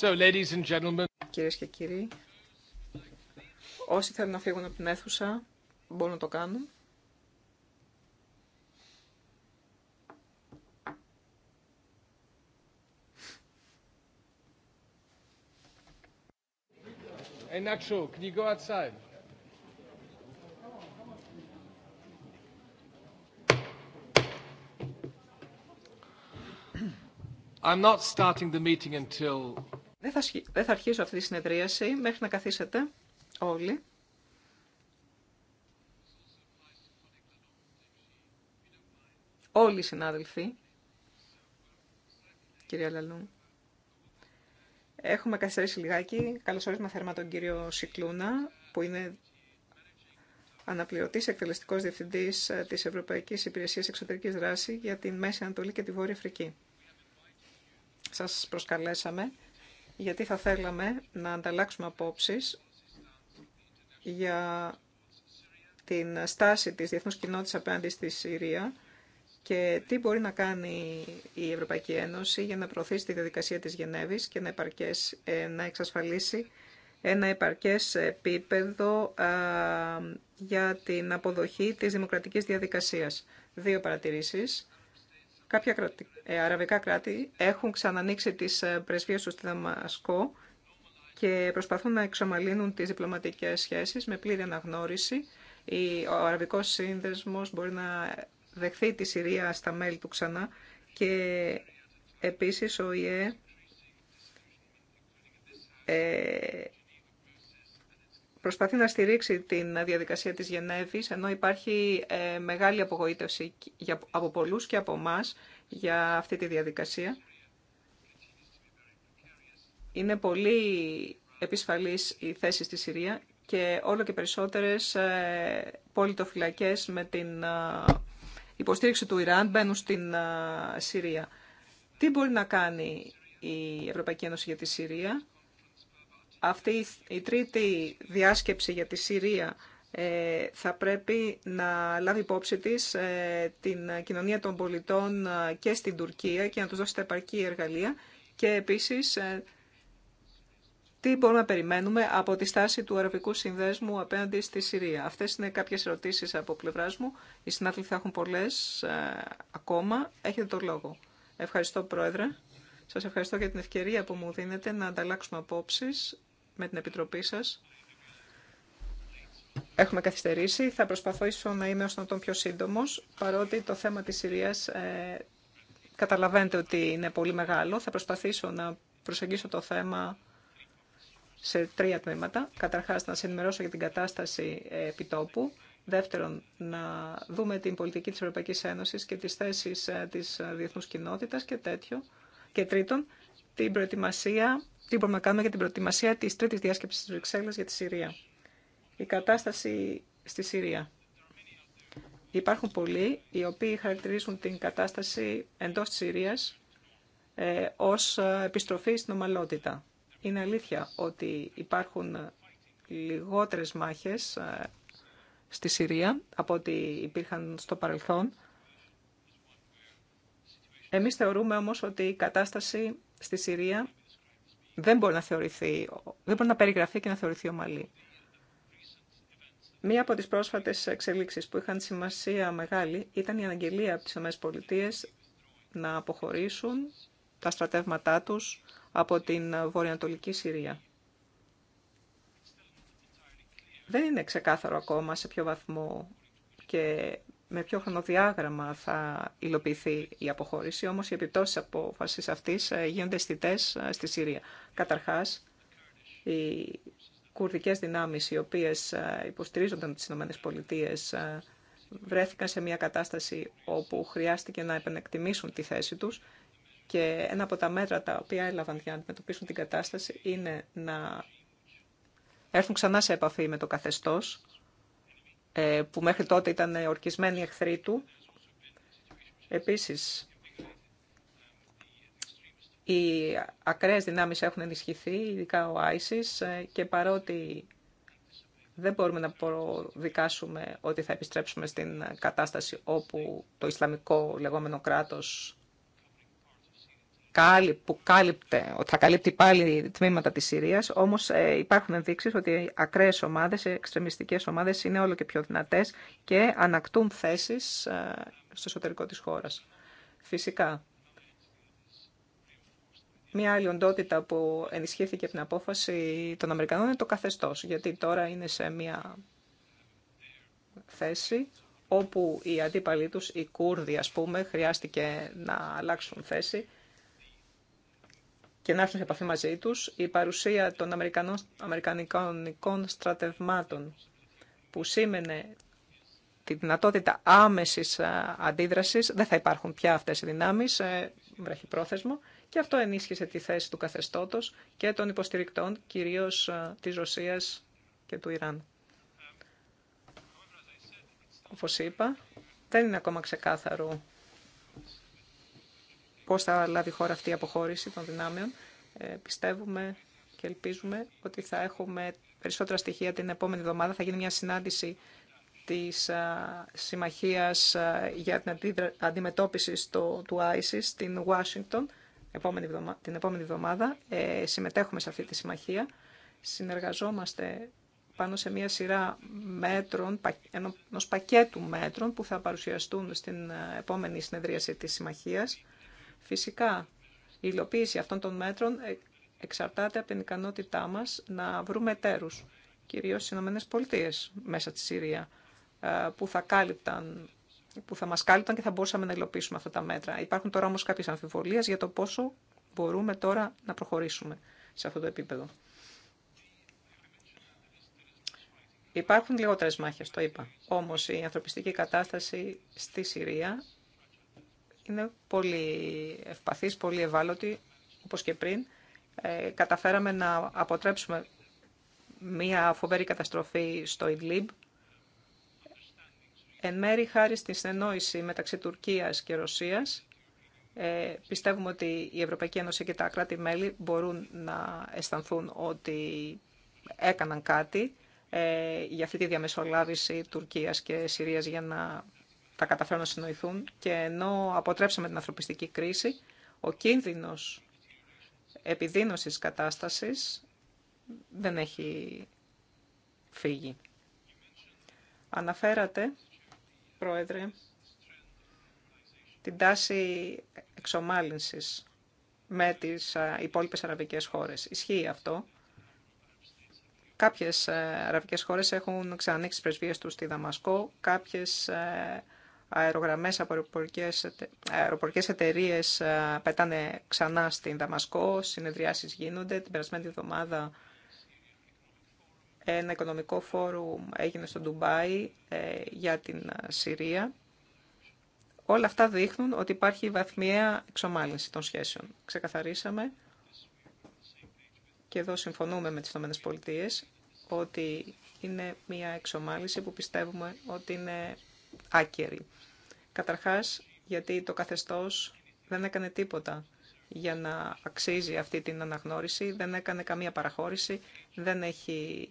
So, ladies and gentlemen. Κυρίες και κύριοι, όσοι θέλουν να φύγουν από την αίθουσα μπορούν να το κάνουν. Hey Nacho, can you go outside? I'm not starting the meeting until δεν θα, δεν αρχίσω αυτή τη συνεδρίαση μέχρι να καθίσετε όλοι. Όλοι οι συνάδελφοι, κυρία Λαλού. Έχουμε καθυστερήσει λιγάκι. Καλώς όρισμα θερμά τον κύριο Σικλούνα, που είναι αναπληρωτής εκτελεστικός διευθυντής ε, της Ευρωπαϊκής Υπηρεσίας Εξωτερικής Δράσης για τη Μέση Ανατολή και τη Βόρεια Αφρική. Σας προσκαλέσαμε γιατί θα θέλαμε να ανταλλάξουμε απόψεις για την στάση της διεθνούς κοινότητας απέναντι στη Συρία και τι μπορεί να κάνει η Ευρωπαϊκή Ένωση για να προωθήσει τη διαδικασία της Γενέβης και να, επαρκές, ε, να εξασφαλίσει ένα επαρκές επίπεδο για την αποδοχή της δημοκρατικής διαδικασίας. Δύο παρατηρήσεις. Κάποια ε, αραβικά κράτη έχουν ξανανοίξει τις ε, πρεσβείες του στη Δαμασκό και προσπαθούν να εξομαλύνουν τις διπλωματικές σχέσεις με πλήρη αναγνώριση. Ο Αραβικός Σύνδεσμος μπορεί να δεχθεί τη Συρία στα μέλη του ξανά και επίσης ο ΙΕ ε, προσπαθεί να στηρίξει την διαδικασία της Γενέβης, ενώ υπάρχει ε, μεγάλη απογοήτευση από πολλούς και από εμά για αυτή τη διαδικασία. Είναι πολύ επισφαλής η θέση στη Συρία και όλο και περισσότερες ε, πολιτοφυλακές με την ε, υποστήριξη του Ιράν μπαίνουν στην Συρία. Τι μπορεί να κάνει η Ευρωπαϊκή Ένωση για τη Συρία αυτή η τρίτη διάσκεψη για τη Συρία ε, θα πρέπει να λάβει υπόψη της ε, την κοινωνία των πολιτών ε, και στην Τουρκία και να τους δώσει τα επαρκή εργαλεία και επίσης τι μπορούμε να περιμένουμε από τη στάση του Αραβικού Συνδέσμου απέναντι στη Συρία. Αυτές είναι κάποιες ερωτήσεις από πλευράς μου. Οι συνάδελφοι θα έχουν πολλές ακόμα. Έχετε το λόγο. Ευχαριστώ Πρόεδρε. Σας ευχαριστώ για την ευκαιρία που μου δίνετε να ανταλλάξουμε απόψεις με την Επιτροπή σας. Έχουμε καθυστερήσει. Θα προσπαθήσω να είμαι όσο να τον πιο σύντομος, παρότι το θέμα της Συρίας ε, καταλαβαίνετε ότι είναι πολύ μεγάλο. Θα προσπαθήσω να προσεγγίσω το θέμα σε τρία τμήματα. Καταρχάς, να σε ενημερώσω για την κατάσταση επιτόπου. Δεύτερον, να δούμε την πολιτική της Ευρωπαϊκής Ένωσης και τις θέσεις ε, της ε, διεθνούς κοινότητας και τέτοιο. Και τρίτον, την προετοιμασία τι μπορούμε να κάνουμε για την προετοιμασία της τρίτη διάσκεψης τη Βρυξέλλας για τη Συρία. Η κατάσταση στη Συρία. Υπάρχουν πολλοί οι οποίοι χαρακτηρίζουν την κατάσταση εντό τη Συρίας ε, ως ε, επιστροφή στην ομαλότητα. Είναι αλήθεια ότι υπάρχουν λιγότερες μάχες ε, στη Συρία από ό,τι υπήρχαν στο παρελθόν. Εμείς θεωρούμε όμως ότι η κατάσταση στη Συρία δεν μπορεί να θεωρηθεί, δεν μπορεί να περιγραφεί και να θεωρηθεί ομαλή. Μία από τις πρόσφατες εξελίξεις που είχαν σημασία μεγάλη ήταν η αναγγελία από τις ΗΠΑ να αποχωρήσουν τα στρατεύματά τους από την βορειοανατολική Συρία. Δεν είναι ξεκάθαρο ακόμα σε ποιο βαθμό και με ποιο χρονοδιάγραμμα θα υλοποιηθεί η αποχώρηση, όμως οι επιπτώσεις απόφασης αυτής ε, γίνονται αισθητές ε, στη Συρία. Καταρχάς, οι κουρδικές δυνάμεις οι οποίες ε, υποστηρίζονταν τις ΗΠΑ βρέθηκαν σε μια κατάσταση όπου χρειάστηκε να επενεκτιμήσουν τη θέση τους και ένα από τα μέτρα τα οποία έλαβαν για να αντιμετωπίσουν την κατάσταση είναι να έρθουν ξανά σε επαφή με το καθεστώς ε, που μέχρι τότε ήταν ορκισμένοι εχθροί του. Επίσης, οι ακραίες δυνάμεις έχουν ενισχυθεί, ειδικά ο ISIS, ε, και παρότι δεν μπορούμε να προδικάσουμε ότι θα επιστρέψουμε στην κατάσταση όπου το Ισλαμικό λεγόμενο κράτος που κάλυπτε, θα καλύπτει πάλι τμήματα της Συρίας, όμως ε, υπάρχουν ενδείξεις ότι οι ακραίες ομάδες, οι εξτρεμιστικές ομάδες είναι όλο και πιο δυνατές και ανακτούν θέσεις ε, στο εσωτερικό της χώρας. Φυσικά, μια άλλη οντότητα που ενισχύθηκε την απόφαση των Αμερικανών είναι το καθεστώς, γιατί τώρα είναι σε μια θέση όπου οι αντίπαλοι τους, οι Κούρδοι ας πούμε, χρειάστηκε να αλλάξουν θέση και να έρθουν σε επαφή μαζί τους η παρουσία των Αμερικανών, Αμερικανικών στρατευμάτων που σήμαινε τη δυνατότητα άμεσης ε, αντίδρασης, δεν θα υπάρχουν πια αυτές οι δυνάμεις, ε, βραχυπρόθεσμο, και αυτό ενίσχυσε τη θέση του καθεστώτος και των υποστηρικτών, κυρίως ε, της Ρωσίας και του Ιράν. Όπως είπα, δεν είναι ακόμα ξεκάθαρο πώς θα λάβει η χώρα αυτή η αποχώρηση των δυνάμεων. Ε, πιστεύουμε και ελπίζουμε ότι θα έχουμε περισσότερα στοιχεία την επόμενη εβδομάδα. Θα γίνει μια συνάντηση της Συμμαχίας για την Αντιμετώπιση στο, του ISIS στην Ουάσιγκτον την επόμενη εβδομάδα. Ε, συμμετέχουμε σε αυτή τη συμμαχία. Συνεργαζόμαστε πάνω σε μια σειρά μέτρων, ενός πακέτου μέτρων που θα παρουσιαστούν στην ε, επόμενη συνεδρίαση της συμμαχίας. Φυσικά, η υλοποίηση αυτών των μέτρων ε, εξαρτάται από την ικανότητά μας να βρούμε εταίρους, κυρίως στις Ηνωμένες Πολιτείες μέσα στη Συρία, ε, που θα, κάλυπταν, που θα μας κάλυπταν και θα μπορούσαμε να υλοποιήσουμε αυτά τα μέτρα. Υπάρχουν τώρα όμως κάποιες αμφιβολίες για το πόσο μπορούμε τώρα να προχωρήσουμε σε αυτό το επίπεδο. Υπάρχουν λιγότερες μάχες, το είπα. Όμως η ανθρωπιστική κατάσταση στη Συρία είναι πολύ ευπαθής, πολύ ευάλωτη, όπως και πριν. Ε, καταφέραμε να αποτρέψουμε μία φοβερή καταστροφή στο Ιντλίμπ. Εν μέρη χάρη στην συνεννόηση μεταξύ Τουρκίας και Ρωσίας, ε, πιστεύουμε ότι η Ευρωπαϊκή Ένωση και τα κράτη-μέλη μπορούν να αισθανθούν ότι έκαναν κάτι ε, για αυτή τη διαμεσολάβηση Τουρκίας και Συρίας για να θα καταφέρουν να συνοηθούν και ενώ αποτρέψαμε την ανθρωπιστική κρίση, ο κίνδυνος επιδείνωσης κατάστασης δεν έχει φύγει. Αναφέρατε, Πρόεδρε, την τάση εξομάλυνσης με τις υπόλοιπες αραβικές χώρες. Ισχύει αυτό. Κάποιες ε, αραβικές χώρες έχουν ξανανοίξει τις πρεσβείες τους στη Δαμασκό, κάποιες ε, αερογραμμές, αεροπορικές, αεροπορικές εταιρείε ε, πετάνε ξανά στην Δαμασκό, συνεδριάσεις γίνονται. Την περασμένη εβδομάδα ένα οικονομικό φόρουμ έγινε στο Ντουμπάι ε, για την ε, Συρία. Όλα αυτά δείχνουν ότι υπάρχει βαθμιαία εξομάλυνση των σχέσεων. Ξεκαθαρίσαμε και εδώ συμφωνούμε με τις ΗΠΑ ότι είναι μια εξομάλυνση που πιστεύουμε ότι είναι άκερη. Καταρχάς, γιατί το καθεστώς δεν έκανε τίποτα για να αξίζει αυτή την αναγνώριση, δεν έκανε καμία παραχώρηση, δεν έχει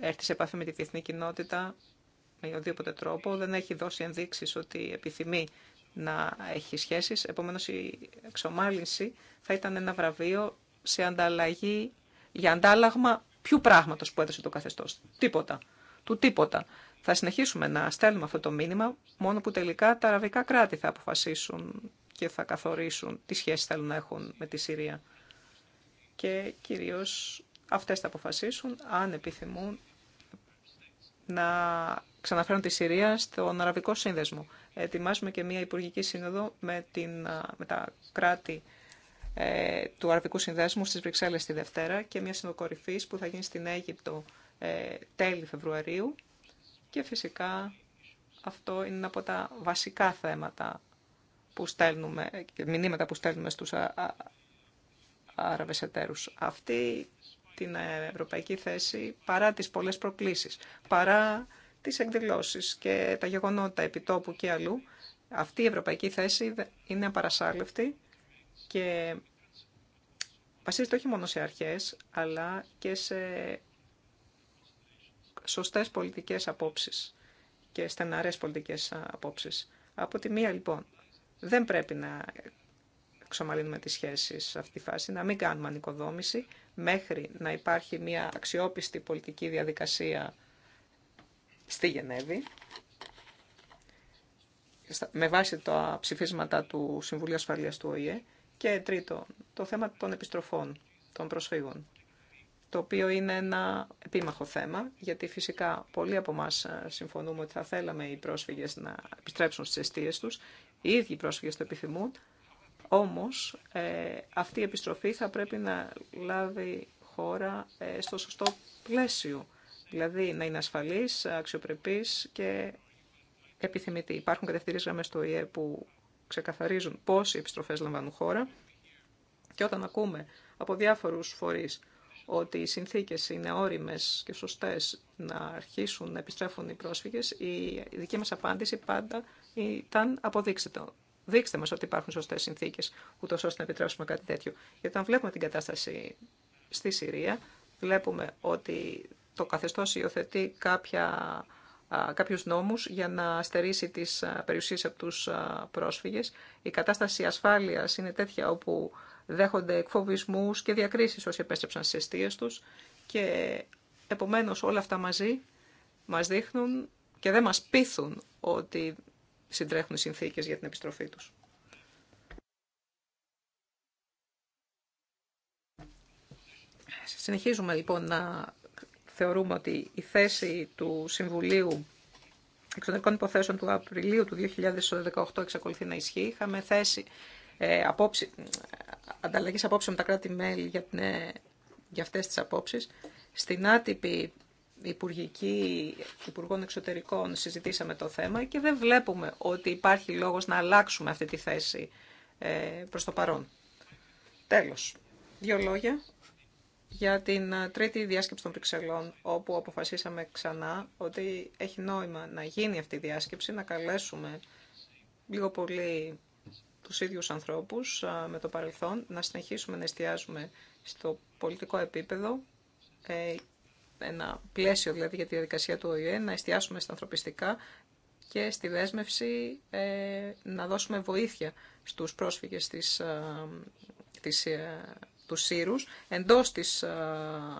έρθει σε επαφή με τη διεθνή κοινότητα με οδήποτε τρόπο, δεν έχει δώσει ενδείξεις ότι επιθυμεί να έχει σχέσεις. Επομένως, η εξομάλυνση θα ήταν ένα βραβείο σε ανταλλαγή, για αντάλλαγμα ποιου πράγματος που έδωσε το καθεστώς. Τίποτα του τίποτα. Θα συνεχίσουμε να στέλνουμε αυτό το μήνυμα, μόνο που τελικά τα αραβικά κράτη θα αποφασίσουν και θα καθορίσουν τι σχέσεις θέλουν να έχουν με τη Συρία. Και κυρίως αυτές θα αποφασίσουν αν επιθυμούν να ξαναφέρουν τη Συρία στον Αραβικό Σύνδεσμο. Ετοιμάζουμε και μια Υπουργική Σύνοδο με, την, με τα κράτη ε, του Αραβικού Συνδέσμου στις Βρυξέλλες τη Δευτέρα και μια συνοκορυφής που θα γίνει στην Αίγυπτο ε, τέλη Φεβρουαρίου και φυσικά αυτό είναι από τα βασικά θέματα που στέλνουμε και ε, μηνύματα που στέλνουμε στους Άραβες εταίρους. Αυτή την ευρωπαϊκή θέση παρά τις πολλές προκλήσεις, παρά τις εκδηλώσεις και τα γεγονότα επιτόπου και αλλού, αυτή η ευρωπαϊκή θέση είναι απαρασάλευτη και βασίζεται όχι μόνο σε αρχές, αλλά και σε σωστές πολιτικές απόψεις και στεναρές πολιτικές απόψεις. Από τη μία λοιπόν, δεν πρέπει να εξομαλύνουμε τις σχέσεις σε αυτή τη φάση, να μην κάνουμε ανοικοδόμηση μέχρι να υπάρχει μια αξιόπιστη πολιτική διαδικασία στη Γενέβη με βάση τα ψηφίσματα του Συμβουλίου Ασφαλείας του ΟΗΕ και τρίτο, το θέμα των επιστροφών των προσφύγων το οποίο είναι ένα επίμαχο θέμα, γιατί φυσικά πολλοί από εμά ε, συμφωνούμε ότι θα θέλαμε οι πρόσφυγες να επιστρέψουν στις αιστείες τους, οι ίδιοι οι πρόσφυγες το επιθυμούν, όμως ε, αυτή η επιστροφή θα πρέπει να λάβει χώρα ε, στο σωστό πλαίσιο, δηλαδή να είναι ασφαλής, αξιοπρεπής και επιθυμητή. Υπάρχουν κατευθυντήρες γραμμές στο ΙΕ που ξεκαθαρίζουν πώς οι επιστροφές λαμβάνουν χώρα και όταν ακούμε από διάφορους φορείς ότι οι συνθήκες είναι όριμες και σωστές να αρχίσουν να επιστρέφουν οι πρόσφυγες, η δική μας απάντηση πάντα ήταν αποδείξτε το. Δείξτε μας ότι υπάρχουν σωστές συνθήκες, ούτως ώστε να επιτρέψουμε κάτι τέτοιο. Γιατί όταν βλέπουμε την κατάσταση στη Συρία, βλέπουμε ότι το καθεστώς υιοθετεί κάποια κάποιους νόμους για να στερήσει τις περιουσίες από τους πρόσφυγες. Η κατάσταση ασφάλειας είναι τέτοια όπου δέχονται εκφοβισμούς και διακρίσεις όσοι επέστρεψαν στις αιστείες τους και επομένως όλα αυτά μαζί μας δείχνουν και δεν μας πείθουν ότι συντρέχουν οι συνθήκες για την επιστροφή τους. Συνεχίζουμε λοιπόν να θεωρούμε ότι η θέση του Συμβουλίου Εξωτερικών Υποθέσεων του Απριλίου του 2018 εξακολουθεί να ισχύει. Είχαμε θέση ε, απόψη, ανταλλαγής απόψεων με τα κράτη-μέλη για, την, ε, για αυτές τις απόψεις. Στην άτυπη Υπουργική Υπουργών Εξωτερικών συζητήσαμε το θέμα και δεν βλέπουμε ότι υπάρχει λόγος να αλλάξουμε αυτή τη θέση ε, προς το παρόν. Τέλος, δύο λόγια για την ε, τρίτη διάσκεψη των Βρυξελών, όπου αποφασίσαμε ξανά ότι έχει νόημα να γίνει αυτή η διάσκεψη, να καλέσουμε λίγο πολύ τους ίδιους ανθρώπους με το παρελθόν, να συνεχίσουμε να εστιάζουμε στο πολιτικό επίπεδο, ε, ένα πλαίσιο δηλαδή για τη διαδικασία του ΟΗΕ, να εστιάσουμε στα ανθρωπιστικά και στη δέσμευση ε, να δώσουμε βοήθεια στους πρόσφυγες της, της ε, του Σύρους εντός της ε,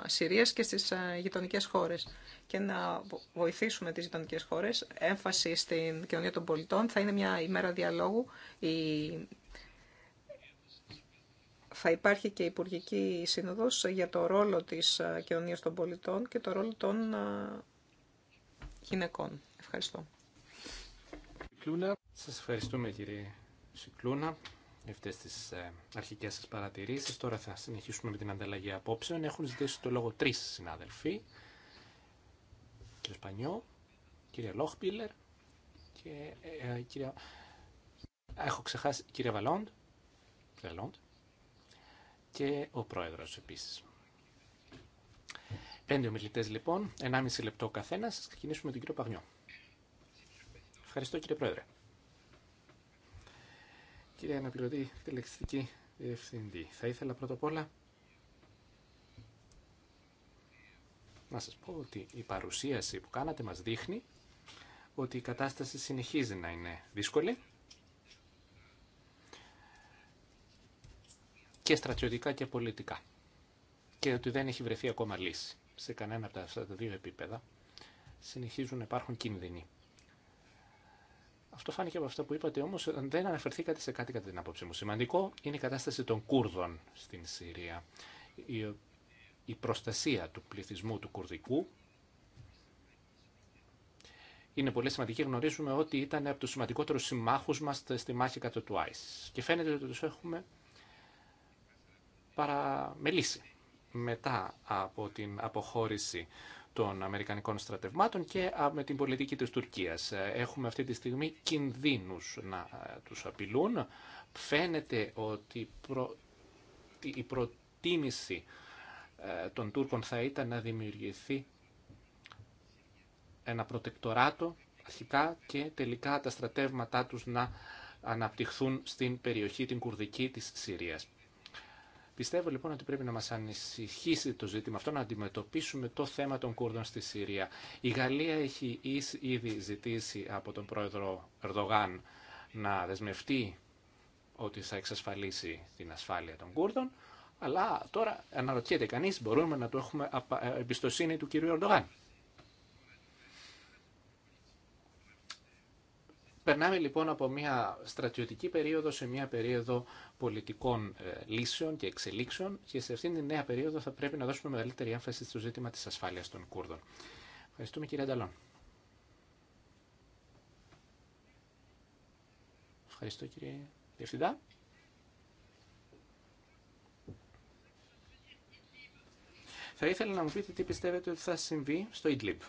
Συρίας και στις ε, γειτονικέ χώρες και να βοηθήσουμε τις γειτονικέ χώρες. Έμφαση στην κοινωνία των πολιτών θα είναι μια ημέρα διαλόγου. Η... Θα υπάρχει και υπουργική σύνοδος για το ρόλο της ε, κοινωνία των πολιτών και το ρόλο των γυναικών. Ευχαριστώ. Σας ευχαριστούμε κύριε Σικλούνα αυτές τις ε, αρχικές σας παρατηρήσεις. Τώρα θα συνεχίσουμε με την ανταλλαγή απόψεων. Έχουν ζητήσει το λόγο τρεις συνάδελφοι. Κύριε Σπανιό, κύριε Λόχπιλερ και ε, ε, κύριε... Έχω ξεχάσει, κύριε Βαλόντ, και ο πρόεδρος επίσης. Πέντε ομιλητές λοιπόν, 1,5 λεπτό ο καθένας. Σας ξεκινήσουμε με τον κύριο Παγνιό. Ευχαριστώ κύριε πρόεδρε. Κύριε Αναπληρωτή, Τελεξική Διευθυντή, θα ήθελα πρώτα απ' όλα να σας πω ότι η παρουσίαση που κάνατε μας δείχνει ότι η κατάσταση συνεχίζει να είναι δύσκολη και στρατιωτικά και πολιτικά και ότι δεν έχει βρεθεί ακόμα λύση σε κανένα από τα δύο επίπεδα συνεχίζουν να υπάρχουν κίνδυνοι. Αυτό φάνηκε από αυτά που είπατε, όμω ε, δεν αναφερθήκατε σε κάτι κατά την άποψή μου. Σημαντικό είναι η κατάσταση των Κούρδων στην Συρία. Η προστασία του πληθυσμού του Κουρδικού είναι πολύ σημαντική. Γνωρίζουμε ότι ήταν από του σημαντικότερου συμμάχου μα στη μάχη κατά του ΆΙΣ. Και φαίνεται ότι του έχουμε παραμελήσει μετά από την αποχώρηση των Αμερικανικών στρατευμάτων και με την πολιτική της Τουρκίας. Ε, έχουμε αυτή τη στιγμή κινδύνους να ε, τους απειλούν. Φαίνεται ότι η προτίμηση ε, των Τούρκων θα ήταν να δημιουργηθεί ένα προτεκτοράτο αρχικά και τελικά τα στρατεύματά τους να αναπτυχθούν στην περιοχή την κουρδική της Συρίας. Πιστεύω λοιπόν ότι πρέπει να μας ανησυχήσει το ζήτημα αυτό, να αντιμετωπίσουμε το θέμα των Κούρδων στη Συρία. Η Γαλλία έχει ήδη ζητήσει από τον πρόεδρο Ερδογάν να δεσμευτεί ότι θα εξασφαλίσει την ασφάλεια των Κούρδων, αλλά τώρα αναρωτιέται κανείς, μπορούμε να το έχουμε εμπιστοσύνη του κυρίου Ερντογάν. Περνάμε λοιπόν από μια στρατιωτική περίοδο σε μια περίοδο πολιτικών ε, λύσεων και εξελίξεων και σε αυτήν την νέα περίοδο θα πρέπει να δώσουμε μεγαλύτερη έμφαση στο ζήτημα της ασφάλειας των Κούρδων. Ευχαριστούμε κύριε Ανταλόν. Ευχαριστώ κύριε Διευθυντά. Θα ήθελα να μου πείτε τι πιστεύετε ότι θα συμβεί στο Ιντλίπ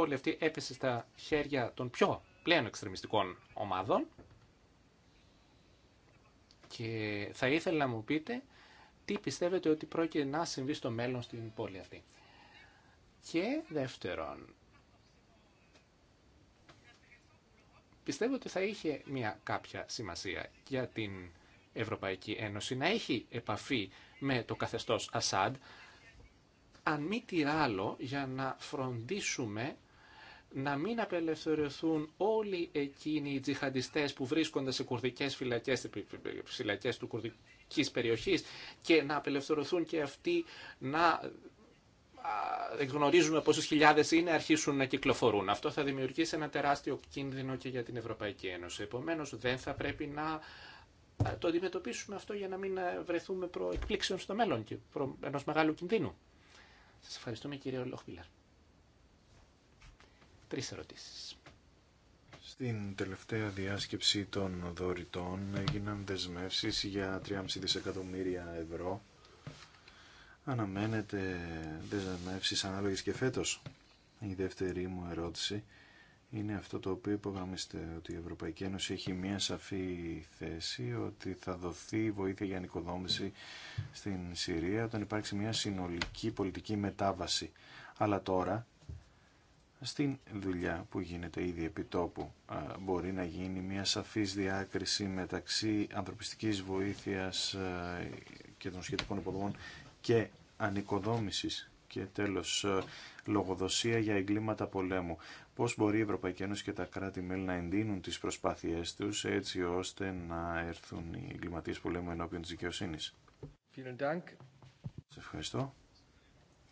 πόλη αυτή έπεσε στα χέρια των πιο πλέον εξτρεμιστικών ομάδων και θα ήθελα να μου πείτε τι πιστεύετε ότι πρόκειται να συμβεί στο μέλλον στην πόλη αυτή. Και δεύτερον, πιστεύω ότι θα είχε μια κάποια σημασία για την Ευρωπαϊκή Ένωση να έχει επαφή με το καθεστώς Ασάντ, αν μη τι άλλο για να φροντίσουμε να μην απελευθερωθούν όλοι εκείνοι οι τζιχαντιστές που βρίσκονται σε κουρδικές φυλακές, φυλακές του κουρδικής περιοχής και να απελευθερωθούν και αυτοί να γνωρίζουμε πόσες χιλιάδες είναι, αρχίσουν να κυκλοφορούν. Αυτό θα δημιουργήσει ένα τεράστιο κίνδυνο και για την Ευρωπαϊκή Ένωση. Επομένως δεν θα πρέπει να το αντιμετωπίσουμε αυτό για να μην βρεθούμε προ εκπλήξεων στο μέλλον και προ ενός μεγάλου κινδύνου. Σας ευχαριστούμε κύριε Λοχπίλαρ. Τρεις ερωτήσεις. Στην τελευταία διάσκεψη των δωρητών έγιναν δεσμεύσεις για 3,5 δισεκατομμύρια ευρώ. Αναμένεται δεσμεύσεις ανάλογες και φέτος. Η δεύτερη μου ερώτηση είναι αυτό το οποίο υπογραμμίστε ότι η Ευρωπαϊκή Ένωση έχει μια σαφή θέση ότι θα δοθεί βοήθεια για νοικοδόμηση στην Συρία όταν υπάρξει μια συνολική πολιτική μετάβαση. Αλλά τώρα στην δουλειά που γίνεται ήδη επί τόπου. Μπορεί να γίνει μια σαφής διάκριση μεταξύ ανθρωπιστικής βοήθειας και των σχετικών υποδομών και ανοικοδόμησης και τέλος λογοδοσία για εγκλήματα πολέμου. Πώς μπορεί η Ευρωπαϊκή Ένωση και τα κράτη-μέλη να εντείνουν τις προσπάθειές τους έτσι ώστε να έρθουν οι εγκληματίες πολέμου ενώπιον της δικαιοσύνης. Σας ευχαριστώ.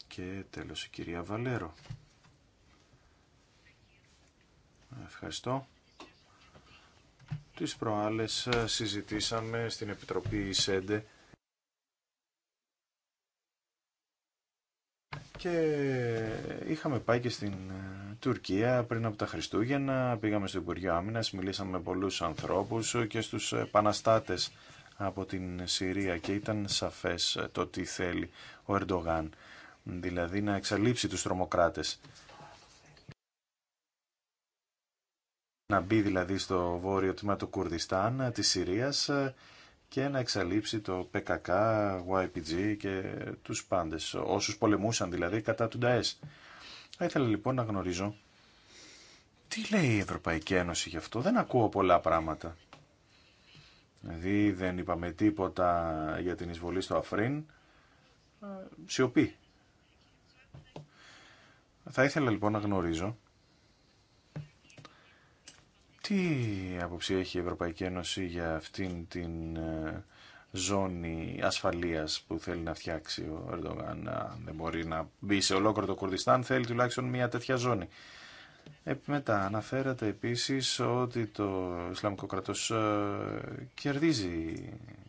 Και τέλος η κυρία Βαλέρο. Ευχαριστώ. Τις προάλλες ε, συζητήσαμε στην Επιτροπή ΣΕΝΤΕ και είχαμε πάει και στην ε, Τουρκία πριν από τα Χριστούγεννα, πήγαμε στο Υπουργείο Άμυνας, μιλήσαμε με πολλούς ανθρώπους και στους επαναστάτες από την Συρία και ήταν σαφές ε, το τι θέλει ο Ερντογάν, δηλαδή να εξαλείψει τους τρομοκράτες να μπει δηλαδή στο βόρειο τμήμα του Κουρδιστάν, ε, της Συρίας ε, και να εξαλείψει το PKK, YPG και τους πάντες, όσους πολεμούσαν δηλαδή κατά του ΝΤΑΕΣ. Θα ήθελα λοιπόν να γνωρίζω τι λέει η Ευρωπαϊκή Ένωση γι' αυτό. Δεν ακούω πολλά πράγματα. Δηλαδή δεν είπαμε τίποτα για την εισβολή στο Αφρίν. Ε, σιωπή. Θα ήθελα λοιπόν να γνωρίζω τι άποψη έχει η Ευρωπαϊκή Ένωση για αυτήν την ε, ζώνη ασφαλείας που θέλει να φτιάξει ο Ερντογάν. δεν μπορεί να μπει σε ολόκληρο το Κουρδιστάν, θέλει τουλάχιστον μια τέτοια ζώνη. Μετά αναφέρατε επίσης ότι το Ισλαμικό κρατός ε, κερδίζει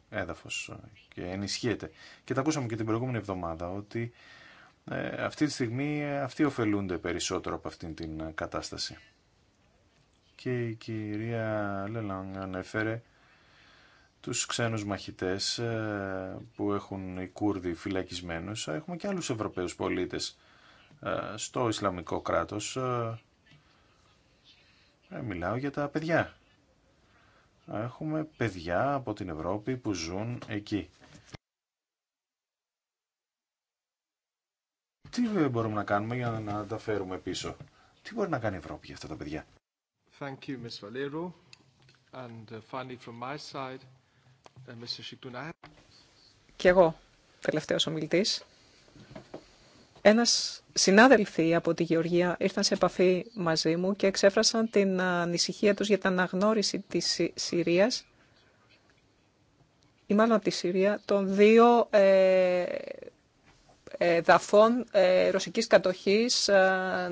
έδαφος και ενισχύεται. Και τα ακούσαμε και την προηγούμενη εβδομάδα ότι ε, αυτή τη στιγμή αυτοί ωφελούνται περισσότερο από αυτήν την κατάσταση και η κυρία Λελάνγκ ανέφερε τους ξένους μαχητές ε, που έχουν οι Κούρδοι φυλακισμένους. Έχουμε και άλλους Ευρωπαίους πολίτες ε, στο Ισλαμικό κράτος. Ε, μιλάω για τα παιδιά. Έχουμε παιδιά από την Ευρώπη που ζουν εκεί. Τι μπορούμε να κάνουμε για να τα φέρουμε πίσω. Τι μπορεί να κάνει η Ευρώπη για αυτά τα παιδιά. Thank you, Ms. Valero. And uh, finally from my side, uh, Mr. Και εγώ, τελευταίος ομιλητής. Ένας συνάδελφοι από τη Γεωργία ήρθαν σε επαφή μαζί μου και εξέφρασαν την ανησυχία τους για την αναγνώριση της Συρίας ή μάλλον από τη Συρία, των δύο ε, ε, δαφών ε, ρωσικής κατοχής,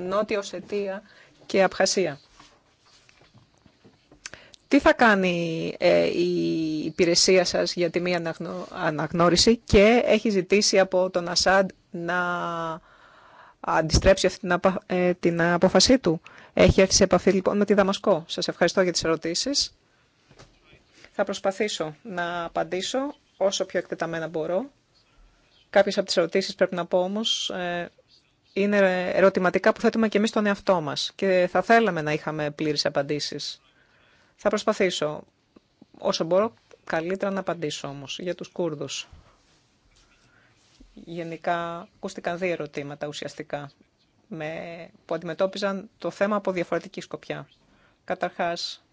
Νότιο Σετία και Απχασία. Τι θα κάνει ε, η υπηρεσία σας για τη μία αναγνώριση και έχει ζητήσει από τον Ασάντ να αντιστρέψει αυτή την, ε, την απόφασή του. Έχει έρθει σε επαφή λοιπόν με τη Δαμασκό. Σας ευχαριστώ για τις ερωτήσεις. Θα προσπαθήσω να απαντήσω όσο πιο εκτεταμένα μπορώ. Κάποιες από τις ερωτήσεις πρέπει να πω όμως ε, είναι ερωτηματικά που θέτουμε και εμείς τον εαυτό μας και θα θέλαμε να είχαμε πλήρες απαντήσεις. Θα προσπαθήσω όσο μπορώ καλύτερα να απαντήσω όμως για τους Κούρδους. Γενικά ακούστηκαν δύο ερωτήματα ουσιαστικά με, που αντιμετώπιζαν το θέμα από διαφορετική σκοπιά. Καταρχάς,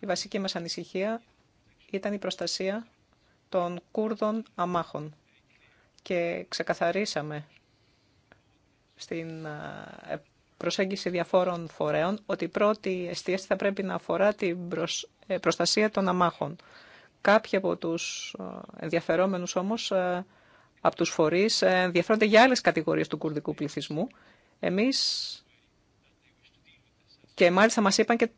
η βασική μας ανησυχία ήταν η προστασία των Κούρδων αμάχων και ξεκαθαρίσαμε στην ε, προσέγγιση διαφόρων φορέων ότι η πρώτη εστίαση θα πρέπει να αφορά την ε, προστασία των αμάχων. Κάποιοι από τους ε, ενδιαφερόμενους όμως ε, από τους φορείς ενδιαφέρονται για άλλες κατηγορίες του κουρδικού πληθυσμού. Εμείς και μάλιστα μας είπαν και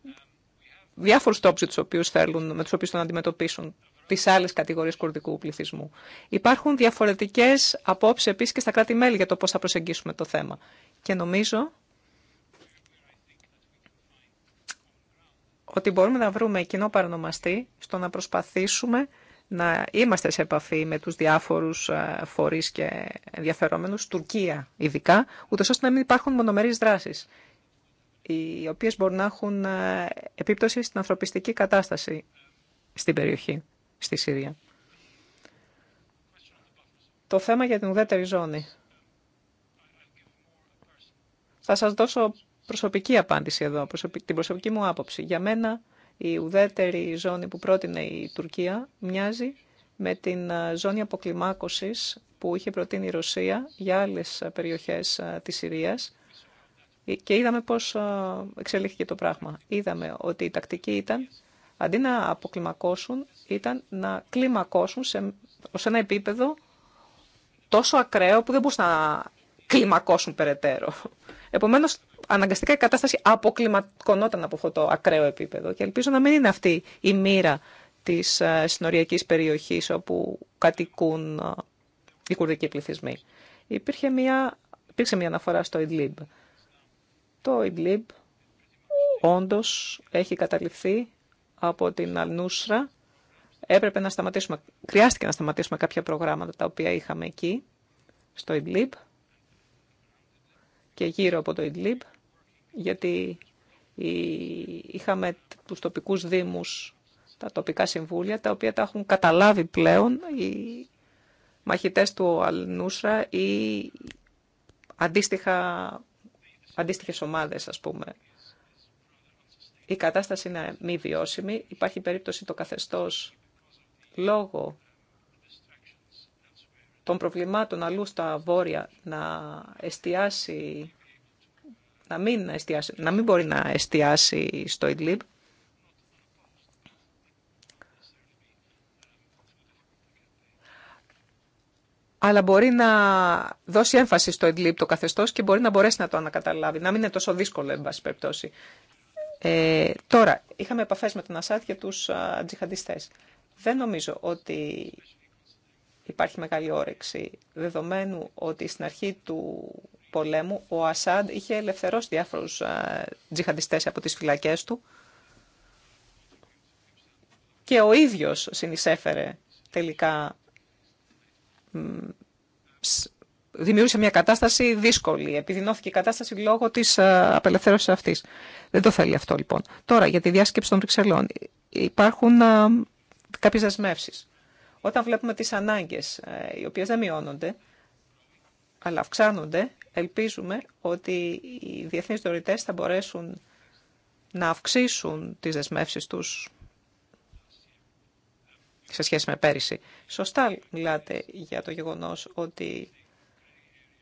διάφορους τόπους τους οποίους θέλουν, με τους οποίους τον αντιμετωπίσουν τις άλλες κατηγορίες κουρδικού πληθυσμού. Υπάρχουν διαφορετικές απόψεις επίσης και στα κράτη-μέλη για το πώς θα προσεγγίσουμε το θέμα. Και νομίζω ότι μπορούμε να βρούμε κοινό παρανομαστή στο να προσπαθήσουμε να είμαστε σε επαφή με τους διάφορους ε, φορείς και ενδιαφερόμενους, Τουρκία ειδικά, ούτως ώστε να μην υπάρχουν μονομερείς δράσεις, οι οποίες μπορούν να έχουν ε, επίπτωση στην ανθρωπιστική κατάσταση στην περιοχή, στη Συρία. Το θέμα για την ουδέτερη ζώνη. Θα σας δώσω προσωπική απάντηση εδώ, την προσωπική μου άποψη. Για μένα η ουδέτερη ζώνη που πρότεινε η Τουρκία μοιάζει με την ε, ζώνη αποκλιμάκωσης που είχε προτείνει η Ρωσία για άλλες ε, περιοχές ε, της Συρίας και είδαμε πώς εξελίχθηκε το πράγμα. Είδαμε ότι η τακτική ήταν, αντί να αποκλιμακώσουν, ήταν να κλιμακώσουν σε, ένα επίπεδο τόσο ακραίο που δεν μπορούσαν να κλιμακώσουν περαιτέρω. Επομένως, αναγκαστικά η κατάσταση αποκλιμακωνόταν από αυτό το ακραίο επίπεδο. Και ελπίζω να μην είναι αυτή η μοίρα της ε, συνοριακή περιοχής όπου κατοικούν ε, οι κουρδικοί πληθυσμοί. Υπήρχε μια, υπήρξε μια αναφορά στο Ιντλίμπ. Το Ιντλίμπ όντω έχει καταληφθεί από την Αλνούσρα. Έπρεπε να σταματήσουμε, χρειάστηκε να σταματήσουμε κάποια προγράμματα τα οποία είχαμε εκεί, στο Ιντλίμπ και γύρω από το Ιντλίμπ γιατί είχαμε τους τοπικούς δήμους, τα τοπικά συμβούλια, τα οποία τα έχουν καταλάβει πλέον οι μαχητές του Αλνούσα ή αντίστοιχα, αντίστοιχες ομάδες, ας πούμε. Η κατάσταση είναι μη βιώσιμη. Υπάρχει περίπτωση το καθεστώς λόγω των προβλημάτων αλλού στα βόρεια να εστιάσει να μην, εστιάσει, να μην μπορεί να εστιάσει στο Ιντλίπ. αλλά μπορεί να δώσει έμφαση στο Ιντλίπ το καθεστώς και μπορεί να μπορέσει να το ανακαταλάβει, να μην είναι τόσο δύσκολο, εν πάση περιπτώσει. Ε, τώρα, είχαμε επαφές με τον Ασάτ και τους α, τζιχαντιστές. Δεν νομίζω ότι υπάρχει μεγάλη όρεξη, δεδομένου ότι στην αρχή του πολέμου, ο Ασάντ είχε ελευθερώσει διάφορους τζιχαντιστές από τις φυλακές του και ο ίδιος συνεισέφερε τελικά, δημιούργησε μια κατάσταση δύσκολη, επιδεινώθηκε η κατάσταση λόγω της απελευθέρωσης αυτής. Δεν το θέλει αυτό λοιπόν. Τώρα για τη διάσκεψη των Βρυξελών υπάρχουν κάποιες δεσμεύσει. Όταν βλέπουμε τις ανάγκες, ε, οι οποίες δεν μειώνονται, αλλά αυξάνονται, ελπίζουμε ότι οι διεθνείς δωρητές θα μπορέσουν να αυξήσουν τις δεσμεύσεις τους σε σχέση με πέρυσι. Σωστά μιλάτε για το γεγονός ότι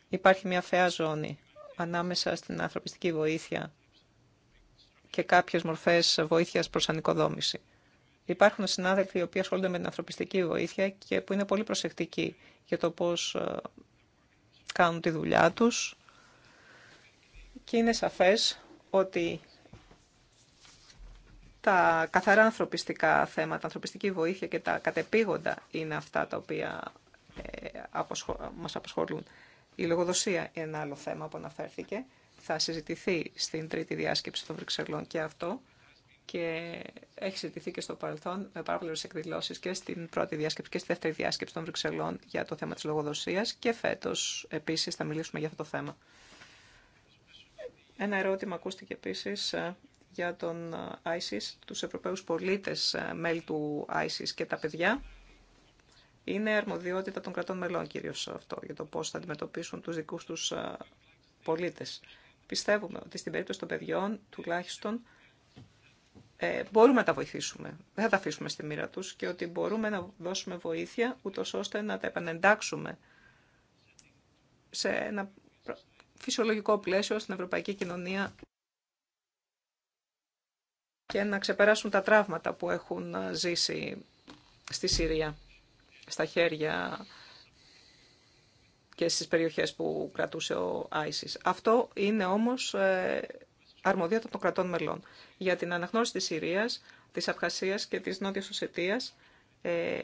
υπάρχει μια φαιά ζώνη ανάμεσα στην ανθρωπιστική βοήθεια και κάποιες μορφές βοήθειας προς ανοικοδόμηση. Υπάρχουν συνάδελφοι οι οποίοι ασχολούνται με την ανθρωπιστική βοήθεια και που είναι πολύ προσεκτικοί για το πώς ε, κάνουν τη δουλειά τους και είναι σαφές ότι τα καθαρά ανθρωπιστικά θέματα, ανθρωπιστική βοήθεια και τα κατεπήγοντα είναι αυτά τα οποία ε, μας απασχολούν. Η λογοδοσία είναι ένα άλλο θέμα που αναφέρθηκε. Θα συζητηθεί στην τρίτη διάσκεψη των Βρυξελών και αυτό και έχει συζητηθεί και στο παρελθόν με πάρα πολλέ εκδηλώσει και στην πρώτη διάσκεψη και στη δεύτερη διάσκεψη των Βρυξελών για το θέμα τη λογοδοσία και φέτο επίση θα μιλήσουμε για αυτό το θέμα. Ένα ερώτημα ακούστηκε επίση ε, για τον ε, ISIS, του Ευρωπαίου πολίτε ε, μέλη του ISIS και τα παιδιά. Είναι αρμοδιότητα των κρατών μελών κυρίως αυτό, για το πώ θα αντιμετωπίσουν του δικού του πολίτε. Πιστεύουμε ότι στην περίπτωση των παιδιών τουλάχιστον ε, μπορούμε να τα βοηθήσουμε. Δεν θα τα αφήσουμε στη μοίρα τους και ότι μπορούμε να δώσουμε βοήθεια ούτω ώστε να τα επανεντάξουμε σε ένα φυσιολογικό πλαίσιο στην ευρωπαϊκή κοινωνία και να ξεπεράσουν τα τραύματα που έχουν ζήσει στη Συρία, στα χέρια και στις περιοχές που κρατούσε ο Άισις. Αυτό είναι όμως ε, αρμοδία των κρατών μελών. Για την αναγνώριση της Συρίας, της Αυχασίας και της Νότιας Οσετίας ε,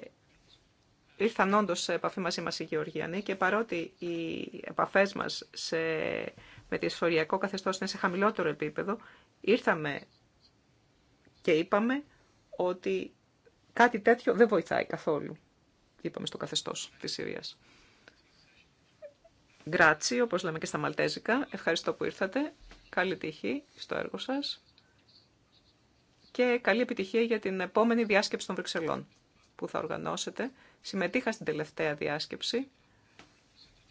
ήρθαν όντω σε επαφή μαζί μας οι Γεωργιανοί και παρότι οι επαφές μας σε, με τη σφοριακό καθεστώς είναι σε χαμηλότερο επίπεδο, ήρθαμε και είπαμε ότι κάτι τέτοιο δεν βοηθάει καθόλου, είπαμε στο καθεστώς της Συρίας. Γκράτσι, όπως λέμε και στα Μαλτέζικα. Ευχαριστώ που ήρθατε. Καλή τύχη στο έργο σας και καλή επιτυχία για την επόμενη διάσκεψη των Βρυξελών που θα οργανώσετε. Συμμετείχα στην τελευταία διάσκεψη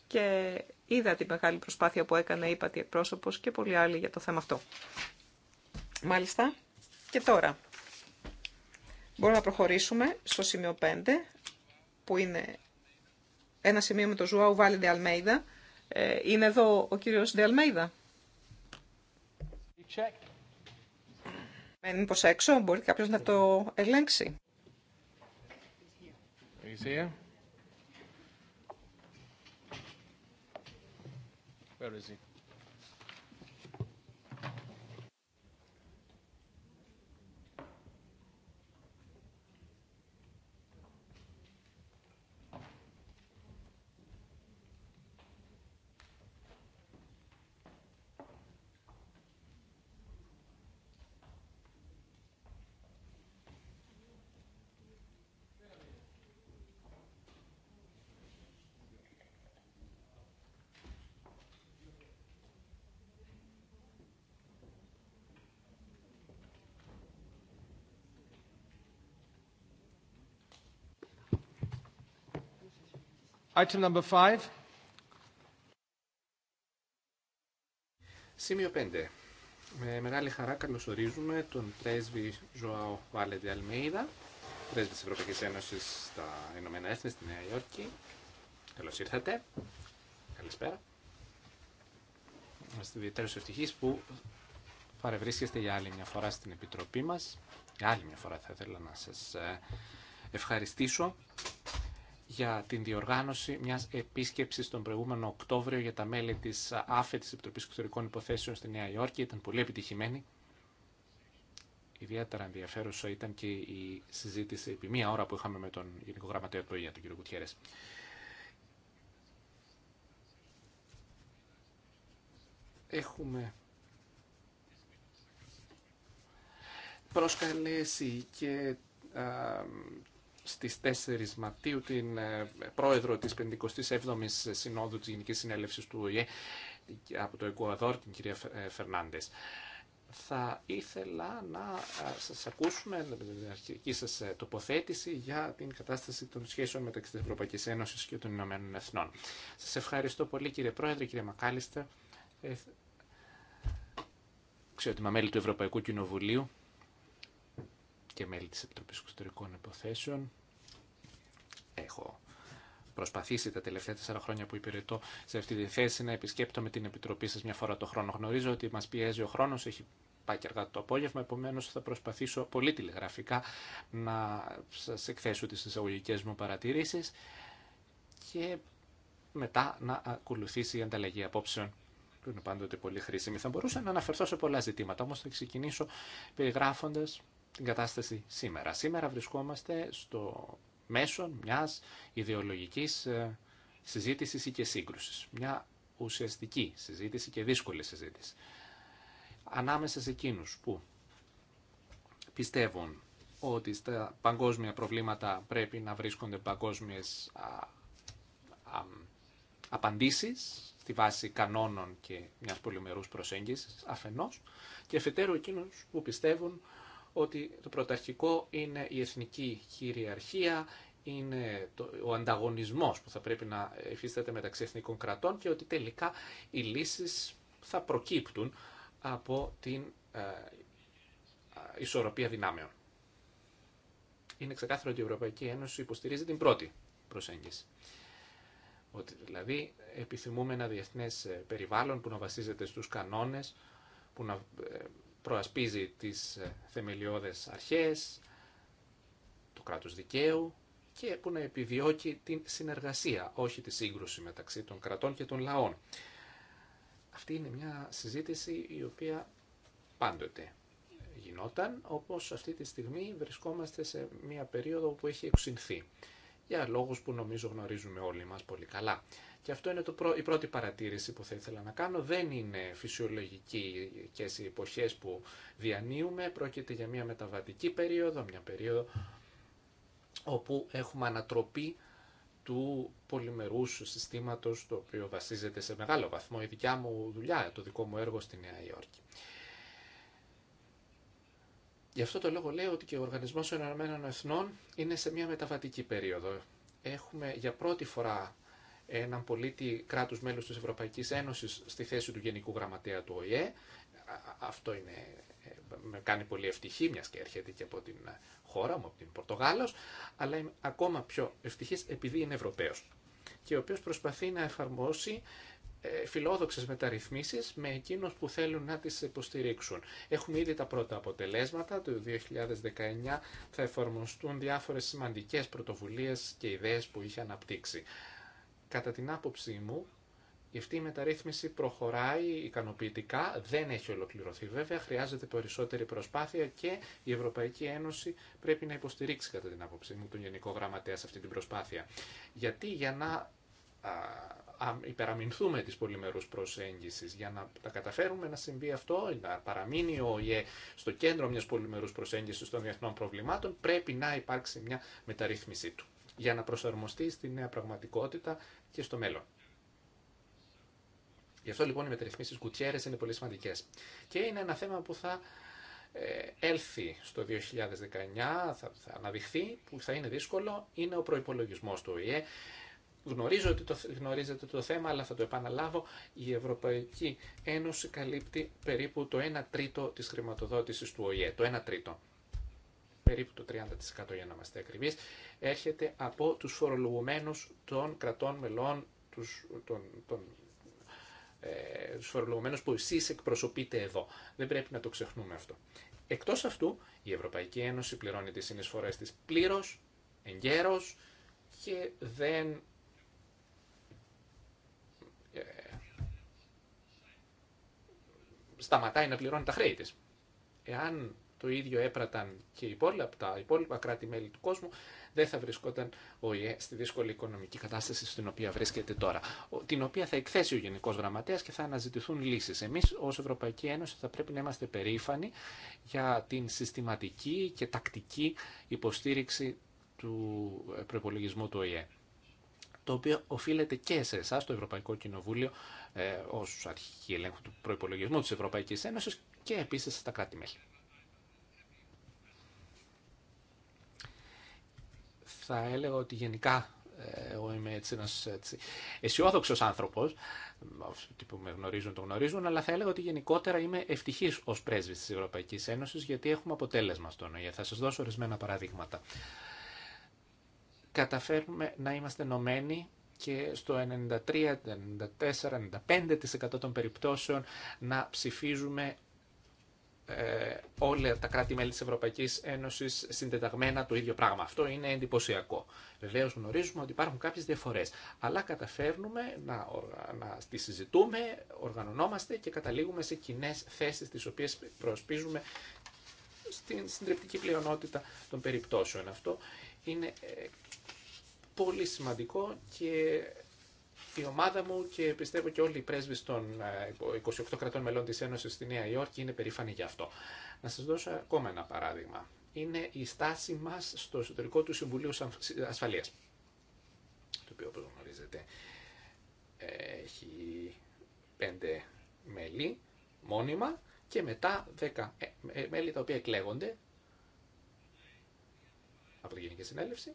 και είδα τη μεγάλη προσπάθεια που έκανε η Πατή Εκπρόσωπος και πολλοί άλλοι για το θέμα αυτό. Μάλιστα, και τώρα μπορούμε να προχωρήσουμε στο σημείο 5, που είναι ένα σημείο με το Ζουάου Βάλε Αλμέιδα. Ε, είναι εδώ ο κύριος Αλμέιδα. Ε, Μένει πως έξω, μπορεί κάποιος να το ελέγξει. He's here. Where is he? Item number five. Σημείο 5. Με μεγάλη χαρά καλωσορίζουμε τον πρέσβη Ζωάο Δε Αλμέιδα, πρέσβη της Ευρωπαϊκή Ένωσης στα Ηνωμένα Έθνη στη Νέα Υόρκη. Καλώς ήρθατε. Καλησπέρα. Είμαστε ιδιαίτερω ευτυχείς που παρευρίσκεστε για άλλη μια φορά στην Επιτροπή μας. Για άλλη μια φορά θα ήθελα να σας ε, ευχαριστήσω για την διοργάνωση μιας επίσκεψης τον προηγούμενο Οκτώβριο για τα μέλη της ΑΦΕ, της Επιτροπής Εξωτερικών Υποθέσεων στη Νέα Υόρκη. Ήταν πολύ επιτυχημένη. Ιδιαίτερα ενδιαφέρουσα ήταν και η συζήτηση επί μία ώρα που είχαμε με τον Γενικό Γραμματέα του ΟΗΑ, τον κ. Κουτιέρες. Έχουμε προσκαλέσει και στις 4 Μαρτίου την ε, πρόεδρο της 57ης Συνόδου της Γενικής Συνέλευσης του ΟΗΕ ε, από το Εκουαδόρ, την κυρία ε, Φερνάντες. Θα ήθελα να σας ακούσουμε την αρχική σας τοποθέτηση για την κατάσταση των σχέσεων μεταξύ της Ευρωπαϊκής Ένωσης και των Ηνωμένων Εθνών. Σας ευχαριστώ πολύ κύριε Πρόεδρε, κύριε Μακάλιστα, αξιότιμα μέλη του Ευρωπαϊκού Κοινοβουλίου και μέλη της Επιτροπής Εξωτερικών Υποθέσεων. Έχω προσπαθήσει τα τελευταία τέσσερα χρόνια που υπηρετώ σε αυτή τη θέση να επισκέπτομαι την Επιτροπή σας μια φορά το χρόνο. Γνωρίζω ότι μας πιέζει ο χρόνος, έχει πάει και αργά το απόγευμα, επομένω θα προσπαθήσω πολύ τηλεγραφικά να σας εκθέσω τις εισαγωγικέ μου παρατηρήσεις και μετά να ακολουθήσει η ανταλλαγή απόψεων που είναι πάντοτε πολύ χρήσιμη. Θα μπορούσα να αναφερθώ σε πολλά ζητήματα, όμως θα ξεκινήσω περιγράφοντας την κατάσταση σήμερα. Σήμερα βρισκόμαστε στο μέσο μιας ιδεολογικής ε, συζήτησης ή και σύγκρουσης. Μια ουσιαστική συζήτηση και δύσκολη συζήτηση. Ανάμεσα σε εκείνους που πιστεύουν ότι στα παγκόσμια προβλήματα πρέπει να βρίσκονται παγκόσμιες απαντήσεις στη βάση κανόνων και μιας πολυμερούς προσέγγισης αφενός και εφετέρου εκείνους που πιστεύουν ότι το πρωταρχικό είναι η εθνική κυριαρχία, είναι το, ο ανταγωνισμός που θα πρέπει να υφίσταται μεταξύ εθνικών κρατών και ότι τελικά οι λύσεις θα προκύπτουν από την ε, ισορροπία δυνάμεων. Είναι ξεκάθαρο ότι η Ευρωπαϊκή Ένωση υποστηρίζει την πρώτη προσέγγιση. Ότι δηλαδή επιθυμούμε ένα διεθνές ε, περιβάλλον που να βασίζεται στους κανόνες, που να ε, προασπίζει τις ε, θεμελιώδες αρχές, το κράτος δικαίου και που να επιδιώκει την συνεργασία, όχι τη σύγκρουση μεταξύ των κρατών και των λαών. Αυτή είναι μια συζήτηση η οποία πάντοτε γινόταν, όπως αυτή τη στιγμή βρισκόμαστε σε μια περίοδο που έχει εξυνθεί για λόγους που νομίζω γνωρίζουμε όλοι μας πολύ καλά. Και αυτό είναι το η πρώτη παρατήρηση που θα ήθελα να κάνω. Δεν είναι φυσιολογική και οι εποχές που διανύουμε. Πρόκειται για μια μεταβατική περίοδο, μια περίοδο όπου έχουμε ανατροπή του πολυμερούς συστήματος, το οποίο βασίζεται σε μεγάλο βαθμό η δικιά μου δουλειά, το δικό μου έργο στη Νέα Υόρκη. Γι' αυτό το λόγο λέω ότι και ο Οργανισμό των Εθνών είναι σε μια μεταβατική περίοδο. Έχουμε για πρώτη φορά έναν πολίτη κράτους μέλους της Ευρωπαϊκής Ένωσης στη θέση του Γενικού Γραμματέα του ΟΗΕ. Αυτό είναι, ε, με κάνει πολύ ευτυχή, μιας και έρχεται και από την χώρα μου, από την Πορτογάλος, αλλά είμαι ακόμα πιο ευτυχής επειδή είναι Ευρωπαίος και ο οποίος προσπαθεί να εφαρμόσει ε, Φιλόδοξε μεταρρυθμίσεις με εκείνου που θέλουν να τι υποστηρίξουν. Έχουμε ήδη τα πρώτα αποτελέσματα. Το 2019 θα εφαρμοστούν διάφορε σημαντικέ πρωτοβουλίε και ιδέε που είχε αναπτύξει. Κατά την άποψή μου, αυτή η μεταρρύθμιση προχωράει ικανοποιητικά, δεν έχει ολοκληρωθεί βέβαια, χρειάζεται περισσότερη προσπάθεια και η Ευρωπαϊκή Ένωση πρέπει να υποστηρίξει κατά την άποψή μου τον Γενικό Γραμματέα σε αυτή την προσπάθεια. Γιατί για να υπεραμεινθούμε τις πολυμερούς προσέγγισης. Για να τα καταφέρουμε να συμβεί αυτό, να παραμείνει ο ΙΕ στο κέντρο μιας πολυμερούς προσέγγισης των διεθνών προβλημάτων, πρέπει να υπάρξει μια μεταρρύθμιση του για να προσαρμοστεί στη νέα πραγματικότητα και στο μέλλον. Γι' αυτό λοιπόν οι μεταρρυθμίσεις κουτιέρες είναι πολύ σημαντικέ. Και είναι ένα θέμα που θα ε, έλθει στο 2019, θα, θα αναδειχθεί, που θα είναι δύσκολο, είναι ο προϋπολογισμός του ΟΗΕ. Γνωρίζω ότι το, γνωρίζετε το θέμα, αλλά θα το επαναλάβω. Η Ευρωπαϊκή Ένωση καλύπτει περίπου το 1 τρίτο τη χρηματοδότηση του ΟΗΕ. Το 1 τρίτο. Περίπου το 30% για να είμαστε ακριβεί. Έρχεται από του φορολογουμένου των κρατών μελών, τους, των, ε, που εσεί εκπροσωπείτε εδώ. Δεν πρέπει να το ξεχνούμε αυτό. Εκτό αυτού, η Ευρωπαϊκή Ένωση πληρώνει τι συνεισφορέ τη πλήρω, εγκαίρω και δεν σταματάει να πληρώνει τα χρέη της. Εάν το ίδιο έπραταν και οι υπόλοιπα, τα υπόλοιπα κράτη-μέλη του κόσμου, δεν θα βρισκόταν ο ΙΕ στη δύσκολη οικονομική κατάσταση στην οποία βρίσκεται τώρα, την οποία θα εκθέσει ο Γενικό Γραμματέα και θα αναζητηθούν λύσει. Εμεί ω Ευρωπαϊκή Ένωση θα πρέπει να είμαστε περήφανοι για την συστηματική και τακτική υποστήριξη του ε, προπολογισμού του ΟΗΕ το οποίο οφείλεται και σε εσά, το Ευρωπαϊκό Κοινοβούλιο, ε, ω αρχική ελέγχου του προπολογισμού τη Ευρωπαϊκή Ένωση και επίση στα κράτη-μέλη. Θα έλεγα ότι γενικά ε, εγώ είμαι έτσι ένας αισιόδοξο άνθρωπο. άνθρωπος, με γνωρίζουν το γνωρίζουν, αλλά θα έλεγα ότι γενικότερα είμαι ευτυχή ω πρέσβη τη Ευρωπαϊκή Ένωση, γιατί έχουμε αποτέλεσμα στον ΟΗΕ. Θα σα δώσω ορισμένα παραδείγματα. Καταφέρουμε να είμαστε ενωμένοι και στο 93, 94, 95% των περιπτώσεων να ψηφίζουμε ε, όλα τα κράτη-μέλη της Ευρωπαϊκής Ένωσης συντεταγμένα το ίδιο πράγμα. Αυτό είναι εντυπωσιακό. Βεβαίως γνωρίζουμε ότι υπάρχουν κάποιες διαφορές, αλλά καταφέρνουμε να, να τις συζητούμε, οργανωνόμαστε και καταλήγουμε σε κοινέ θέσεις τις οποίες προσπίζουμε στην συντριπτική πλειονότητα των περιπτώσεων. Αυτό είναι ε, πολύ σημαντικό και η ομάδα μου και πιστεύω και όλοι οι πρέσβεις των 28 ε, κρατών μελών της Ένωσης στη Νέα Υόρκη είναι περήφανοι γι' αυτό. Να σας δώσω ακόμα ένα παράδειγμα. Είναι η στάση μας στο εσωτερικό του Συμβουλίου Ασφαλείας, το οποίο όπως γνωρίζετε έχει πέντε μέλη μόνιμα και μετά δέκα ε, ε, μέλη τα οποία εκλέγονται από τη Γενική Συνέλευση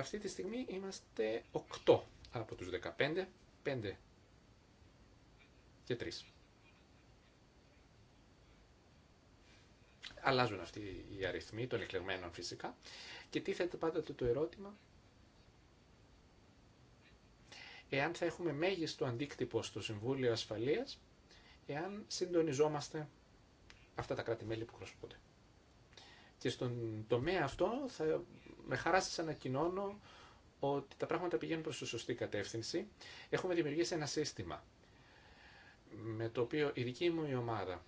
Αυτή τη στιγμή είμαστε 8 από τους 15, 5 και 3. Αλλάζουν αυτοί οι αριθμοί των εκλεγμένων φυσικά και τίθεται πάντα το, ερώτημα εάν θα έχουμε μέγιστο αντίκτυπο στο Συμβούλιο Ασφαλείας εάν συντονιζόμαστε αυτά τα κράτη-μέλη που εκπροσωπούνται. Και στον τομέα αυτό θα με χαρά σας ανακοινώνω ότι τα πράγματα πηγαίνουν προς τη σωστή κατεύθυνση. Έχουμε δημιουργήσει ένα σύστημα με το οποίο η δική μου η ομάδα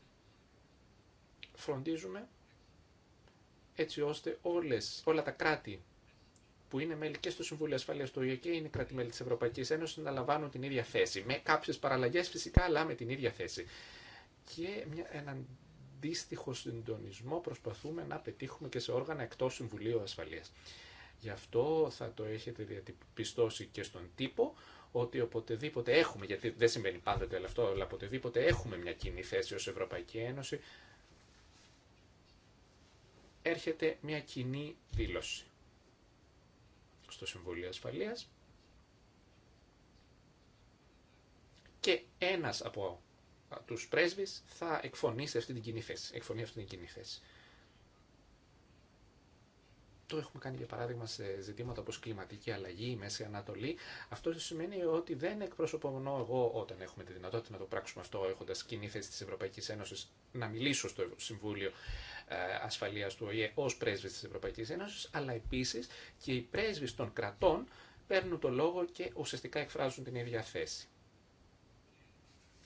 φροντίζουμε έτσι ώστε όλες, όλα τα κράτη που είναι μέλη και στο Συμβούλιο ασφάλεια του ΟΗΕ και είναι κράτη-μέλη τη Ευρωπαϊκής Ένωσης να λαμβάνουν την ίδια θέση. Με κάποιε παραλλαγέ, φυσικά, αλλά με την ίδια θέση. Και μια, έναν αντίστοιχο συντονισμό προσπαθούμε να πετύχουμε και σε όργανα εκτός Συμβουλίου Ασφαλείας. Γι' αυτό θα το έχετε διαπιστώσει και στον τύπο, ότι οποτεδήποτε έχουμε, γιατί δεν συμβαίνει πάντοτε αλλά αυτό, αλλά οποτεδήποτε έχουμε μια κοινή θέση ως Ευρωπαϊκή Ένωση, έρχεται μια κοινή δήλωση στο Συμβούλιο Ασφαλείας και ένας από τους πρέσβεις θα εκφωνήσει αυτή την κοινή θέση. Εκφωνεί αυτή την κοινή θέση. Το έχουμε κάνει για παράδειγμα σε ζητήματα όπως κλιματική αλλαγή, η Μέση Ανατολή. Αυτό σημαίνει ότι δεν εκπροσωπονώ εγώ όταν έχουμε τη δυνατότητα να το πράξουμε αυτό έχοντας κοινή θέση της Ευρωπαϊκής Ένωσης να μιλήσω στο Συμβούλιο ε, Ασφαλείας του ΟΗΕ ως πρέσβης της Ευρωπαϊκής Ένωσης, αλλά επίσης και οι πρέσβεις των κρατών παίρνουν το λόγο και ουσιαστικά εκφράζουν την ίδια θέση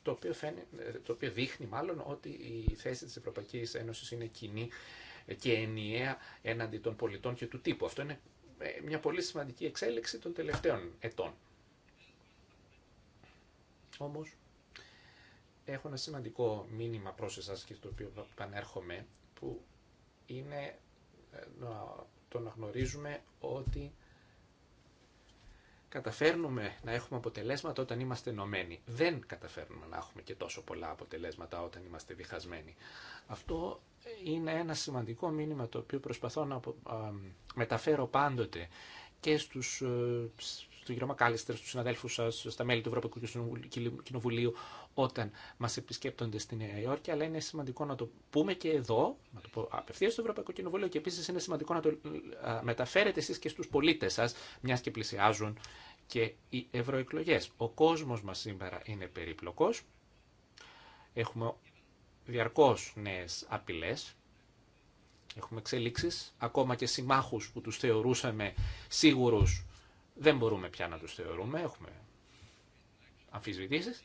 το οποίο, ε, το οποίο δείχνει μάλλον ότι η θέση της Ευρωπαϊκής Ένωσης είναι κοινή και ενιαία έναντι των πολιτών και του τύπου. Αυτό είναι ε, μια πολύ σημαντική εξέλιξη των τελευταίων ετών. Όμως, έχω ένα σημαντικό μήνυμα προς εσάς και το οποίο πανέρχομαι, που είναι ε, το να γνωρίζουμε ότι καταφέρνουμε να έχουμε αποτελέσματα όταν είμαστε ενωμένοι. Δεν καταφέρνουμε να έχουμε και τόσο πολλά αποτελέσματα όταν είμαστε διχασμένοι. Αυτό είναι ένα σημαντικό μήνυμα το οποίο προσπαθώ να μεταφέρω πάντοτε και στους ε, στον κύριο Μακάλιστερ, στου συναδέλφου σας, στα μέλη του Ευρωπαϊκού Κοινοβουλίου όταν μα επισκέπτονται στη Νέα Υόρκη, αλλά είναι σημαντικό να το πούμε και εδώ, να το πω απευθεία στο Ευρωπαϊκό Κοινοβούλιο και επίση είναι σημαντικό να το ε, μεταφέρετε εσεί και στου πολίτε, σα μια και πλησιάζουν και οι ευρωεκλογέ. Ο κόσμο μα σήμερα είναι περίπλοκος, έχουμε διαρκώ νέε απειλέ, έχουμε εξελίξεις, ακόμα και συμμάχους που τους θεωρούσαμε σίγουρους δεν μπορούμε πια να τους θεωρούμε, έχουμε αμφισβητήσεις.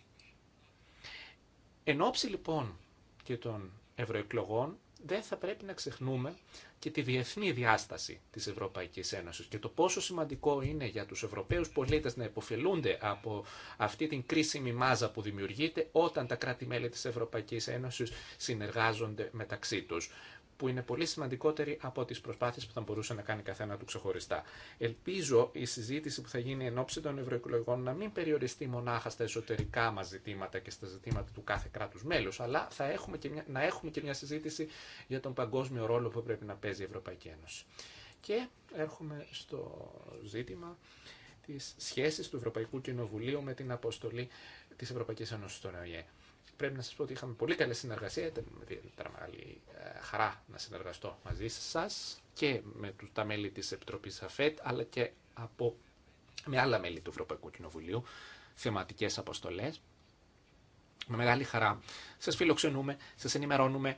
Εν ώψη λοιπόν και των ευρωεκλογών δεν θα πρέπει να ξεχνούμε και τη διεθνή διάσταση της Ευρωπαϊκής Ένωσης και το πόσο σημαντικό είναι για τους Ευρωπαίους πολίτες να υποφελούνται από αυτή την κρίσιμη μάζα που δημιουργείται όταν τα κράτη-μέλη της Ευρωπαϊκής Ένωσης συνεργάζονται μεταξύ τους που είναι πολύ σημαντικότερη από τι προσπάθειε που θα μπορούσε να κάνει καθένα του ξεχωριστά. Ελπίζω η συζήτηση που θα γίνει εν ώψη των ευρωεκλογών να μην περιοριστεί μονάχα στα εσωτερικά μα ζητήματα και στα ζητήματα του κάθε κράτου μέλους, αλλά θα έχουμε και να έχουμε και μια συζήτηση για τον παγκόσμιο ρόλο που πρέπει να παίζει η Ευρωπαϊκή Ένωση. Και έρχομαι στο ζήτημα της σχέσης του Ευρωπαϊκού Κοινοβουλίου με την αποστολή τη Ευρωπαϊκή Ένωση στον ΕΕ πρέπει να σας πω ότι είχαμε πολύ καλή συνεργασία, ήταν ιδιαίτερα μεγάλη ε, χαρά να συνεργαστώ μαζί σας και με τα μέλη της Επιτροπής ΑΦΕΤ, αλλά και από, με άλλα μέλη του Ευρωπαϊκού Κοινοβουλίου, θεματικές αποστολές. Με μεγάλη χαρά σας φιλοξενούμε, σας ενημερώνουμε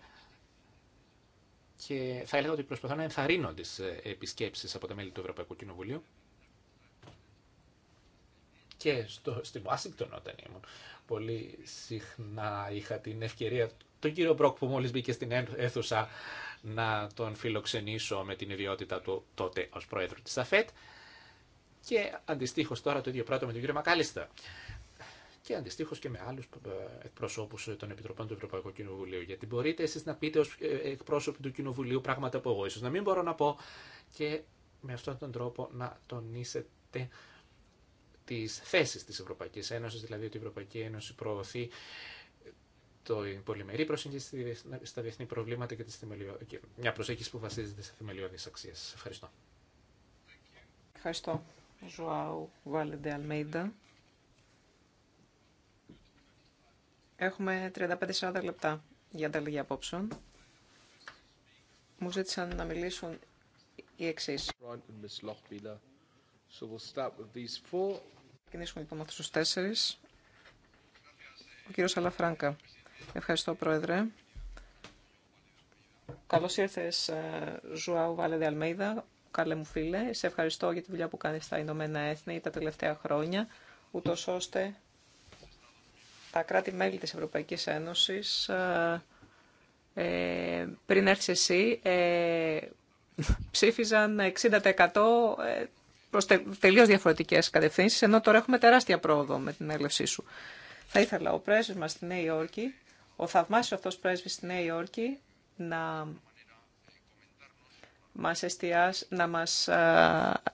και θα έλεγα ότι προσπαθώ να ενθαρρύνω τις ε, επισκέψεις από τα μέλη του Ευρωπαϊκού Κοινοβουλίου και στο, στη Βάσιγκτον όταν ήμουν. Πολύ συχνά είχα την ευκαιρία τον κύριο Μπρόκ που μόλις μπήκε στην αίθουσα να τον φιλοξενήσω με την ιδιότητα του τότε ως πρόεδρο της ΑΦΕΤ και αντιστοίχω τώρα το ίδιο πράγμα με τον κύριο Μακάλιστα και αντιστοίχω και με άλλου ε, εκπροσώπου ε, των Επιτροπών του Ευρωπαϊκού Κοινοβουλίου. Γιατί μπορείτε εσεί να πείτε ω ε, εκπρόσωποι του Κοινοβουλίου πράγματα που εγώ ίσω να μην μπορώ να πω και με αυτόν τον τρόπο να τονίσετε τι θέση τη Ευρωπαϊκή Ένωση, δηλαδή ότι η Ευρωπαϊκή Ένωση προωθεί το πολυμερή προσέγγιση στα διεθνή προβλήματα και, τις μια προσέγγιση που βασίζεται σε θεμελιώδει αξίες. Ευχαριστώ. Ευχαριστώ. Ζωάου Βάλεντε Αλμέιντα. Έχουμε 35-40 λεπτά για ανταλλαγή απόψεων. Μου ζήτησαν να μιλήσουν οι εξή. Ξεκινήσουμε λοιπόν με αυτού του τέσσερι. Ο κύριο Αλαφράγκα. Ευχαριστώ, Πρόεδρε. Καλώ ήρθε, ε, Ζουάου Βάλεδε Αλμέιδα. Καλέ μου φίλε. Σε ευχαριστώ για τη δουλειά που κάνει στα Ηνωμένα Έθνη τα τελευταία χρόνια, ούτω ώστε τα κράτη-μέλη της Ευρωπαϊκής Ένωσης ε, ε πριν έρθεις εσύ ε, ψήφιζαν 60% προς τελείως διαφορετικές κατευθύνσεις, ενώ τώρα έχουμε τεράστια πρόοδο με την έλευσή σου. Θα ήθελα ο πρέσβης μα στη Νέα Υόρκη, ο θαυμάσιος αυτός πρέσβης στη Νέα Υόρκη, να μας, να μας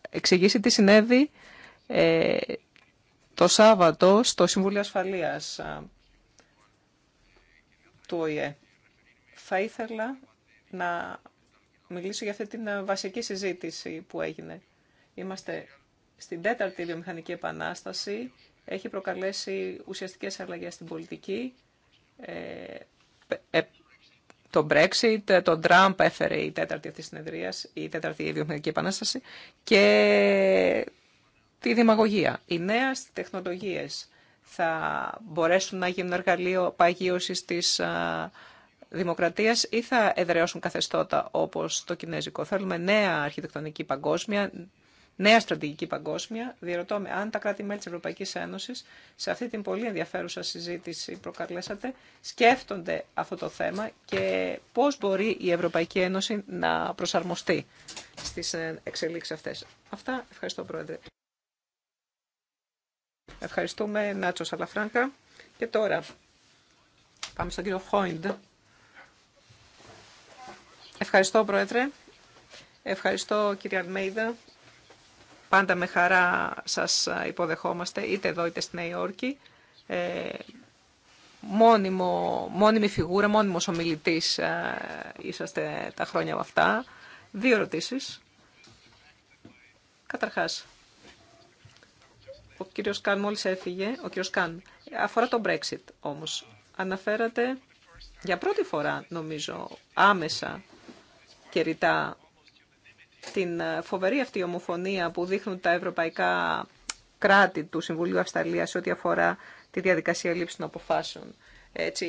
εξηγήσει τι συνέβη ε, το Σάββατο στο Συμβούλιο Ασφαλείας του ΟΗΕ. Θα ήθελα να μιλήσω για αυτή την βασική συζήτηση που έγινε Είμαστε στην τέταρτη βιομηχανική επανάσταση. Έχει προκαλέσει ουσιαστικές αλλαγές στην πολιτική. Ε, ε, το Brexit, ε, το Trump έφερε η τέταρτη αυτή συνεδρία, η τέταρτη βιομηχανική επανάσταση και τη δημαγωγία. Οι νέες τεχνολογίες θα μπορέσουν να γίνουν εργαλείο παγίωσης της δημοκρατίας ή θα εδραιώσουν καθεστώτα όπως το κινέζικο. Θέλουμε νέα αρχιτεκτονική παγκόσμια, νέα στρατηγική παγκόσμια, διερωτώ με αν τα κράτη-μέλη της Ευρωπαϊκής Ένωσης σε αυτή την πολύ ενδιαφέρουσα συζήτηση προκαλέσατε, σκέφτονται αυτό το θέμα και πώς μπορεί η Ευρωπαϊκή Ένωση να προσαρμοστεί στις ε, εξελίξεις αυτές. Αυτά. Ευχαριστώ, Πρόεδρε. Ευχαριστούμε, Νάτσο Σαλαφράγκα. Και τώρα πάμε στον κύριο Χόιντ. Ευχαριστώ, Πρόεδρε. Ευχαριστώ, κύριε Αλμέιδα, Πάντα με χαρά σας ε, υποδεχόμαστε, είτε εδώ είτε στη Νέα Υόρκη. Ε, μόνιμο, μόνιμη φιγούρα, μόνιμος ομιλητής ε, είσαστε τα χρόνια αυτά. Δύο ρωτήσεις. Καταρχάς, ο κύριος Καν μόλις έφυγε, ο κύριος Καν, αφορά το Brexit όμως. Αναφέρατε για πρώτη φορά, νομίζω, άμεσα και ρητά την ε, φοβερή αυτή ομοφωνία που δείχνουν τα ευρωπαϊκά κράτη του Συμβουλίου Αυσταλίας σε ό,τι αφορά τη διαδικασία λήψη των αποφάσεων. Έτσι,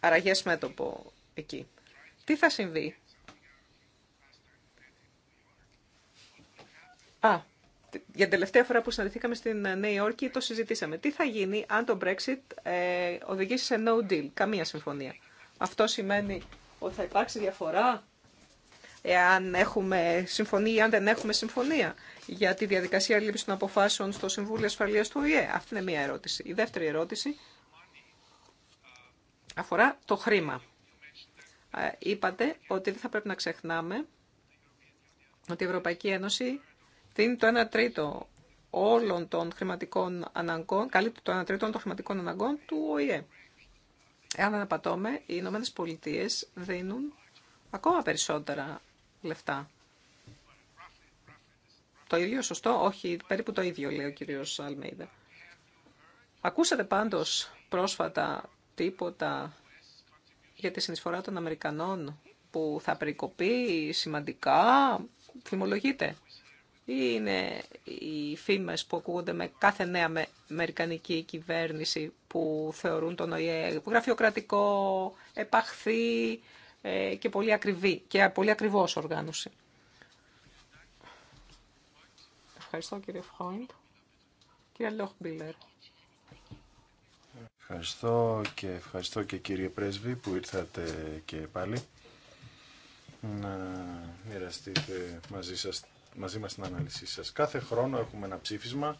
αραγές μέτωπο εκεί. Τι θα συμβεί. Α, για την τελευταία φορά που συναντηθήκαμε στην ε, Νέα Υόρκη το συζητήσαμε. Τι θα γίνει αν το Brexit ε, οδηγήσει σε no deal, καμία συμφωνία. Αυτό σημαίνει ότι θα υπάρξει διαφορά εάν έχουμε συμφωνία ή αν δεν έχουμε συμφωνία για τη διαδικασία λήψη των αποφάσεων στο Συμβούλιο Ασφαλείας του ΟΗΕ. Αυτή είναι μία ερώτηση. Η δεύτερη ερώτηση αφορά το χρήμα. Ε, είπατε ότι δεν θα πρέπει να ξεχνάμε ότι η Ευρωπαϊκή Ένωση δίνει το 1 τρίτο όλων των χρηματικών αναγκών, καλύπτει το 1 τρίτο των χρηματικών αναγκών του ΟΗΕ. Εάν αναπατώμε, οι Ηνωμένε Πολιτείε δίνουν ακόμα περισσότερα λεφτά. Το ίδιο σωστό, όχι, περίπου το ίδιο λέει ο κύριος Αλμέιδα. Ακούσατε πάντως πρόσφατα τίποτα για τη συνεισφορά των Αμερικανών που θα περικοπεί σημαντικά, θυμολογείτε. Ή είναι οι φήμες που ακούγονται με κάθε νέα αμερικανική κυβέρνηση που θεωρούν τον ΟΗΕ γραφειοκρατικό, επαχθή, ε, και πολύ ακριβή και πολύ ακριβώς οργάνωση. Ευχαριστώ κύριε Φόιντ. Κύριε Λόχμπίλερ. Ευχαριστώ και ευχαριστώ και κύριε Πρέσβη που ήρθατε και πάλι να μοιραστείτε μαζί, σας, μαζί μας την ανάλυση σας. Κάθε χρόνο έχουμε ένα ψήφισμα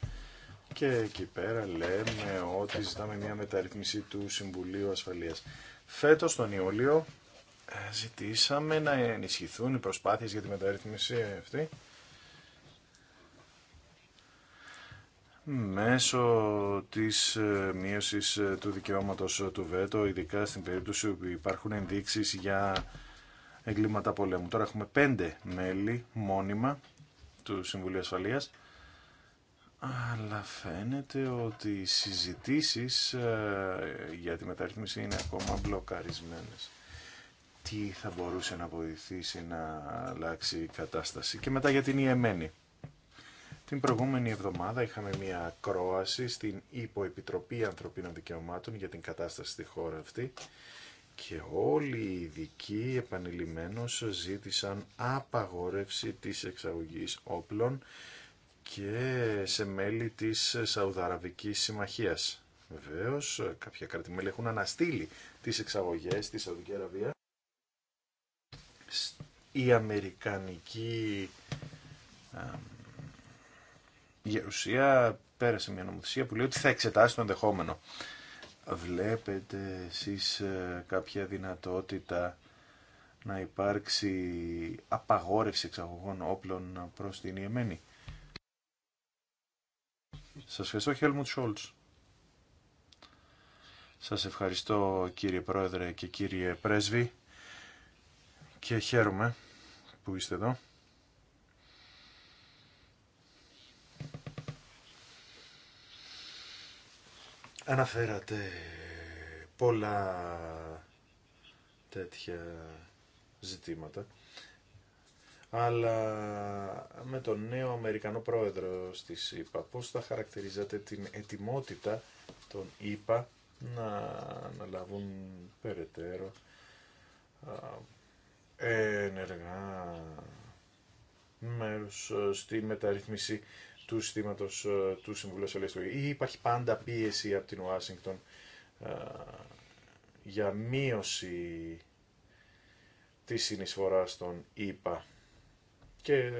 και εκεί πέρα λέμε ότι ζητάμε μια μεταρρύθμιση του Συμβουλίου Ασφαλείας. Φέτος τον Ιούλιο ε, ζητήσαμε να ενισχυθούν οι προσπάθειες για τη μεταρρύθμιση αυτή μέσω της ε, μείωσης ε, του δικαιώματος του ΒΕΤΟ, ειδικά στην περίπτωση που υπάρχουν ενδείξεις για εγκλήματα πολέμου. Τώρα έχουμε πέντε μέλη μόνιμα του Συμβουλίου Ασφαλείας, αλλά φαίνεται ότι οι συζητήσεις για τη μεταρρύθμιση είναι ακόμα μπλοκαρισμένες τι θα μπορούσε να βοηθήσει να αλλάξει η κατάσταση. Και μετά για την Ιεμένη. Την προηγούμενη εβδομάδα είχαμε μια ακρόαση στην Υποεπιτροπή Ανθρωπίνων Δικαιωμάτων για την κατάσταση στη χώρα αυτή και όλοι οι ειδικοί επανειλημμένως ζήτησαν απαγόρευση της εξαγωγής όπλων και σε μέλη της Σαουδαραβικής Συμμαχίας. Βεβαίω, κάποια κρατημέλη έχουν αναστείλει τις εξαγωγές στη Σαουδική Αραβία η Αμερικανική Γερουσία πέρασε μια νομοθεσία που λέει ότι θα εξετάσει το ενδεχόμενο. Βλέπετε εσείς ε, κάποια δυνατότητα να υπάρξει απαγόρευση εξαγωγών όπλων προς την Ιεμένη. Σας ευχαριστώ Χέλμουντ Σόλτς. Σας ευχαριστώ κύριε Πρόεδρε και κύριε Πρέσβη και χαίρομαι που είστε εδώ. Αναφέρατε πολλά τέτοια ζητήματα. Αλλά με τον νέο Αμερικανό πρόεδρο στις ΗΠΑ, πώς θα χαρακτηρίζατε την ετοιμότητα των ΗΠΑ να λάβουν περαιτέρω ενεργά ναι, μέρους ε, στη μεταρρύθμιση του συστήματος ε, του Συμβουλίου Ασφαλείας του Ή υπάρχει πάντα πίεση από την Ουάσιγκτον ε, για μείωση της συνεισφοράς των ΙΠΑ και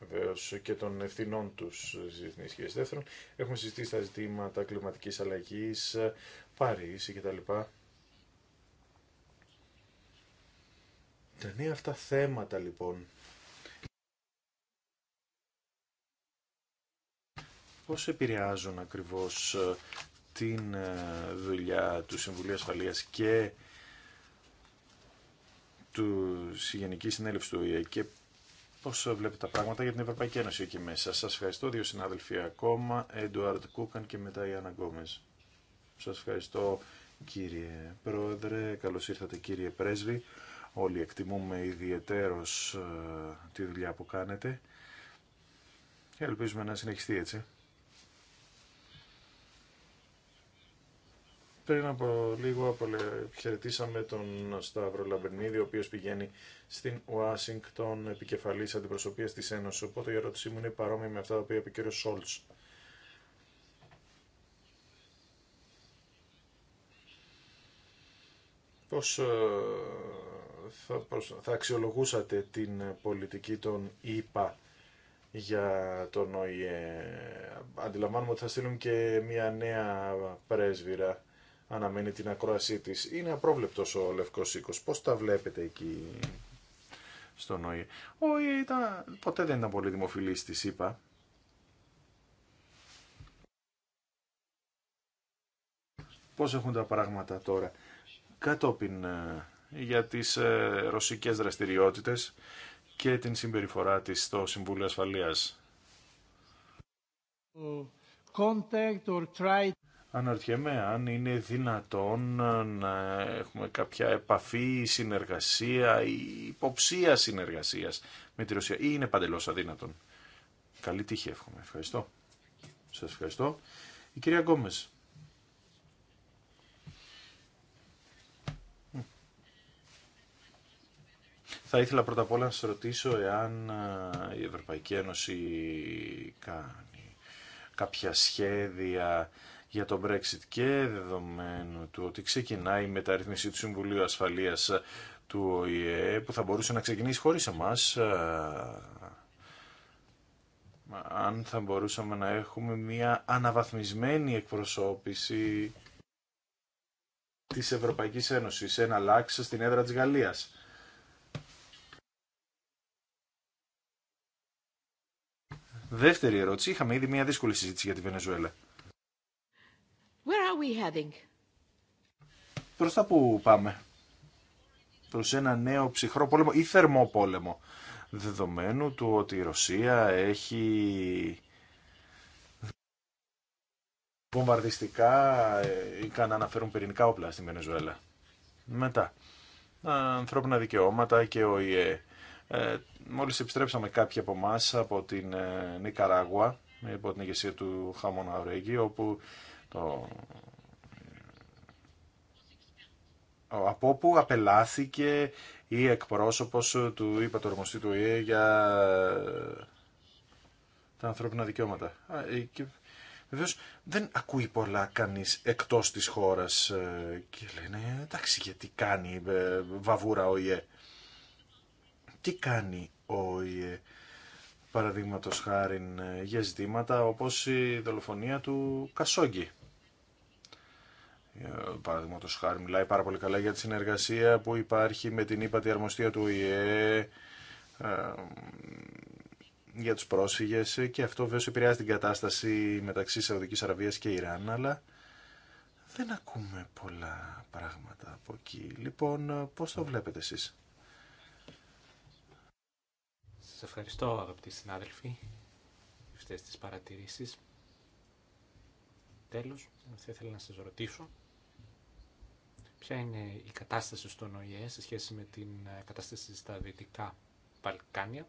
βεβαίω και των ευθυνών του στι διεθνεί Δεύτερον, έχουμε συζητήσει τα ζητήματα κλιματική αλλαγή, Παρίσι κτλ. Τα νέα αυτά θέματα λοιπόν. Πώς επηρεάζουν ακριβώς ε, την ε, δουλειά του Συμβουλίου Ασφαλείας και του Γενική Συνέλευση του ΟΗΕ και πώς ε, βλέπετε τα πράγματα για την Ευρωπαϊκή Ένωση εκεί μέσα. Σας ευχαριστώ δύο συνάδελφοι ακόμα, Εντουάρντ Κούκαν και μετά η Γκόμες. Σας ευχαριστώ κύριε Πρόεδρε, καλώς ήρθατε κύριε Πρέσβη όλοι εκτιμούμε ιδιαιτέρως ε, τη δουλειά που κάνετε και ελπίζουμε να συνεχιστεί έτσι. Πριν από λίγο χαιρετήσαμε τον Σταύρο Λαμπερνίδη, ο οποίος πηγαίνει στην Ουάσιγκτον επικεφαλής αντιπροσωπείας της Ένωσης. Οπότε η ερώτησή μου είναι παρόμοια με αυτά τα οποία είπε ο κ. Σόλτς. Πώς ε, θα, αξιολογούσατε την πολιτική των ΙΠΑ για τον ΟΗΕ. Αντιλαμβάνομαι ότι θα στείλουν και μια νέα πρέσβυρα αναμένει την ακρόασή της. Είναι απρόβλεπτος ο Λευκός Σύκο. Πώς τα βλέπετε εκεί στον ΟΗΕ. Ο ΟΗΕ ποτέ δεν ήταν πολύ δημοφιλής της ΙΠΑ. Πώς έχουν τα πράγματα τώρα. Κατόπιν ε, για τις ε, ρωσικές δραστηριότητες και την συμπεριφορά της στο Συμβούλιο Ασφαλείας. Or Αναρωτιέμαι αν είναι δυνατόν να έχουμε κάποια επαφή συνεργασία ή υποψία συνεργασίας με τη Ρωσία ή είναι παντελώς αδύνατον. Καλή τύχη εύχομαι. Ευχαριστώ. Σας ευχαριστώ. Η κυρία Γκόμες. Θα ήθελα πρώτα απ' όλα να σας ρωτήσω εάν ε, η Ευρωπαϊκή Ένωση κάνει κάποια σχέδια για το Brexit και δεδομένου του ότι ξεκινάει η μεταρρύθμιση του Συμβουλίου Ασφαλείας του ΟΗΕ που θα μπορούσε να ξεκινήσει χωρίς εμάς ε, αν θα μπορούσαμε να έχουμε μια αναβαθμισμένη εκπροσώπηση της Ευρωπαϊκής Ένωσης, ένα λάξ στην έδρα της Γαλλίας. Δεύτερη ερώτηση. Είχαμε ήδη μια δύσκολη συζήτηση για τη Βενεζουέλα. Προς τα που πάμε. Προς ένα νέο ψυχρό πόλεμο ή θερμό πόλεμο. Δεδομένου του ότι η Ρωσία έχει βομβαρδιστικά ε, ή καν αναφέρουν πυρηνικά όπλα στη Βενεζουέλα. Μετά. Ανθρώπινα δικαιώματα και ο ΙΕ ε, μόλις επιστρέψαμε κάποιοι από εμά από την ε, Νικαράγουα, από την ηγεσία του Χαμόνα Ρέγγι, όπου το... από όπου απελάθηκε η εκπρόσωπος του είπα του ΙΕ για ε, τα ανθρώπινα δικαιώματα. Και... Βεβαίω δεν ακούει πολλά κανεί εκτό τη χώρα και λένε εντάξει, γιατί κάνει βαβούρα ο ΙΕ τι κάνει ο ΙΕ παραδείγματο χάρη ε, για ζητήματα όπως η δολοφονία του Κασόγκη. Ε, παραδείγματο χάρη μιλάει πάρα πολύ καλά για τη συνεργασία που υπάρχει με την ύπατη αρμοστία του ΙΕ ε, για τους πρόσφυγες και αυτό βέβαια επηρεάζει την κατάσταση μεταξύ Σαουδικής Αραβίας και Ιράν αλλά δεν ακούμε πολλά πράγματα από εκεί. Λοιπόν, πώς το βλέπετε εσείς. Σας ευχαριστώ αγαπητοί συνάδελφοι για αυτές τις παρατηρήσεις. Τέλος, θα ήθελα να σας ρωτήσω ποια είναι η κατάσταση στον ΟΗΕ σε σχέση με την ε, κατάσταση στα Δυτικά Βαλκάνια,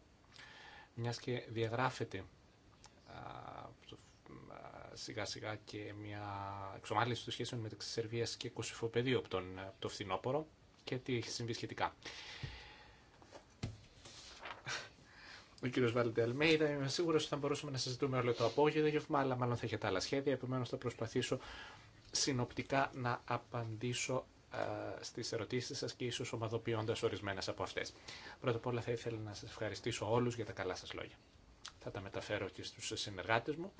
μιας και διαγράφεται σιγά σιγά και μια εξομάλυνση των σχέσεων μεταξύ Σερβίας και Κωσυφοπεδίου από, τον, ε, από το φθινόπωρο και τι έχει συμβεί σχετικά. ο κύριο Βάλτε Αλμέιδα. Είμαι σίγουρο ότι θα μπορούσαμε να συζητούμε όλο το απόγευμα, αλλά μάλλον θα έχετε άλλα σχέδια. Επομένω, θα προσπαθήσω συνοπτικά να απαντήσω στι ερωτήσει σα και ίσω ομαδοποιώντα ορισμένε από αυτέ. Πρώτα απ' όλα, θα ήθελα να σα ευχαριστήσω όλου για τα καλά σα λόγια. Θα τα μεταφέρω και στου συνεργάτε μου.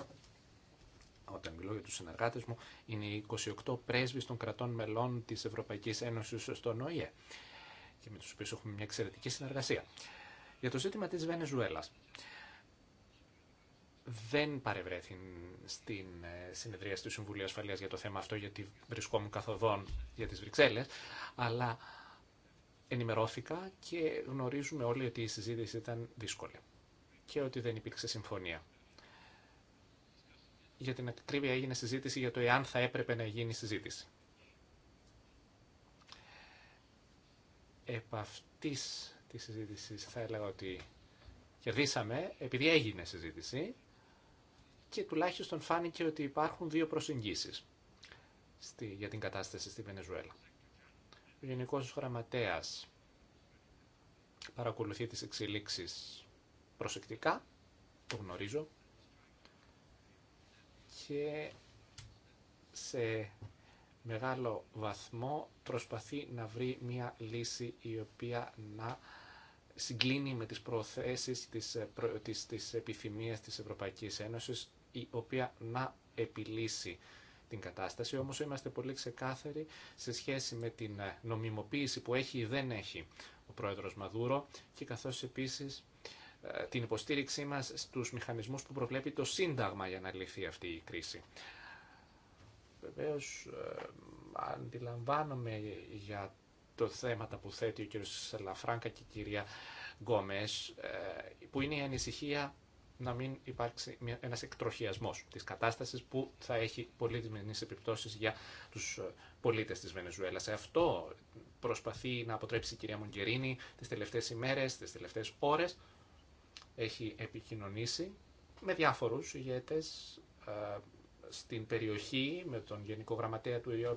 Όταν μιλώ για του συνεργάτε μου, είναι οι 28 πρέσβει των κρατών μελών τη Ευρωπαϊκή Ένωση στον ΟΗΕ και με του οποίου έχουμε μια εξαιρετική συνεργασία. Για το ζήτημα της Βενεζουέλας. Δεν παρευρέθη στην ε, συνεδρία του Συμβουλίου Ασφαλείας για το θέμα αυτό, γιατί βρισκόμουν καθοδόν για τις Βρυξέλλες, αλλά ενημερώθηκα και γνωρίζουμε όλοι ότι η συζήτηση ήταν δύσκολη και ότι δεν υπήρξε συμφωνία. Για την ακρίβεια έγινε συζήτηση για το εάν θα έπρεπε να γίνει συζήτηση. Επ' αυτής η συζήτηση θα έλεγα ότι κερδίσαμε επειδή έγινε συζήτηση και τουλάχιστον φάνηκε ότι υπάρχουν δύο προσεγγίσεις στη, για την κατάσταση στη Βενεζουέλα. Ο Γενικός Γραμματέας παρακολουθεί τις εξελίξεις προσεκτικά, το γνωρίζω, και σε μεγάλο βαθμό προσπαθεί να βρει μια λύση η οποία να συγκλίνει με τις προθέσεις της, ε, τις, τις επιθυμίες της Ευρωπαϊκής Ένωσης η οποία να επιλύσει την κατάσταση. Όμως είμαστε πολύ ξεκάθαροι σε σχέση με την ε, νομιμοποίηση που έχει ή δεν έχει ο πρόεδρος Μαδούρο και καθώς επίσης ε, την υποστήριξή μας στους μηχανισμούς που προβλέπει το Σύνταγμα για να λυθεί αυτή η κρίση. Βεβαίως αντιλαμβάνομαι για το θέματα που θέτει ο κ. Σαλαφράγκα και η κυρία Γκόμε, ε, που είναι η ανησυχία να μην υπάρξει ένας εκτροχιασμός της κατάστασης που θα έχει πολύ δυσμενείς επιπτώσεις για τους ε, πολίτες της Σε Αυτό προσπαθεί να αποτρέψει η κυρία Μογκερίνη τις τελευταίες ημέρες, τις τελευταίες ώρες. Έχει επικοινωνήσει με διάφορους ηγέτες ε, στην περιοχή, με τον Γενικό Γραμματέα του ΕΕ,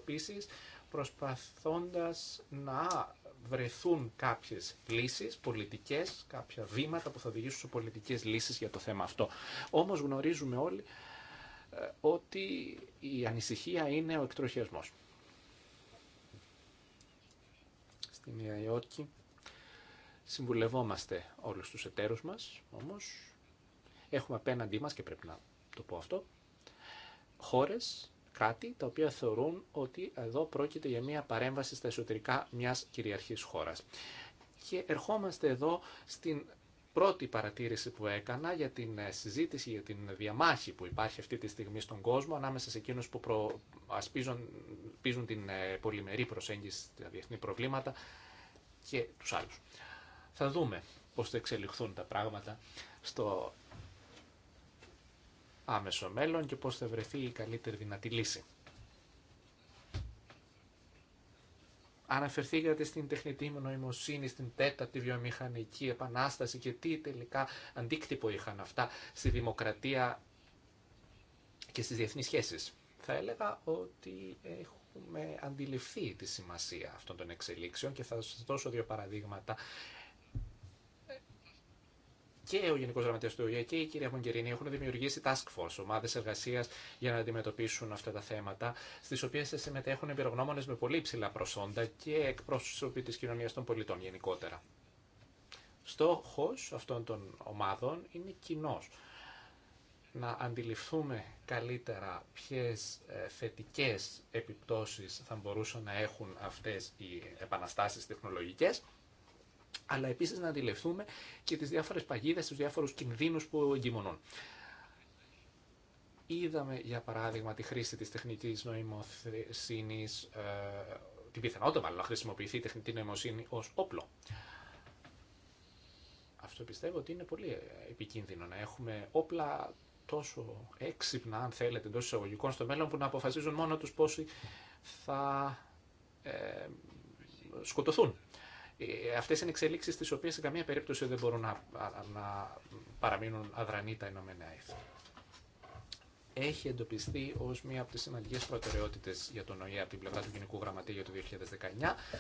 προσπαθώντας να βρεθούν κάποιες λύσεις πολιτικές, κάποια βήματα που θα οδηγήσουν σε πολιτικές λύσεις για το θέμα αυτό. Όμως γνωρίζουμε όλοι ε, ότι η ανησυχία είναι ο εκτροχιασμός. Στην Ιαϊόρκη συμβουλευόμαστε όλους τους εταίρους μας, όμως έχουμε απέναντί μας, και πρέπει να το πω αυτό, χώρες κάτι τα οποία θεωρούν ότι εδώ πρόκειται για μια παρέμβαση στα εσωτερικά μιας κυριαρχής χώρας. Και ερχόμαστε εδώ στην πρώτη παρατήρηση που έκανα για την ε, συζήτηση, για την διαμάχη που υπάρχει αυτή τη στιγμή στον κόσμο ανάμεσα σε εκείνους που πίζουν την ε, πολυμερή προσέγγιση στα διεθνή προβλήματα και τους άλλους. Θα δούμε πώς θα εξελιχθούν τα πράγματα στο άμεσο μέλλον και πώς θα βρεθεί η καλύτερη δυνατή λύση. Αναφερθήκατε στην τεχνητή νοημοσύνη, στην τέταρτη βιομηχανική επανάσταση και τι τελικά αντίκτυπο είχαν αυτά στη δημοκρατία και στις διεθνείς σχέσεις. Θα έλεγα ότι έχουμε αντιληφθεί τη σημασία αυτών των εξελίξεων και θα σας δώσω δύο παραδείγματα και ο Γενικό Γραμματέα του ΟΗΕ και η κυρία Μογκερίνη έχουν δημιουργήσει task force, ομάδε εργασία για να αντιμετωπίσουν αυτά τα θέματα, στι οποίε συμμετέχουν εμπειρογνώμονε με πολύ ψηλά προσόντα και εκπρόσωποι τη κοινωνία των πολιτών γενικότερα. Στόχο αυτών των ομάδων είναι κοινό. Να αντιληφθούμε καλύτερα ποιες ε, θετικές επιπτώσεις θα μπορούσαν να έχουν αυτές οι επαναστάσεις τεχνολογικές αλλά επίσης να αντιληφθούμε και τις διάφορε παγίδες, τους διάφορους κινδύνους που εγκυμονούν. Είδαμε, για παράδειγμα, τη χρήση της τεχνητή νοημοσύνης, ε, την πιθανότητα μάλλον να χρησιμοποιηθεί η τεχνητή νοημοσύνη ως όπλο. Αυτό πιστεύω ότι είναι πολύ επικίνδυνο να έχουμε όπλα τόσο έξυπνα, αν θέλετε, εντό εισαγωγικών στο μέλλον, που να αποφασίζουν μόνο του πόσοι θα ε, σκοτωθούν. Ε, Αυτέ είναι εξελίξει τις οποίε σε καμία περίπτωση δεν μπορούν να, να παραμείνουν αδρανή τα Ηνωμένα Έθνη. Έχει εντοπιστεί ω μία από τι σημαντικέ προτεραιότητε για τον ΟΗΕ από την πλευρά του Γενικού Γραμματεία για το 2019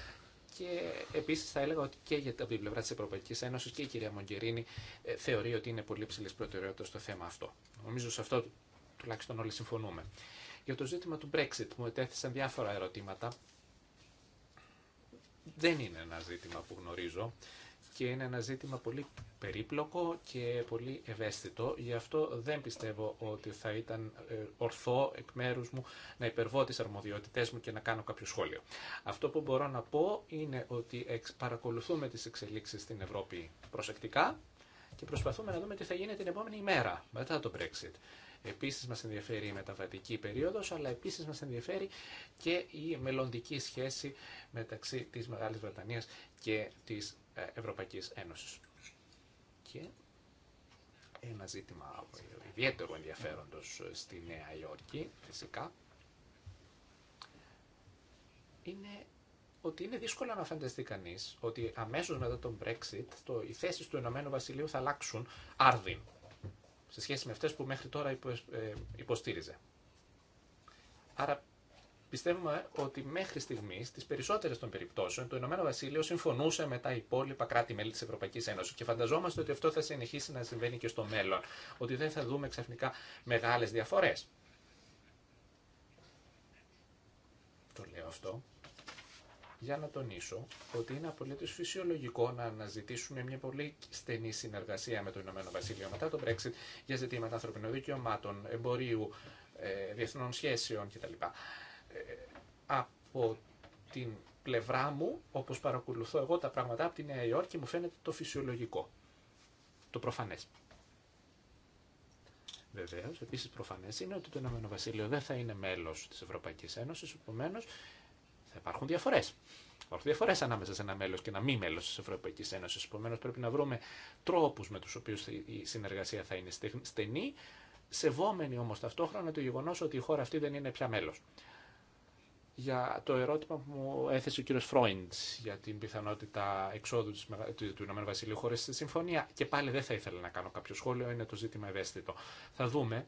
και επίση θα έλεγα ότι και για την πλευρά τη Ευρωπαϊκή Ένωση και η κυρία Μογκερίνη ε, θεωρεί ότι είναι πολύ ψηλή προτεραιότητα στο θέμα αυτό. Νομίζω σε αυτό τουλάχιστον όλοι συμφωνούμε. Για το ζήτημα του Brexit μου ετέθησαν διάφορα ερωτήματα δεν είναι ένα ζήτημα που γνωρίζω και είναι ένα ζήτημα πολύ περίπλοκο και πολύ ευαίσθητο. Γι' αυτό δεν πιστεύω ότι θα ήταν ε, ορθό εκ μέρου μου να υπερβώ τι αρμοδιότητέ μου και να κάνω κάποιο σχόλιο. Αυτό που μπορώ να πω είναι ότι παρακολουθούμε τι εξελίξει στην Ευρώπη προσεκτικά και προσπαθούμε να δούμε τι θα γίνει την επόμενη ημέρα μετά το Brexit. Επίσης μας ενδιαφέρει η μεταβατική περίοδος, αλλά επίσης μας ενδιαφέρει και η μελλοντική σχέση μεταξύ της Μεγάλης Βρετανίας και της ε, Ευρωπαϊκής Ένωσης. Και ένα ζήτημα ιδιαίτερο ενδιαφέροντος ε, στη Νέα Υόρκη, φυσικά, είναι ότι είναι δύσκολο να φανταστεί κανεί ότι αμέσω μετά τον Brexit το, οι θέσει του Ηνωμένου Βασιλείου θα αλλάξουν άρδιν σε σχέση με αυτές που μέχρι τώρα ε, υποστήριζε. Άρα πιστεύουμε ότι μέχρι στιγμή, τις περισσότερες των περιπτώσεων, το Ηνωμένο Βασίλειο συμφωνούσε με τα υπόλοιπα κράτη-μέλη της Ευρωπαϊκής Ένωσης. Και φανταζόμαστε ότι αυτό θα συνεχίσει να συμβαίνει και στο μέλλον. Ότι δεν θα δούμε ξαφνικά μεγάλες διαφορές. Το λέω αυτό για να τονίσω ότι είναι απολύτω φυσιολογικό να αναζητήσουμε μια πολύ στενή συνεργασία με το Ηνωμένο Βασίλειο μετά το Brexit για ζητήματα ανθρωπινών δικαιωμάτων, εμπορίου, ε, διεθνών σχέσεων κτλ. Ε, από την πλευρά μου, όπω παρακολουθώ εγώ τα πράγματα από τη Νέα Υόρκη, μου φαίνεται το φυσιολογικό, το προφανέ. Βεβαίω, επίση προφανέ είναι ότι το Ηνωμένο Βασίλειο δεν θα είναι μέλο τη Ευρωπαϊκή Ένωση, επομένω υπάρχουν διαφορέ. Υπάρχουν διαφορέ ανάμεσα σε ένα μέλο και ένα μη μέλο τη Ευρωπαϊκή Ένωση. Επομένω, πρέπει να βρούμε τρόπου με του οποίου η συνεργασία θα είναι στενή, σεβόμενη όμω ταυτόχρονα το γεγονό ότι η χώρα αυτή δεν είναι πια μέλο. Για το ερώτημα που μου έθεσε ο κύριο Φρόιντ για την πιθανότητα εξόδου του Ηνωμένου Βασιλείου χωρί τη συμφωνία. Και πάλι δεν θα ήθελα να κάνω κάποιο σχόλιο, είναι το ζήτημα ευαίσθητο. Θα δούμε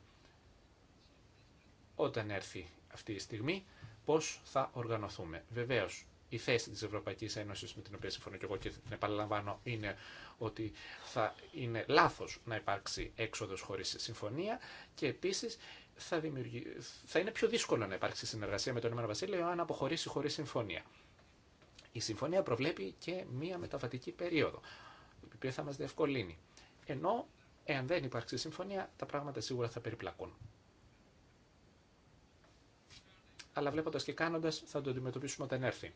όταν έρθει αυτή η στιγμή πώ θα οργανωθούμε. Βεβαίω, η θέση τη Ευρωπαϊκή Ένωση με την οποία συμφωνώ και εγώ και την επαναλαμβάνω είναι ότι θα είναι λάθο να υπάρξει έξοδο χωρί συμφωνία και επίση θα, δημιουργη... θα είναι πιο δύσκολο να υπάρξει συνεργασία με τον Ηνωμένο Βασίλειο αν αποχωρήσει χωρί συμφωνία. Η συμφωνία προβλέπει και μία μεταβατική περίοδο, η οποία θα μα διευκολύνει. Ενώ, εάν δεν υπάρξει συμφωνία, τα πράγματα σίγουρα θα περιπλακούν αλλά βλέποντα και κάνοντα θα το αντιμετωπίσουμε όταν έρθει.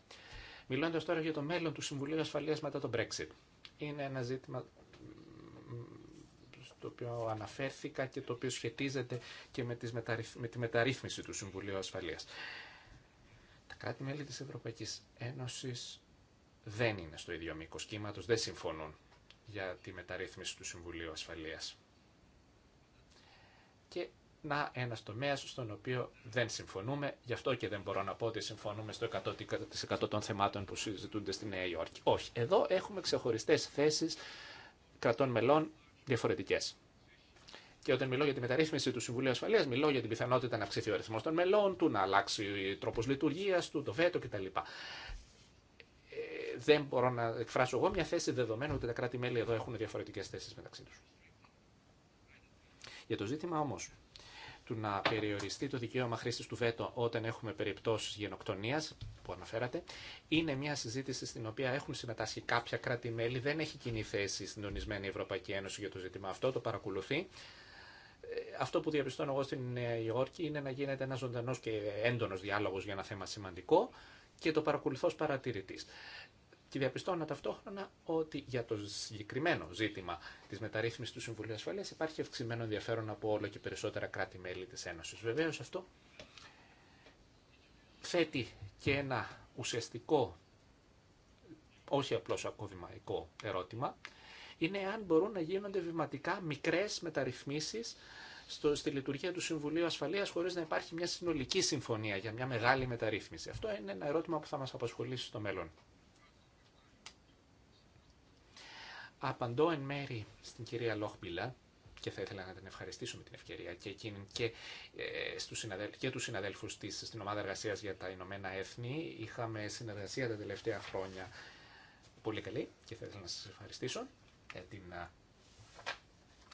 Μιλώντα τώρα για το μέλλον του Συμβουλίου Ασφαλεία μετά τον Brexit. Είναι ένα ζήτημα το οποίο αναφέρθηκα και το οποίο σχετίζεται και με, τις μεταρρυθ... τη μεταρρύθμιση του Συμβουλίου Ασφαλείας. Τα κράτη-μέλη της Ευρωπαϊκής Ένωσης δεν είναι στο ίδιο μήκο κύματο, δεν συμφωνούν για τη μεταρρύθμιση του Συμβουλίου Ασφαλείας. Και να ένας τομέας στον οποίο δεν συμφωνούμε, γι' αυτό και δεν μπορώ να πω ότι συμφωνούμε στο 100% των θεμάτων που συζητούνται στη Νέα Υόρκη. Όχι, εδώ έχουμε ξεχωριστές θέσεις κρατών μελών διαφορετικές. Και όταν μιλώ για τη μεταρρύθμιση του Συμβουλίου Ασφαλεία, μιλώ για την πιθανότητα να αυξηθεί ο αριθμό των μελών του, να αλλάξει ο τρόπο λειτουργία του, το βέτο κτλ. Ε, δεν μπορώ να εκφράσω εγώ μια θέση δεδομένου ότι τα κράτη-μέλη εδώ έχουν διαφορετικέ θέσει μεταξύ του. Για το ζήτημα όμω του να περιοριστεί το δικαίωμα χρήση του βέτο όταν έχουμε περιπτώσει γενοκτονία, που αναφέρατε, είναι μια συζήτηση στην οποία έχουν συμμετάσχει κάποια κράτη-μέλη. Δεν έχει κοινή θέση στην Ονισμένη Ευρωπαϊκή Ένωση για το ζήτημα αυτό, το παρακολουθεί. Ε, αυτό που διαπιστώνω εγώ στην Νέα Υόρκη είναι να γίνεται ένα ζωντανό και έντονο διάλογο για ένα θέμα σημαντικό και το παρακολουθώ ω παρατηρητή. Και διαπιστώνω ταυτόχρονα ότι για το συγκεκριμένο ζήτημα τη μεταρρύθμιση του Συμβουλίου Ασφαλεία υπάρχει αυξημένο ενδιαφέρον από όλο και περισσότερα κράτη-μέλη τη Ένωση. Βεβαίω αυτό θέτει και ένα ουσιαστικό, όχι απλώ ακοδημαϊκό ερώτημα, είναι αν μπορούν να γίνονται βηματικά μικρέ μεταρρυθμίσεις στη λειτουργία του Συμβουλίου Ασφαλείας χωρίς να υπάρχει μια συνολική συμφωνία για μια μεγάλη μεταρρύθμιση. Αυτό είναι ένα ερώτημα που θα μας απασχολήσει στο μέλλον. Απαντώ εν μέρη στην κυρία Λόχμπιλα και θα ήθελα να την ευχαριστήσω με την ευκαιρία και εκείνη και, ε, στους συναδέλφους, συναδέλφους της στην ομάδα εργασίας για τα Ηνωμένα Έθνη. Είχαμε συνεργασία τα τελευταία χρόνια πολύ καλή και θα ήθελα να σας ευχαριστήσω για την, ε,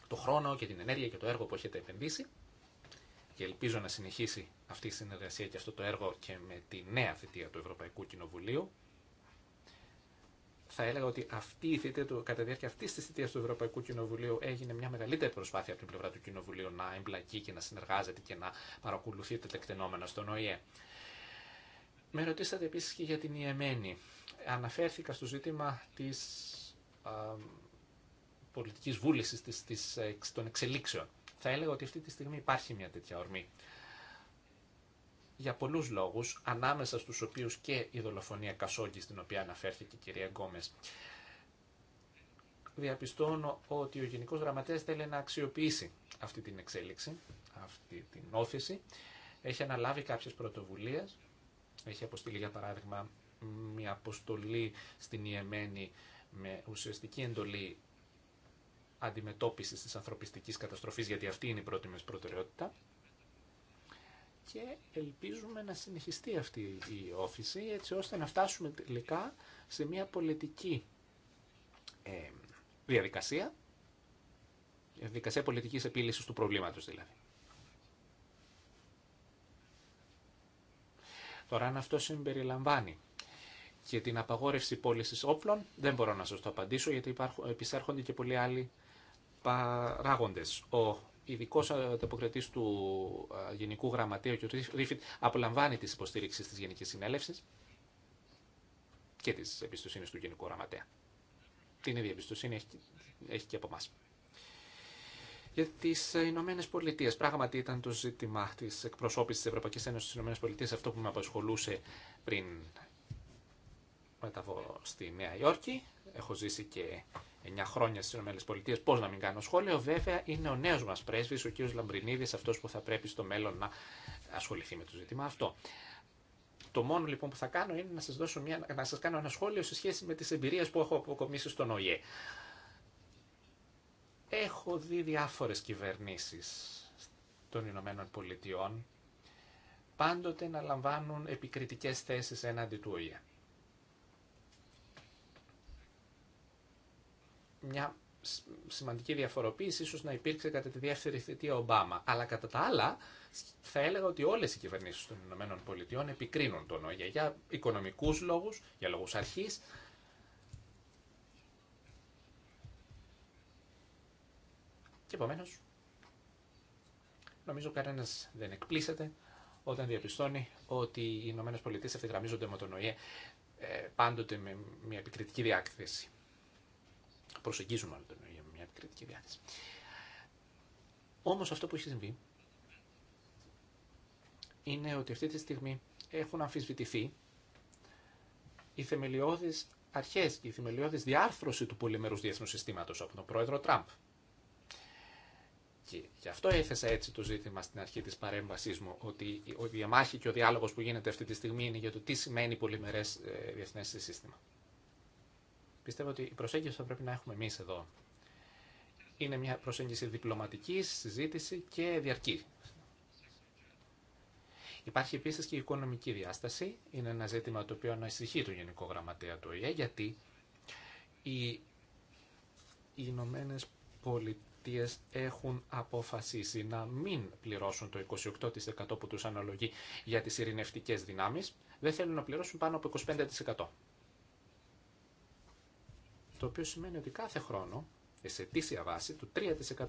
το χρόνο και την ενέργεια και το έργο που έχετε επενδύσει και ελπίζω να συνεχίσει αυτή η συνεργασία και αυτό το έργο και με τη νέα θητεία του Ευρωπαϊκού Κοινοβουλίου θα έλεγα ότι αυτή η θητεία του, κατά τη διάρκεια αυτή τη θητεία του Ευρωπαϊκού Κοινοβουλίου έγινε μια μεγαλύτερη προσπάθεια από την πλευρά του Κοινοβουλίου να εμπλακεί και να συνεργάζεται και να παρακολουθεί τα τεκτενόμενα στον ΟΗΕ. Με ρωτήσατε επίση και για την Ιεμένη. Αναφέρθηκα στο ζήτημα τη πολιτική βούληση ε, των εξελίξεων. Θα έλεγα ότι αυτή τη στιγμή υπάρχει μια τέτοια ορμή για πολλούς λόγους, ανάμεσα στους οποίους και η δολοφονία Κασόγκη, στην οποία αναφέρθηκε η κυρία Γκόμες. Διαπιστώνω ότι ο Γενικός Γραμματέας θέλει να αξιοποιήσει αυτή την εξέλιξη, αυτή την όθηση. Έχει αναλάβει κάποιες πρωτοβουλίες. Έχει αποστείλει, για παράδειγμα, μια αποστολή στην Ιεμένη με ουσιαστική εντολή αντιμετώπισης της ανθρωπιστικής καταστροφής, γιατί αυτή είναι η πρώτη μας προτεραιότητα και ελπίζουμε να συνεχιστεί αυτή η όφηση, έτσι ώστε να φτάσουμε τελικά σε μια πολιτική ε, διαδικασία, διαδικασία πολιτικής επίλυσης του προβλήματος δηλαδή. Τώρα αν αυτό συμπεριλαμβάνει και την απαγόρευση πώληση όπλων, δεν μπορώ να σας το απαντήσω γιατί υπάρχουν, επισέρχονται και πολλοί άλλοι παράγοντες. Ο ειδικό ανταποκριτή ε, του ε, Γενικού ο κ. Ρίφιτ, απολαμβάνει τη υποστήριξη τη Γενική Συνέλευση και τη εμπιστοσύνη του Γενικού Γραμματέα. Την ίδια εμπιστοσύνη έχει, έχει και από εμά. Για τι ε, Ηνωμένε Πολιτείε. Πράγματι ήταν το ζήτημα τη εκπροσώπηση τη Ευρωπαϊκή Ένωση στι Ηνωμένε Πολιτείε αυτό που με απασχολούσε πριν μεταβώ στη Νέα Υόρκη. Έχω ζήσει και 9 χρόνια στι ΗΠΑ, πώ να μην κάνω σχόλιο. Βέβαια, είναι ο νέο μα πρέσβη, ο κ. Λαμπρινίδη, αυτό που θα πρέπει στο μέλλον να ασχοληθεί με το ζήτημα αυτό. Το μόνο λοιπόν που θα κάνω είναι να σα δώσω μια, να σας κάνω ένα σχόλιο σε σχέση με τι εμπειρίε που έχω αποκομίσει στον ΟΗΕ. Έχω δει διάφορε κυβερνήσει των Ηνωμένων Πολιτειών πάντοτε να λαμβάνουν επικριτικές θέσεις έναντι του ΟΗΕ. μια σημαντική διαφοροποίηση ίσως να υπήρξε κατά τη δεύτερη θητεία Ομπάμα. Αλλά κατά τα άλλα θα έλεγα ότι όλες οι κυβερνήσεις των Πολιτειών επικρίνουν τον ΟΓΕ για οικονομικούς λόγους, για λόγους αρχής. Και επομένω, νομίζω κανένα δεν εκπλήσεται όταν διαπιστώνει ότι οι Ηνωμένες Πολιτείες ευθυγραμμίζονται με τον ΟΗΕ ε, πάντοτε με μια επικριτική διάκριση. Προσεγγίζουμε μάλλον τον με μια επικριτική διάθεση. Όμως αυτό που έχει συμβεί είναι ότι αυτή τη στιγμή έχουν αμφισβητηθεί οι θεμελιώδεις αρχές η θεμελιώδης διάρθρωση του πολυμερούς διεθνού συστήματος από τον πρόεδρο Τραμπ. Και γι' αυτό έθεσα έτσι το ζήτημα στην αρχή της παρέμβασής μου, ότι η διαμάχη και ο διάλογος που γίνεται αυτή τη στιγμή είναι για το τι σημαίνει πολυμερές ε, διεθνές σύστημα πιστεύω ότι η προσέγγιση θα πρέπει να έχουμε εμείς εδώ είναι μια προσέγγιση διπλωματική, συζήτηση και διαρκή. Υπάρχει επίση και η οικονομική διάσταση. Είναι ένα ζήτημα το οποίο ανασυχεί το Γενικό Γραμματέα του ΟΗΕ, γιατί οι Ηνωμένε Πολιτείε έχουν αποφασίσει να μην πληρώσουν το 28% που τους αναλογεί για τις ειρηνευτικές δυνάμεις. Δεν θέλουν να πληρώσουν πάνω από 25% το οποίο σημαίνει ότι κάθε χρόνο, σε αιτήσια βάση, το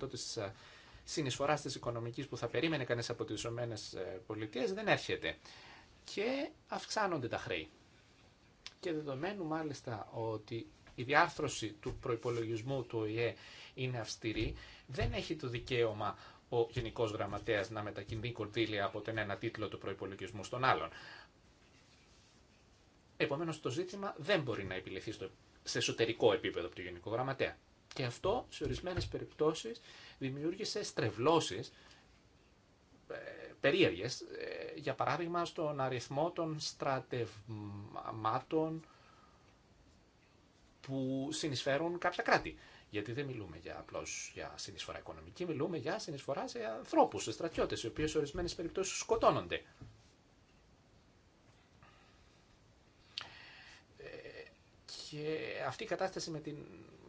3% της ε, συνεισφοράς της οικονομικής που θα περίμενε κανείς από τις Ηνωμένες ε, Πολιτείες δεν έρχεται. Και αυξάνονται τα χρέη. Και δεδομένου μάλιστα ότι η διάρθρωση του προϋπολογισμού του ΟΗΕ είναι αυστηρή, δεν έχει το δικαίωμα ο Γενικό Γραμματέα να μετακινεί κονδύλια από τον ένα τίτλο του προπολογισμού στον άλλον. Επομένω, το ζήτημα δεν μπορεί να επιληθεί στο σε εσωτερικό επίπεδο από το Γενικό Γραμματέα. Και αυτό σε ορισμένες περιπτώσεις δημιούργησε στρεβλώσεις ε, περίεργες, ε, για παράδειγμα στον αριθμό των στρατευμάτων που συνεισφέρουν κάποια κράτη. Γιατί δεν μιλούμε για απλώ για συνεισφορά οικονομική, μιλούμε για συνεισφορά σε ανθρώπου, σε στρατιώτε, οι οποίοι σε ορισμένε περιπτώσει σκοτώνονται Και αυτή η κατάσταση με την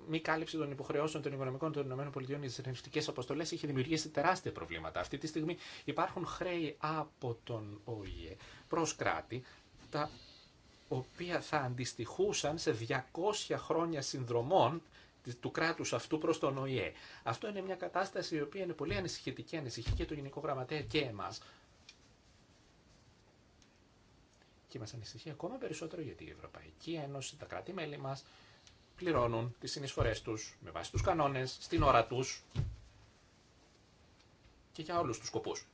μη κάλυψη των υποχρεώσεων των οικονομικών των ΗΠΑ για τι ρευστικέ αποστολέ έχει δημιουργήσει τεράστια προβλήματα. Αυτή τη στιγμή υπάρχουν χρέη από τον ΟΗΕ προ κράτη, τα οποία θα αντιστοιχούσαν σε 200 χρόνια συνδρομών του κράτους αυτού προς τον ΟΗΕ. Αυτό είναι μια κατάσταση η οποία είναι πολύ ανησυχητική, ανησυχεί και το Γενικό Γραμματέα και εμάς και μας ανησυχεί ακόμα περισσότερο γιατί η Ευρωπαϊκή Ένωση, τα κράτη-μέλη μας πληρώνουν τις συνεισφορές τους με βάση τους κανόνες, στην ώρα τους και για όλους τους σκοπούς.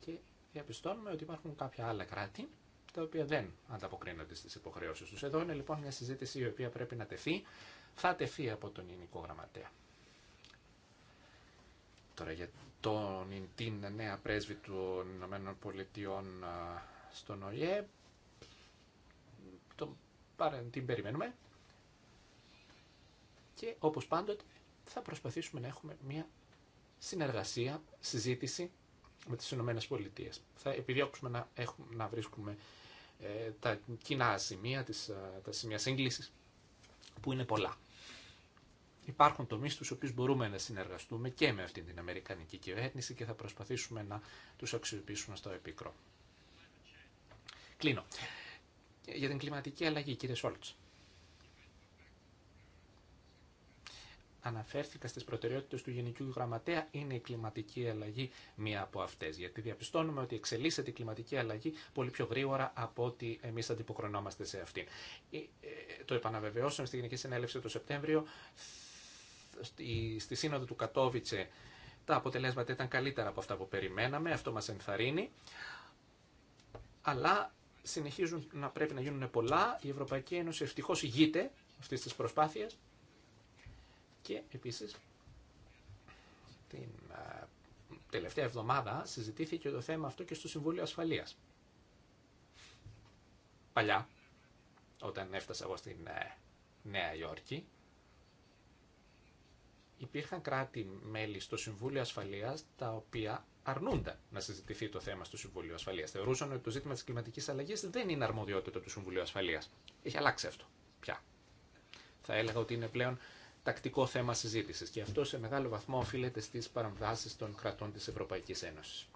Και διαπιστώνουμε ότι υπάρχουν κάποια άλλα κράτη τα οποία δεν ανταποκρίνονται στις υποχρεώσεις τους. Εδώ είναι λοιπόν μια συζήτηση η οποία πρέπει να τεθεί, θα τεθεί από τον Γενικό Γραμματέα. Τώρα για την νέα πρέσβη του Ηνωμένων Πολιτειών στον ΟΗΕ, τον, την περιμένουμε και όπως πάντοτε θα προσπαθήσουμε να έχουμε μια συνεργασία, συζήτηση με τις Ηνωμένες Πολιτείες. Θα επιδιώξουμε να, έχουμε, να βρίσκουμε ε, τα κοινά σημεία, της τα σημεία που είναι πολλά υπάρχουν τομείς στους οποίους μπορούμε να συνεργαστούμε και με αυτή την Αμερικανική κυβέρνηση και θα προσπαθήσουμε να τους αξιοποιήσουμε στο επίκρο. Κλείνω. Για την κλιματική αλλαγή, κύριε Σόλτς. Αναφέρθηκα στις προτεραιότητες του Γενικού Γραμματέα, είναι η κλιματική αλλαγή μία από αυτές, γιατί διαπιστώνουμε ότι εξελίσσεται η κλιματική αλλαγή πολύ πιο γρήγορα από ότι εμείς αντιποκρινόμαστε σε αυτήν. Ε, ε, το επαναβεβαιώσαμε στη Γενική Συνέλευση το Σεπτέμβριο, στη σύνοδο του Κατόβιτσε τα αποτελέσματα ήταν καλύτερα από αυτά που περιμέναμε, αυτό μας ενθαρρύνει. Αλλά συνεχίζουν να πρέπει να γίνουν πολλά. Η Ευρωπαϊκή Ένωση ευτυχώ ηγείται αυτή τις προσπάθειες Και επίσης την τελευταία εβδομάδα συζητήθηκε το θέμα αυτό και στο Συμβούλιο Ασφαλείας Παλιά, όταν έφτασα εγώ στην ε, Νέα Υόρκη, υπήρχαν κράτη-μέλη στο Συμβούλιο Ασφαλείας τα οποία αρνούνταν να συζητηθεί το θέμα στο Συμβούλιο Ασφαλείας. Θεωρούσαν ότι το ζήτημα της κλιματικής αλλαγής δεν είναι αρμοδιότητα του Συμβουλίου Ασφαλείας. Έχει αλλάξει αυτό πια. Θα έλεγα ότι είναι πλέον τακτικό θέμα συζήτηση. και αυτό σε μεγάλο βαθμό οφείλεται στι παραμβάσει των κρατών τη Ευρωπαϊκή Ένωση.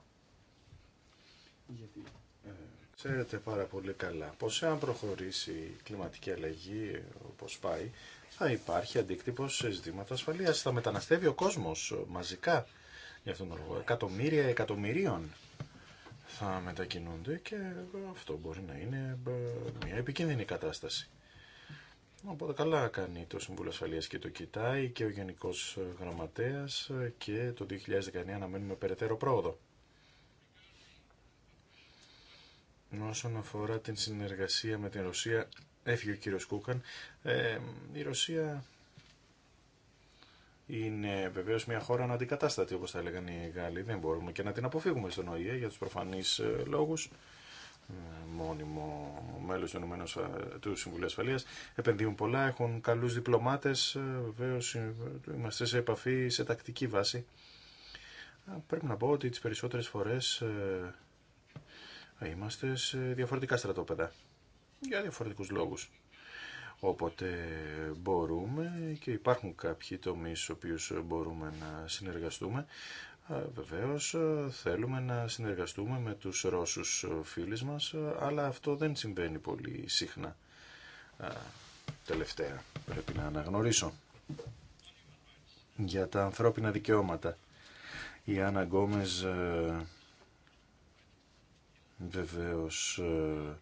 Ξέρετε πάρα πολύ καλά πως εάν προχωρήσει η κλιματική αλλαγή όπως πάει, θα υπάρχει αντίκτυπος σε ζητήματα ασφαλείας. Θα μεταναστεύει ο κόσμος μαζικά για αυτόν τον λόγο. Εκατομμύρια εκατομμυρίων θα μετακινούνται και αυτό μπορεί να είναι μια επικίνδυνη κατάσταση. Οπότε καλά κάνει το Συμβούλιο Ασφαλείας και το κοιτάει και ο Γενικός Γραμματέας και το 2019 να μένουμε περαιτέρω πρόοδο. Όσον αφορά την συνεργασία με την Ρωσία, έφυγε ο κύριος Κούκαν. Ε, η Ρωσία είναι βεβαίω μια χώρα αναντικατάστατη, όπως τα έλεγαν οι Γάλλοι. Δεν μπορούμε και να την αποφύγουμε στον ΟΗΕ για τους προφανείς ε, λόγους. Ε, μόνιμο μέλο του, του Συμβουλίου ασφαλεία. Επενδύουν πολλά, έχουν καλούς διπλωμάτες. Ε, βεβαίω είμαστε σε επαφή σε τακτική βάση. Πρέπει να πω ότι τις περισσότερες φορές είμαστε σε διαφορετικά στρατόπεδα για διαφορετικούς λόγους. Όποτε μπορούμε και υπάρχουν κάποιοι τομείς στους οποίους μπορούμε να συνεργαστούμε. Βεβαίως θέλουμε να συνεργαστούμε με τους Ρώσους φίλους μας, αλλά αυτό δεν συμβαίνει πολύ συχνά. Τελευταία πρέπει να αναγνωρίσω. Για τα ανθρώπινα δικαιώματα. Η Άννα ε, βεβαίως ε,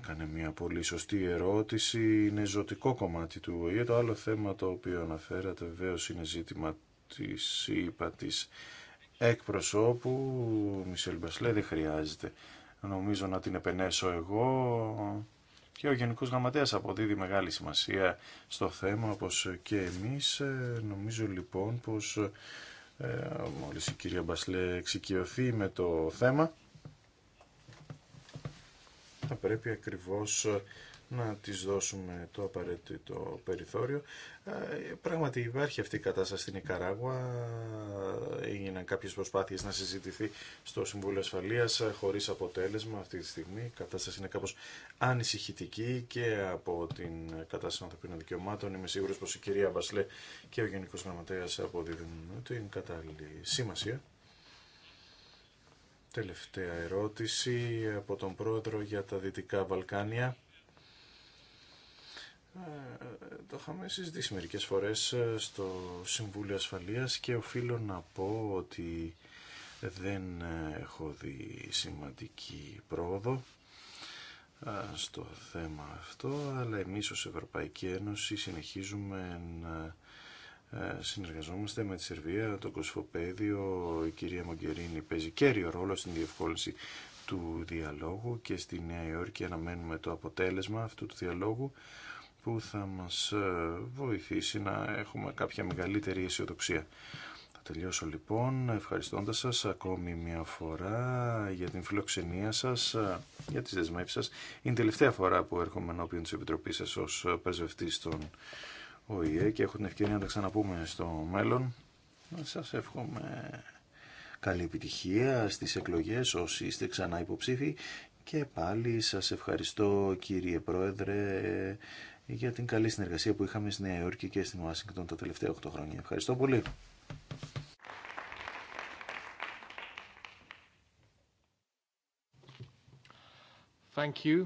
έκανε μια πολύ σωστή ερώτηση. Είναι ζωτικό κομμάτι του ΟΗΕ. Το άλλο θέμα το οποίο αναφέρατε βεβαίω είναι ζήτημα της ΥΠΑ της εκπροσώπου. Μισελ Μπασλέ δεν χρειάζεται νομίζω να την επενέσω εγώ και ο Γενικός Γραμματέας αποδίδει μεγάλη σημασία στο θέμα όπως και εμείς. Ε, νομίζω λοιπόν πως ε, μόλις η κυρία Μπασλέ εξοικειωθεί με το θέμα θα πρέπει ακριβώς ε, να τις δώσουμε το απαραίτητο περιθώριο. Ε, πράγματι υπάρχει αυτή η κατάσταση στην Ικαράγουα. Έγιναν κάποιες προσπάθειες να συζητηθεί στο Συμβούλιο Ασφαλείας ε, χωρίς αποτέλεσμα αυτή τη στιγμή. Η κατάσταση είναι κάπως ανησυχητική και από την κατάσταση των ανθρωπίνων δικαιωμάτων. Είμαι σίγουρος πως η κυρία Μπασλέ και ο Γενικός Γραμματέας αποδίδουν την κατάλληλη σημασία. Τελευταία ερώτηση από τον πρόεδρο για τα Δυτικά Βαλκάνια. Ε, το είχαμε συζητήσει μερικές φορές ε, στο Συμβούλιο Ασφαλείας και οφείλω να πω ότι δεν έχω δει σημαντική πρόοδο ε, στο θέμα αυτό, αλλά εμείς ως Ευρωπαϊκή Ένωση συνεχίζουμε να ε, συνεργαζόμαστε με τη Σερβία, το Κοσφοπέδιο, η κυρία Μογκερίνη παίζει κέριο ρόλο στην διευκόλυνση του διαλόγου και στη Νέα Υόρκη αναμένουμε το αποτέλεσμα αυτού του διαλόγου που θα μας ε, βοηθήσει να έχουμε κάποια μεγαλύτερη αισιοδοξία. Θα τελειώσω λοιπόν ευχαριστώντας σας ακόμη μια φορά για την φιλοξενία σας, ε, για τις δεσμεύσεις σας. Είναι τελευταία φορά που έρχομαι ενώπιον της Επιτροπής σας ως των ΙΕ και έχω την ευκαιρία να τα ξαναπούμε στο μέλλον. Σας εύχομαι καλή επιτυχία στις εκλογές όσοι είστε ξανά υποψήφοι και πάλι σας ευχαριστώ κύριε Πρόεδρε για την καλή συνεργασία που είχαμε στη Νέα Υόρκη και στην Ουάσιγκτον τα τελευταία 8 χρόνια. Ευχαριστώ πολύ. Thank you,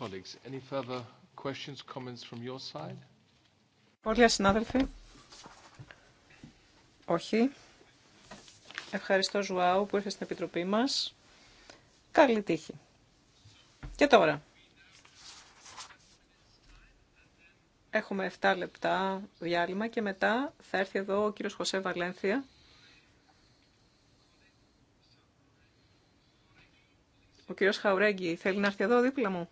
colleagues. Any further questions, comments from your side? Όλοι συνάδελφοι. Όχι. Ευχαριστώ Ζουάου που ήρθε στην Επιτροπή μας. Καλή τύχη. Και τώρα. Έχουμε 7 λεπτά διάλειμμα και μετά θα έρθει εδώ ο κύριος Χωσέ Βαλένθια. Ο κύριος Χαουρέγγι θέλει να έρθει εδώ δίπλα μου.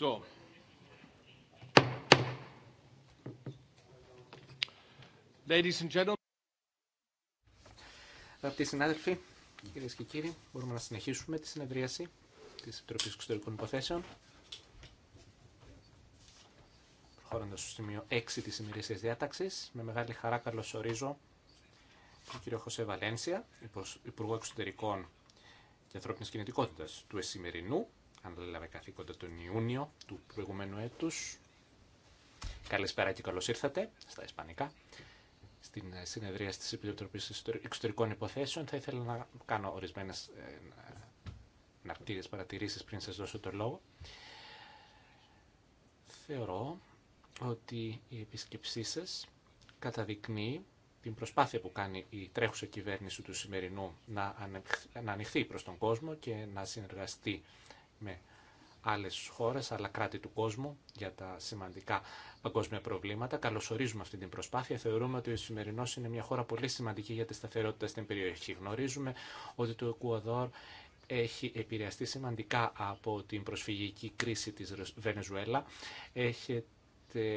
So. Ladies Αγαπητοί συνάδελφοι, κυρίε και κύριοι, μπορούμε να συνεχίσουμε τη συνεδρίαση τη Επιτροπή Εξωτερικών Υποθέσεων. Προχωρώντα στο σημείο 6 τη ημερήσια διάταξη, με μεγάλη χαρά καλωσορίζω τον κύριο Χωσέ Βαλένσια, Υπουργό Εξωτερικών και Ανθρώπινη Κινητικότητα του Εσημερινού, ανέλαβε καθήκοντα τον Ιούνιο του προηγουμένου έτους. Καλησπέρα και καλώς ήρθατε στα Ισπανικά. Στην ε, συνεδρία της Επιτροπής Εξωτερικών Υποθέσεων θα ήθελα να κάνω ορισμένες ε, ναρκτήρε παρατηρήσεις πριν σας δώσω το λόγο. Θεωρώ ότι η επισκεψή σας καταδεικνύει την προσπάθεια που κάνει η τρέχουσα κυβέρνηση του σημερινού να ανοιχθεί προ τον κόσμο και να συνεργαστεί με άλλες χώρες, αλλά κράτη του κόσμου για τα σημαντικά παγκόσμια προβλήματα. Καλωσορίζουμε αυτή την προσπάθεια. Θεωρούμε ότι ο σημερινό είναι μια χώρα πολύ σημαντική για τη σταθερότητα στην περιοχή. Γνωρίζουμε ότι το Εκουαδόρ έχει επηρεαστεί σημαντικά από την προσφυγική κρίση της Βενεζουέλα. Έχετε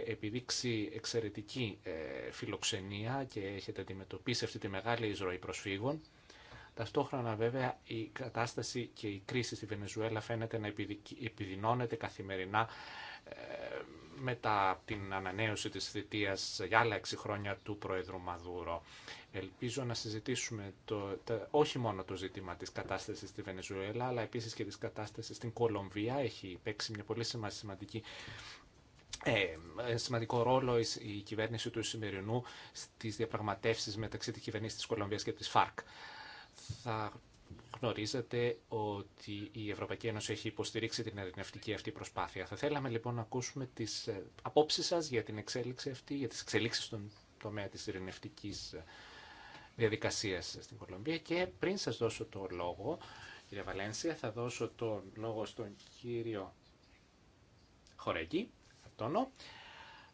επιδείξει εξαιρετική ε, φιλοξενία και έχετε αντιμετωπίσει αυτή τη μεγάλη εισρωή προσφύγων. Ταυτόχρονα βέβαια η κατάσταση και η κρίση στη Βενεζουέλα φαίνεται να επιδεινώνεται καθημερινά ε, μετά την ανανέωση της θητείας για άλλα 6 χρόνια του Πρόεδρου Μαδούρο. Ελπίζω να συζητήσουμε το, όχι μόνο το ζήτημα της κατάστασης στη Βενεζουέλα, αλλά επίσης και της κατάστασης στην Κολομβία. Έχει παίξει μια πολύ σημαντική ε, ε, σημαντικό ρόλο η, κυβέρνηση του σημερινού στις διαπραγματεύσεις μεταξύ της κυβέρνησης της Κολομβίας και της ΦΑΡΚ θα γνωρίζετε ότι η Ευρωπαϊκή Ένωση έχει υποστηρίξει την ερευνευτική αυτή προσπάθεια. Θα θέλαμε λοιπόν να ακούσουμε τις ε, απόψεις σας για την εξέλιξη αυτή, για τις εξελίξεις στον τομέα της ερευνευτικής ε, διαδικασίας στην Κολομβία και πριν σας δώσω το λόγο, κύριε Βαλένσια, θα δώσω το λόγο στον κύριο Χορέγγι,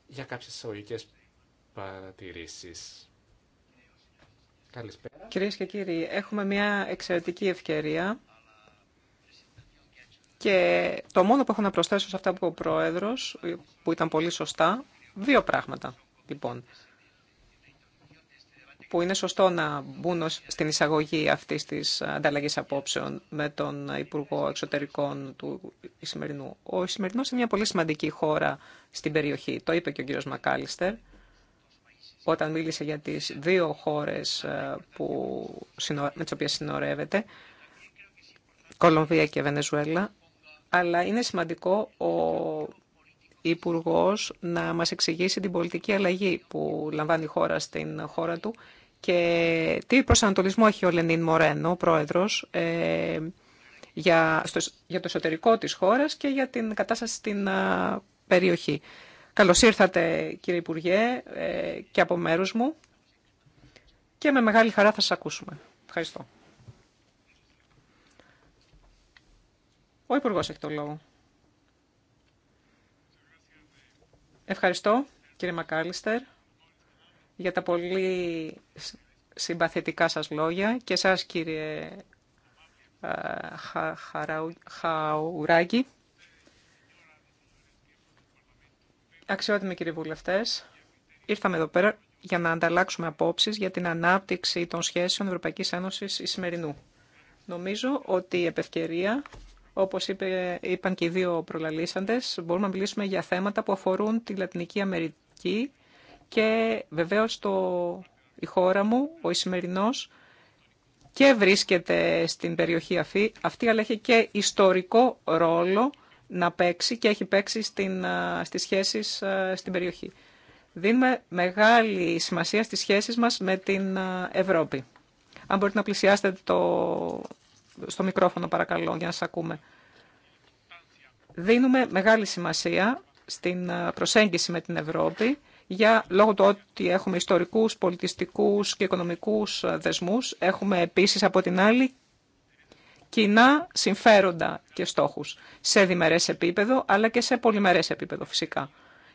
για κάποιες εισαγωγικές παρατηρήσεις. Κυρίε Κυρίες και κύριοι, έχουμε μια εξαιρετική ευκαιρία και το μόνο που έχω να προσθέσω σε αυτά που είπε ο Πρόεδρος, που ήταν πολύ σωστά, δύο πράγματα, λοιπόν, που είναι σωστό να μπουν στην εισαγωγή αυτής της ανταλλαγής απόψεων με τον Υπουργό Εξωτερικών του Ισημερινού. Ο Ισημερινός είναι μια πολύ σημαντική χώρα στην περιοχή, το είπε και ο κύριος Μακάλιστερ, όταν μίλησε για τις δύο χώρες ε, που, με τις οποίες συνορεύεται, Κολομβία και Βενεζουέλα, αλλά είναι σημαντικό ο υπουργό να μας εξηγήσει την πολιτική αλλαγή που λαμβάνει η χώρα στην χώρα του και τι προσανατολισμό έχει ο Λενίν Μορένο, ο πρόεδρος, ε, για, για το εσωτερικό της χώρας και για την κατάσταση στην ε, περιοχή. Καλώς ήρθατε κύριε Υπουργέ ε, και από μέρους μου και με μεγάλη χαρά θα σας ακούσουμε. Ευχαριστώ. Ο υπουργό έχει το λόγο. Ευχαριστώ κύριε Μακάλιστερ για τα πολύ συμπαθητικά σας λόγια και σας κύριε ε, Χαουράκη. Αξιότιμοι κύριοι βουλευτές, ήρθαμε εδώ πέρα για να ανταλλάξουμε απόψεις για την ανάπτυξη των σχέσεων Ευρωπαϊκής Ένωσης Ισημερινού. Νομίζω ότι η επευκαιρία, όπως είπε, είπαν και οι δύο προλαλήσαντε, μπορούμε να μιλήσουμε για θέματα που αφορούν τη Λατινική Αμερική και βεβαίω το, η χώρα μου, ο Ισημερινό και βρίσκεται στην περιοχή αυτή, αλλά έχει και ιστορικό ρόλο να παίξει και έχει παίξει στην, ε, στις σχέσεις ε, στην περιοχή. Δίνουμε μεγάλη σημασία στις σχέσεις μας με την ε, Ευρώπη. Αν μπορείτε να πλησιάσετε το, στο μικρόφωνο παρακαλώ για να σας ακούμε. Δίνουμε μεγάλη σημασία στην προσέγγιση με την Ευρώπη για λόγω του ότι έχουμε ιστορικούς, πολιτιστικούς και οικονομικούς δεσμούς. Έχουμε επίσης από την άλλη κοινά συμφέροντα και στόχους σε διμερές επίπεδο αλλά και σε πολυμερές επίπεδο φυσικά.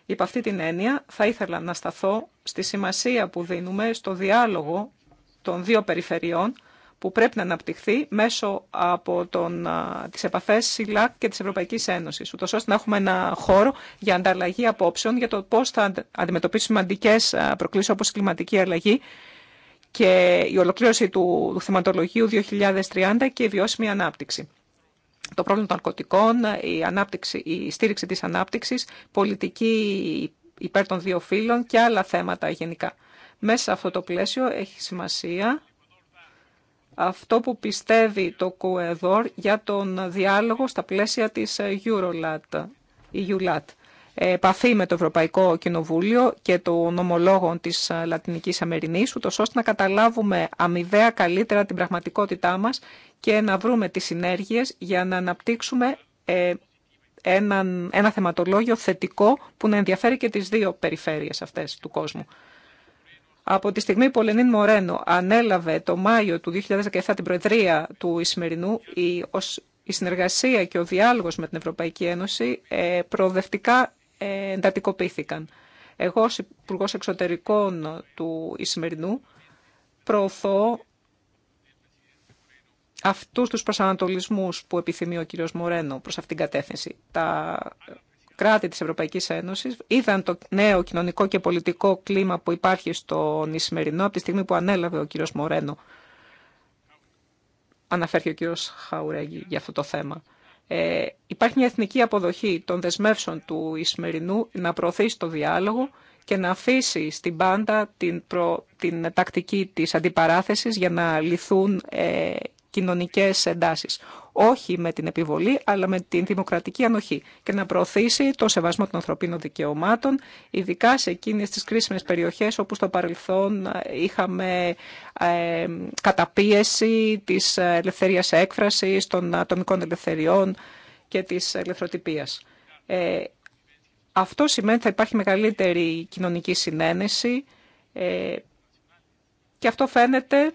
Υπ' αυτή την έννοια θα ήθελα να σταθώ στη σημασία που δίνουμε στο διάλογο των δύο περιφερειών που πρέπει να αναπτυχθεί μέσω από τον, τις επαφές ΣΥΛΑΚ και της Ευρωπαϊκής Ένωσης, ούτως ώστε να έχουμε ένα χώρο για ανταλλαγή απόψεων για το πώς θα αντιμετωπίσουμε σημαντικέ προκλήσεις όπως η κλιματική αλλαγή και η ολοκλήρωση του θεματολογίου 2030 και η βιώσιμη ανάπτυξη. Το πρόβλημα των ναρκωτικών, η, ανάπτυξη, η στήριξη της ανάπτυξης, πολιτική υπέρ των δύο φύλων και άλλα θέματα γενικά. Μέσα σε αυτό το πλαίσιο έχει σημασία αυτό που πιστεύει το ΚΟΕΔΟΡ για τον διάλογο στα πλαίσια της Eurolat, η EULAT επαφή με το Ευρωπαϊκό Κοινοβούλιο και το ομολόγων της Λατινικής Αμερινής, ούτως ώστε να καταλάβουμε αμοιβαία καλύτερα την πραγματικότητά μας και να βρούμε τις συνέργειες για να αναπτύξουμε ε, ένα, ένα θεματολόγιο θετικό που να ενδιαφέρει και τις δύο περιφέρειες αυτές του κόσμου. Από τη στιγμή που ο Λενίν Μορένο ανέλαβε το Μάιο του 2017 την Προεδρία του Ισημερινού, η, η συνεργασία και ο διάλογος με την Ευρωπαϊκή Ένωση ε, προοδευτικά εντατικοποιήθηκαν. Εγώ ως υπουργό Εξωτερικών του Ισημερινού προωθώ αυτούς τους προσανατολισμούς που επιθυμεί ο κύριος Μορένο προς αυτήν την κατεύθυνση. Τα κράτη της Ευρωπαϊκής Ένωσης είδαν το νέο κοινωνικό και πολιτικό κλίμα που υπάρχει στον Ισημερινό από τη στιγμή που ανέλαβε ο κύριος Μορένο. Αναφέρθηκε ο κύριος Χαουρέγγι για αυτό το θέμα. Ε, υπάρχει μια εθνική αποδοχή των δεσμεύσεων του Ισμερινού να προωθήσει το διάλογο και να αφήσει στην πάντα την, την τακτική της αντιπαράθεσης για να λυθούν ε, κοινωνικές εντάσεις. Όχι με την επιβολή, αλλά με την δημοκρατική ανοχή και να προωθήσει το σεβασμό των ανθρωπίνων δικαιωμάτων, ειδικά σε εκείνες τις κρίσιμες περιοχές όπου στο παρελθόν ε, είχαμε ε, καταπίεση της ελευθερίας έκφρασης, των ατομικών ελευθεριών και της ελευθεροτυπίας. Ε, αυτό σημαίνει ότι θα υπάρχει μεγαλύτερη κοινωνική συνένεση ε, και αυτό φαίνεται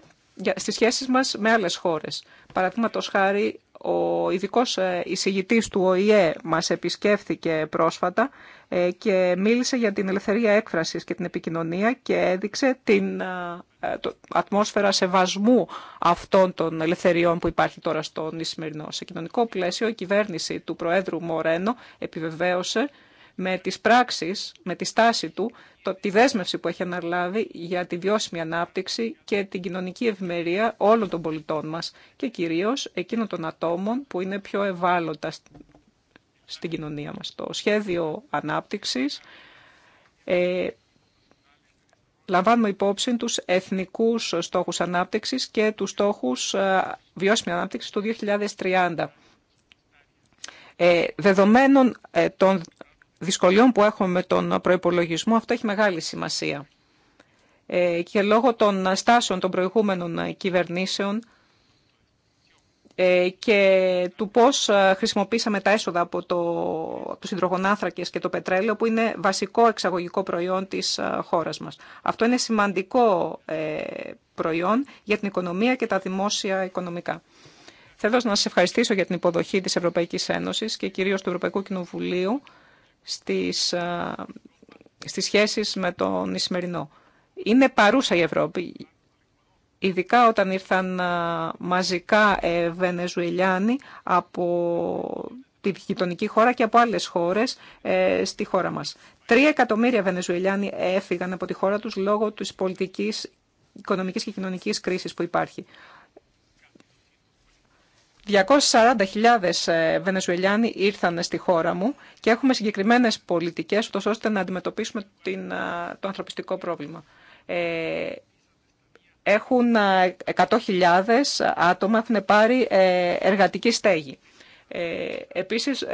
στις σχέσεις μας με άλλες χώρες. Παραδείγματο χάρη, ο ειδικό ε, εισηγητή του ΟΗΕ μας επισκέφθηκε πρόσφατα ε, και μίλησε για την ελευθερία έκφρασης και την επικοινωνία και έδειξε την ε, ατμόσφαιρα σεβασμού αυτών των ελευθεριών που υπάρχει τώρα στο νησιμερινό. Σε κοινωνικό πλαίσιο, η κυβέρνηση του Προέδρου Μορένο επιβεβαίωσε με τις πράξεις, με τη στάση του, το, τη δέσμευση που έχει αναλάβει για τη βιώσιμη ανάπτυξη και την κοινωνική ευημερία όλων των πολιτών μας και κυρίως εκείνων των ατόμων που είναι πιο ευάλωτα στην κοινωνία μας. Το σχέδιο ανάπτυξης ε, λαμβάνουμε υπόψη τους εθνικούς στόχους ανάπτυξης και τους στόχους ε, βιώσιμη ανάπτυξη του 2030. Ε, δεδομένων ε, δυσκολιών που έχουμε με τον προϋπολογισμό, αυτό έχει μεγάλη σημασία. Ε, και λόγω των στάσεων των προηγούμενων κυβερνήσεων ε, και του πώς ε, χρησιμοποίησαμε τα έσοδα από το, τους και το πετρέλαιο που είναι βασικό εξαγωγικό προϊόν της χώρας μας. Αυτό είναι σημαντικό προϊόν για την οικονομία και τα δημόσια οικονομικά. Θέλω να σας ευχαριστήσω για την υποδοχή της Ευρωπαϊκής Ένωσης και κυρίως του Ευρωπαϊκού Κοινοβουλίου στις, ε, στις σχέσεις με τον Ισημερινό. Είναι παρούσα η Ευρώπη, ειδικά όταν ήρθαν ε, μαζικά ε, Βενεζουελιάνοι από τη γειτονική χώρα και από άλλες χώρες στη χώρα μας. Τρία εκατομμύρια Βενεζουελιάνοι έφυγαν από τη χώρα τους λόγω της πολιτικής, οικονομικής και κοινωνικής κρίσης που υπάρχει. 240.000 ε, Βενεζουελιάνοι ήρθαν στη χώρα μου και έχουμε συγκεκριμένες πολιτικές ώστε να αντιμετωπίσουμε την, ε, το ανθρωπιστικό πρόβλημα. Ε, έχουν 100.000 ε, άτομα, έχουν πάρει εργατική στέγη. Ε, επίσης,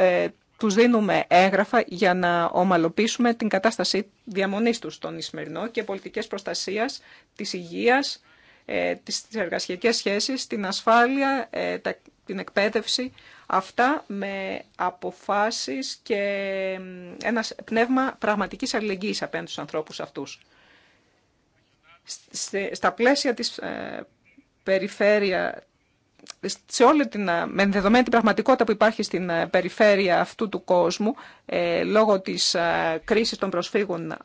τους δίνουμε έγγραφα για να ομαλοποιήσουμε την κατάσταση διαμονής τους στον Ισημερινό και πολιτικές προστασίας της υγείας, ε, τις εργασιακές την ασφάλεια, τα την εκπαίδευση, αυτά με αποφάσεις και ένα πνεύμα πραγματικής αλληλεγγύης απέναντι στους ανθρώπους αυτούς. Στα πλαίσια της ε, περιφέρεια, σε όλη την, ε, με δεδομένη την πραγματικότητα που υπάρχει στην ε, περιφέρεια αυτού του κόσμου, λόγω της κρίσης των προσφύγων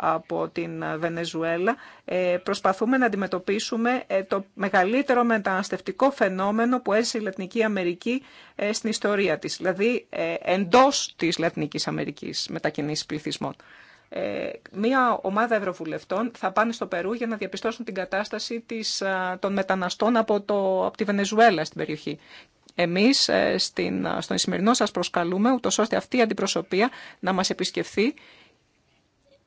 από την Βενεζουέλα, ε, προσπαθούμε να αντιμετωπίσουμε ε, το μεγαλύτερο μεταναστευτικό φαινόμενο που έζησε η Λατινική Αμερική ε, στην ιστορία της, δηλαδή εντός της Λατινικής Αμερικής μετακινήσεις πληθυσμών. Μία ομάδα ευρωβουλευτών θα πάνε στο Περού για να διαπιστώσουν την κατάσταση της, των μεταναστών από, το, από τη Βενεζουέλα στην περιοχή. Εμείς στην, στον σημερινό σας προσκαλούμε, ούτως ώστε αυτή η αντιπροσωπεία να μας επισκεφθεί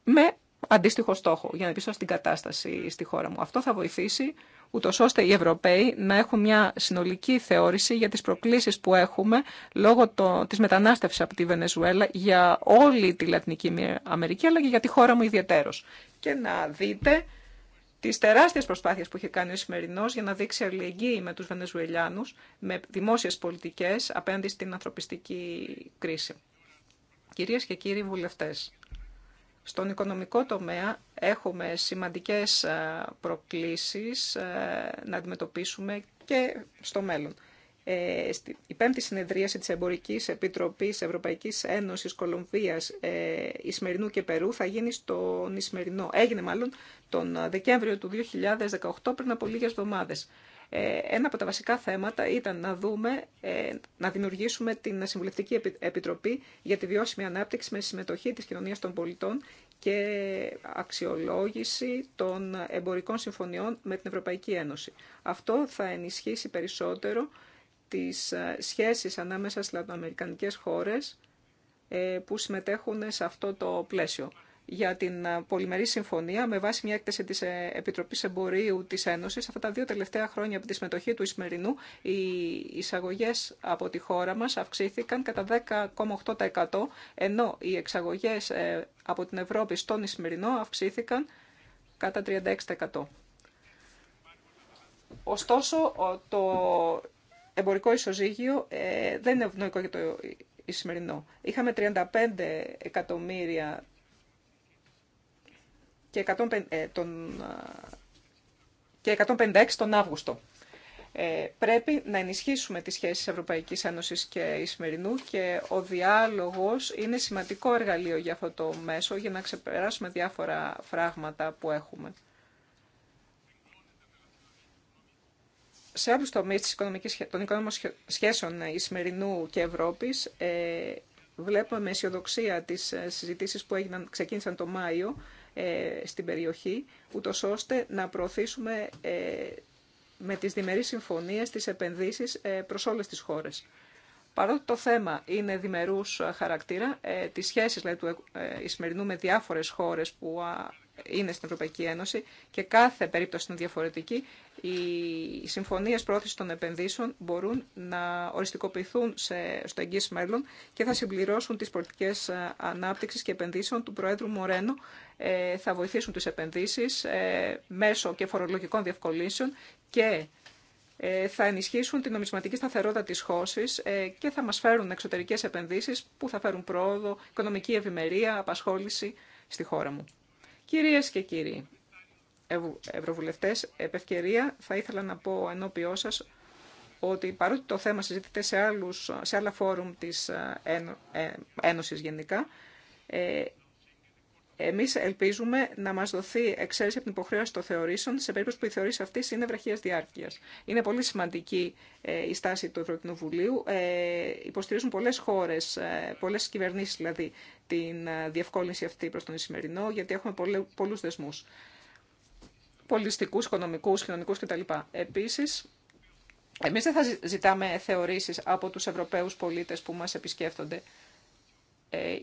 με αντίστοιχο στόχο για να επιστρέψω την κατάσταση στη χώρα μου. Αυτό θα βοηθήσει ούτω ώστε οι Ευρωπαίοι να έχουν μια συνολική θεώρηση για τι προκλήσει που έχουμε λόγω τη μετανάστευση από τη Βενεζουέλα για όλη τη Λατινική Αμερική αλλά και για τη χώρα μου ιδιαίτερω. Και να δείτε τι τεράστιε προσπάθειε που έχει κάνει ο σημερινό για να δείξει αλληλεγγύη με του Βενεζουελιάνους με δημόσιε πολιτικέ απέναντι στην ανθρωπιστική κρίση. Κυρίε και κύριοι βουλευτέ, στον οικονομικό τομέα έχουμε σημαντικές ε, προκλήσεις ε, να αντιμετωπίσουμε και στο μέλλον. Ε, η πέμπτη συνεδρίαση της Εμπορικής Επιτροπής Ευρωπαϊκής Ένωσης Κολομβίας Ισμερινού και Περού θα γίνει στον Ισμερινό. Έγινε μάλλον τον Δεκέμβριο του 2018 πριν από λίγες εβδομάδες. Ε, ένα από τα βασικά θέματα ήταν να δούμε, ε, να δημιουργήσουμε την Συμβουλευτική Επιτροπή για τη Βιώσιμη Ανάπτυξη με συμμετοχή της κοινωνίας των πολιτών και αξιολόγηση των εμπορικών συμφωνιών με την Ευρωπαϊκή Ένωση. Αυτό θα ενισχύσει περισσότερο τις ε, σχέσεις ανάμεσα στις λατινοαμερικανικές χώρες που συμμετέχουν σε αυτό το πλαίσιο για την ε, πολυμερή συμφωνία με βάση μια έκθεση της ε, Επιτροπής Εμπορίου τη Ένωση. Αυτά τα δύο τελευταία χρόνια από τη συμμετοχή του Ισμερινού οι εισαγωγές από τη χώρα μας αυξήθηκαν κατά 10,8% ενώ οι εξαγωγές ε, από την Ευρώπη στον Ισμερινό αυξήθηκαν κατά 36%. Ωστόσο, το εμπορικό ισοζύγιο δεν είναι ευνοϊκό για το Ισημερινό. Είχαμε 35 εκατομμύρια και, ε, τον, και 156 τον Αύγουστο. Ε, πρέπει να ενισχύσουμε τις σχέσεις Ευρωπαϊκής Ένωσης και Ισημερινού και ο διάλογος είναι σημαντικό εργαλείο για αυτό το μέσο για να ξεπεράσουμε διάφορα φράγματα που έχουμε. σε άλλου τομεί των οικονομικών σχέσεων Ισημερινού ε, και Ευρώπης ε, βλέπουμε με αισιοδοξία τις συζητήσεις που έγιναν, ξεκίνησαν το Μάιο ε, στην περιοχή, ούτω ώστε να προωθήσουμε ε, με τις διμερείς συμφωνίες τις επενδύσεις ε, προς όλες τις χώρες. Παρότι το θέμα είναι διμερούς χαρακτήρα, τις σχέσεις δηλαδή, του Ισημερινού με διάφορες χώρες που είναι στην Ευρωπαϊκή Ένωση και κάθε περίπτωση είναι διαφορετική, οι συμφωνίε πρόθεση των επενδύσεων μπορούν να οριστικοποιηθούν σε, στο εγγύ μέλλον και θα συμπληρώσουν τι πολιτικέ ε, ανάπτυξη και επενδύσεων του Προέδρου Μορένου. Ε, θα βοηθήσουν τι επενδύσει ε, μέσω και φορολογικών διευκολύνσεων και θα ενισχύσουν την νομισματική σταθερότητα της χώσης και θα μας φέρουν εξωτερικές επενδύσεις που θα φέρουν πρόοδο, οικονομική ευημερία, απασχόληση στη χώρα μου. Κυρίες και κύριοι Ευρωβουλευτές, επ' ευκαιρία θα ήθελα να πω ενώπιό σας ότι παρότι το θέμα συζητείται σε, άλλους, σε άλλα φόρουμ της ε, ε, Ένωσης γενικά, ε, εμείς ελπίζουμε να μας δοθεί εξαίρεση από την υποχρέωση των θεωρήσεων σε περίπτωση που οι θεωρήσει αυτής είναι βραχίας διάρκειας. Είναι πολύ σημαντική ε, η στάση του Ευρωκοινοβουλίου. Ε, υποστηρίζουν πολλές χώρες, ε, πολλές κυβερνήσεις δηλαδή, την διευκόλυνση αυτή προς τον Ισημερινό, γιατί έχουμε πολλούς δεσμούς. Πολιστικούς, οικονομικούς, κοινωνικούς κτλ. Επίσης, εμείς δεν θα ζητάμε θεωρήσει από τους Ευρωπαίους πολίτες που μας επισκέφτονται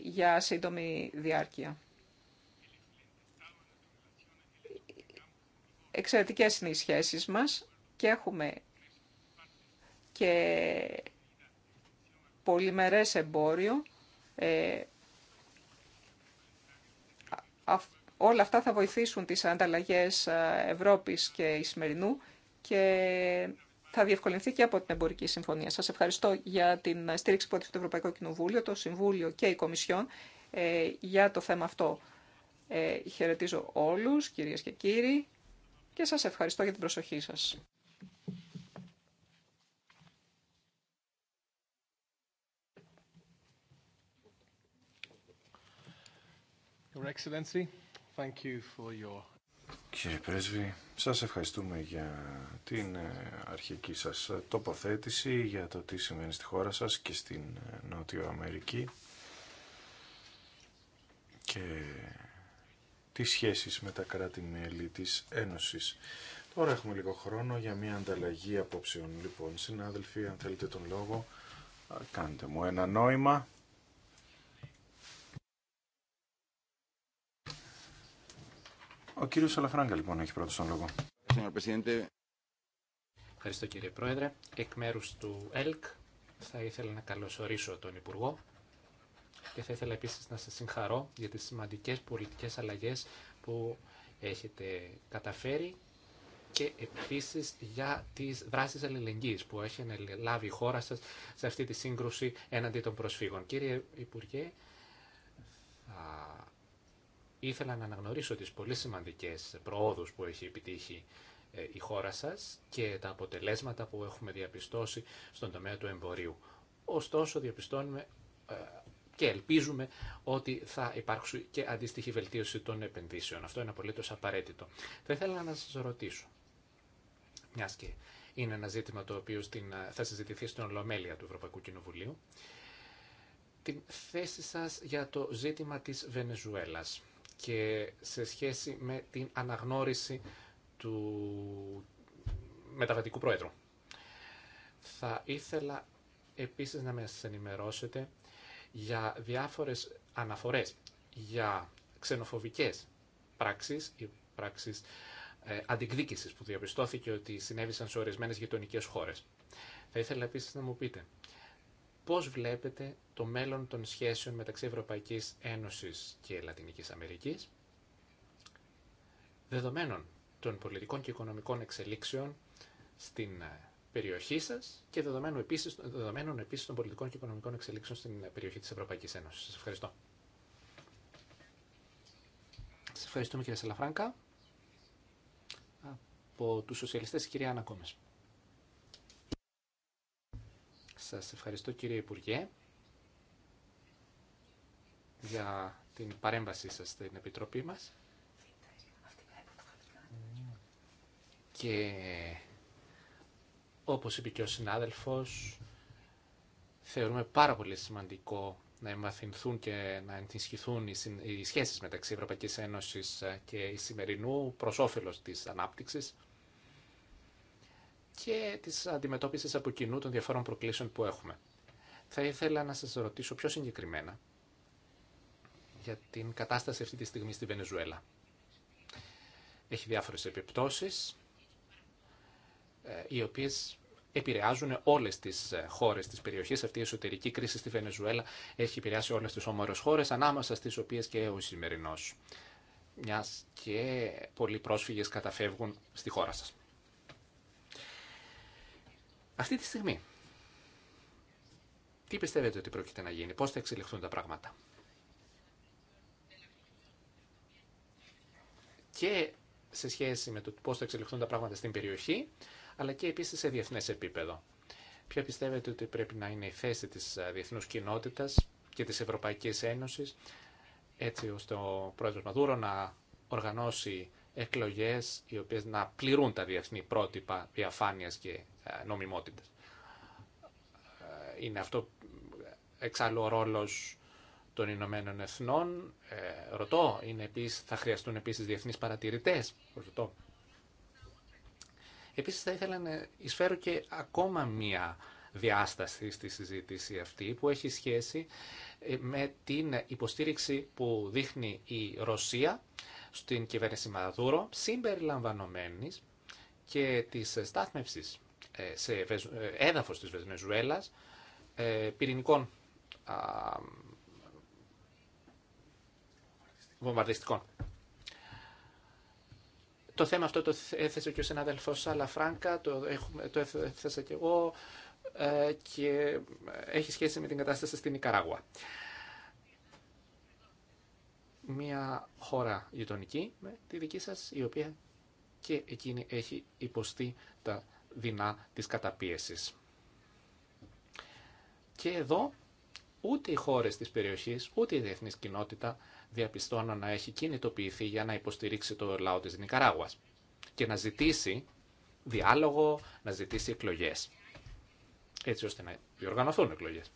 για σύντομη διάρκεια. Εξαιρετικές είναι οι σχέσεις μας και έχουμε και πολυμερές εμπόριο. Ε, α, όλα αυτά θα βοηθήσουν τις ανταλλαγές Ευρώπης και Ισημερινού και θα διευκολυνθεί και από την εμπορική συμφωνία. Σας ευχαριστώ για την στήριξη που έδωσε το Ευρωπαϊκό Κοινοβούλιο, το Συμβούλιο και η Κομισιόν ε, για το θέμα αυτό. Ε, χαιρετίζω όλους, κυρίες και κύριοι και σας ευχαριστώ για την προσοχή σας. Your Excellency, thank you for your... Κύριε Πρέσβη, σας ευχαριστούμε για την ε, αρχική σας τοποθέτηση, για το τι σημαίνει στη χώρα σας και στην ε, Νότιο Αμερική. Και τις σχέσεις με τα κράτη-μέλη της Ένωσης. Τώρα έχουμε λίγο χρόνο για μια ανταλλαγή απόψεων. Λοιπόν, συνάδελφοι, αν θέλετε τον λόγο, κάντε μου ένα νόημα. Ο κύριος Αλαφράγκα, λοιπόν, έχει πρώτος τον λόγο. Ευχαριστώ κύριε Πρόεδρε. Εκ μέρους του ΕΛΚ θα ήθελα να καλωσορίσω τον Υπουργό και θα ήθελα επίσης να σας συγχαρώ για τις σημαντικές πολιτικές αλλαγές που έχετε καταφέρει και επίσης για τις δράσεις αλληλεγγύης που έχει λάβει η χώρα σας σε αυτή τη σύγκρουση έναντι των προσφύγων. Κύριε Υπουργέ, ήθελα να αναγνωρίσω τις πολύ σημαντικές προόδους που έχει επιτύχει ε, η χώρα σας και τα αποτελέσματα που έχουμε διαπιστώσει στον τομέα του εμπορίου. Ωστόσο, διαπιστώνουμε ε, και ελπίζουμε ότι θα υπάρξει και αντίστοιχη βελτίωση των επενδύσεων. Αυτό είναι απολύτω απαραίτητο. Θα ήθελα να σα ρωτήσω, μια και είναι ένα ζήτημα το οποίο θα συζητηθεί στην Ολομέλεια του Ευρωπαϊκού Κοινοβουλίου, την θέση σας για το ζήτημα της Βενεζουέλας και σε σχέση με την αναγνώριση του μεταβατικού πρόεδρου. Θα ήθελα επίσης να με ενημερώσετε για διάφορες αναφορές για ξενοφοβικές πράξεις ή πράξεις ε, αντικδίκησης που διαπιστώθηκε ότι συνέβησαν σε ορισμένες γειτονικές χώρες. Θα ήθελα επίσης να μου πείτε πώς βλέπετε το μέλλον των σχέσεων μεταξύ Ευρωπαϊκής Ένωσης και Λατινικής Αμερικής, δεδομένων των πολιτικών και οικονομικών εξελίξεων στην ε, περιοχή σα και δεδομένων επίση επίσης των πολιτικών και οικονομικών εξελίξεων στην περιοχή τη Ευρωπαϊκή Ένωση. Σα ευχαριστώ. Σα ευχαριστούμε κύριε Σαλαφράγκα. Από του σοσιαλιστέ, η κυρία Άννα Σα ευχαριστώ κύριε Υπουργέ για την παρέμβασή σας στην Επιτροπή μας. Και όπως είπε και ο συνάδελφος, θεωρούμε πάρα πολύ σημαντικό να εμβαθυνθούν και να ενισχυθούν οι σχέσεις μεταξύ Ευρωπαϊκής Ένωσης ε, και η σημερινού προς όφελος της ανάπτυξης και της αντιμετώπισης από κοινού των διαφόρων προκλήσεων που έχουμε. Θα ήθελα να σας ρωτήσω πιο συγκεκριμένα για την κατάσταση αυτή τη στιγμή στη Βενεζουέλα. Έχει διάφορες επιπτώσεις ε, οι οποίες επηρεάζουν όλες τις ε, χώρες της περιοχής. Αυτή η εσωτερική κρίση στη Βενεζουέλα έχει επηρεάσει όλες τις όμορες χώρες, ανάμεσα στις οποίες και ο σημερινός. Μιας και πολλοί πρόσφυγες καταφεύγουν στη χώρα σας. Αυτή τη στιγμή, τι πιστεύετε ότι πρόκειται να γίνει, πώς θα εξελιχθούν τα πράγματα. Και σε σχέση με το πώς θα εξελιχθούν τα πράγματα στην περιοχή, αλλά και επίσης σε διεθνές επίπεδο. Ποια πιστεύετε ότι πρέπει να είναι η θέση της ε, διεθνούς κοινότητας και της Ευρωπαϊκής Ένωσης, έτσι ώστε ο πρόεδρος Μαδούρο να οργανώσει εκλογές οι οποίες να πληρούν τα διεθνή πρότυπα διαφάνειας και ε, νομιμότητας. Ε, είναι αυτό εξάλλου ο ρόλος των Ηνωμένων Εθνών. ρωτώ, είναι επίσης, θα χρειαστούν επίσης διεθνείς παρατηρητές. Ρωτώ. Επίσης θα ήθελα να εισφέρω και ακόμα μία διάσταση στη συζήτηση αυτή που έχει σχέση ε, με την υποστήριξη που δείχνει η Ρωσία στην κυβέρνηση Μαδούρο συμπεριλαμβανομένης και της στάθμευσης ε, σε ε, έδαφος της Βενεζουέλας πυρηνικών βομβαρδιστικών το θέμα αυτό το έθεσε και ο συνάδελφος Σαλαφράγκα, το, έχουμε, το έθεσα και εγώ ε, και ε, έχει σχέση με την κατάσταση στην Ικαράγουα. Μια χώρα γειτονική με τη δική σας, η οποία και εκείνη έχει υποστεί τα δεινά της καταπίεσης. Και εδώ ούτε οι χώρες της περιοχής, ούτε η διεθνής κοινότητα διαπιστώνω να έχει κινητοποιηθεί για να υποστηρίξει το λαό της Νικαράγουας και να ζητήσει διάλογο, να ζητήσει εκλογές, έτσι ώστε να διοργανωθούν εκλογές.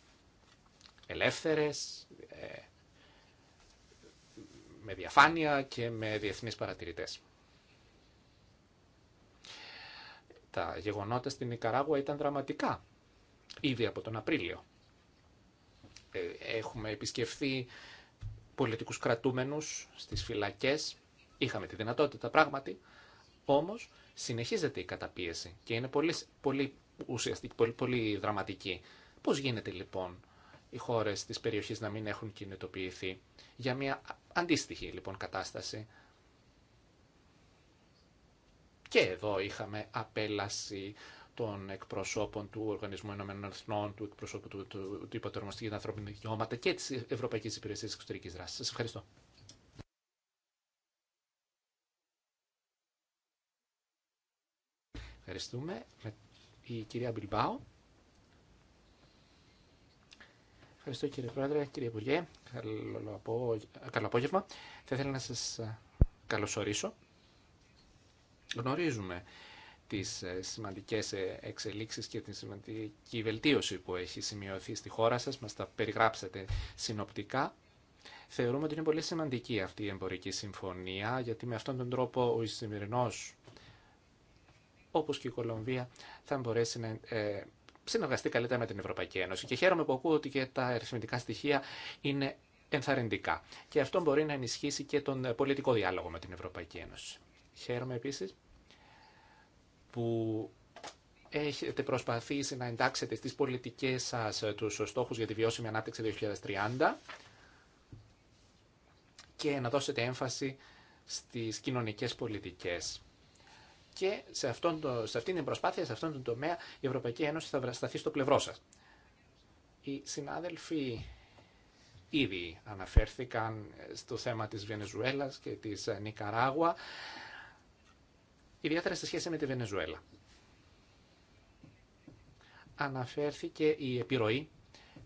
Ελεύθερες, ε, με διαφάνεια και με διεθνείς παρατηρητές. Τα γεγονότα στην Νικαράγουα ήταν δραματικά, ήδη από τον Απρίλιο. Ε, έχουμε επισκεφθεί πολιτικούς κρατούμενους στις φυλακές. Είχαμε τη δυνατότητα πράγματι, όμως συνεχίζεται η καταπίεση και είναι πολύ, πολύ ουσιαστική, πολύ, πολύ δραματική. Πώς γίνεται λοιπόν οι χώρες της περιοχής να μην έχουν κινητοποιηθεί για μια αντίστοιχη λοιπόν κατάσταση. Και εδώ είχαμε απέλαση των εκπροσώπων του Οργανισμού Ενωμένων Εθνών, του εκπροσώπου του, του, του για τα ανθρώπινα δικαιώματα και τη Ευρωπαϊκή Υπηρεσία Εξωτερική Δράση. Σα ευχαριστώ. Ευχαριστούμε. Η κυρία Μπιλμπάου. Ευχαριστώ κύριε Πρόεδρε, κύριε Υπουργέ. Καλό απόγευμα. Θα ήθελα να σας καλωσορίσω. Γνωρίζουμε τις ε, σημαντικές ε, εξελίξεις και την σημαντική βελτίωση που έχει σημειωθεί στη χώρα σας. Μας τα περιγράψατε συνοπτικά. Θεωρούμε ότι είναι πολύ σημαντική αυτή η εμπορική συμφωνία, γιατί με αυτόν τον τρόπο ο Ισημερινός, όπως και η Κολομβία, θα μπορέσει να ε, συνεργαστεί καλύτερα με την Ευρωπαϊκή Ένωση. Και χαίρομαι που ακούω ότι και τα αριθμητικά στοιχεία είναι ενθαρρυντικά. Και αυτό μπορεί να ενισχύσει και τον πολιτικό διάλογο με την Ευρωπαϊκή Ένωση. Χαίρομαι επίσης που έχετε προσπαθήσει να εντάξετε στις πολιτικές σας ε, τους στόχους για τη βιώσιμη ανάπτυξη 2030 και να δώσετε έμφαση στις κοινωνικές πολιτικές. Και σε, αυτόν το, σε αυτήν την προσπάθεια, σε αυτόν τον τομέα, η Ευρωπαϊκή Ένωση θα βρασταθεί στο πλευρό σας. Οι συνάδελφοι ήδη αναφέρθηκαν ε, στο θέμα της Βενεζουέλας και της ε, Νικαράγουα ιδιαίτερα σε σχέση με τη Βενεζουέλα. Αναφέρθηκε η επιρροή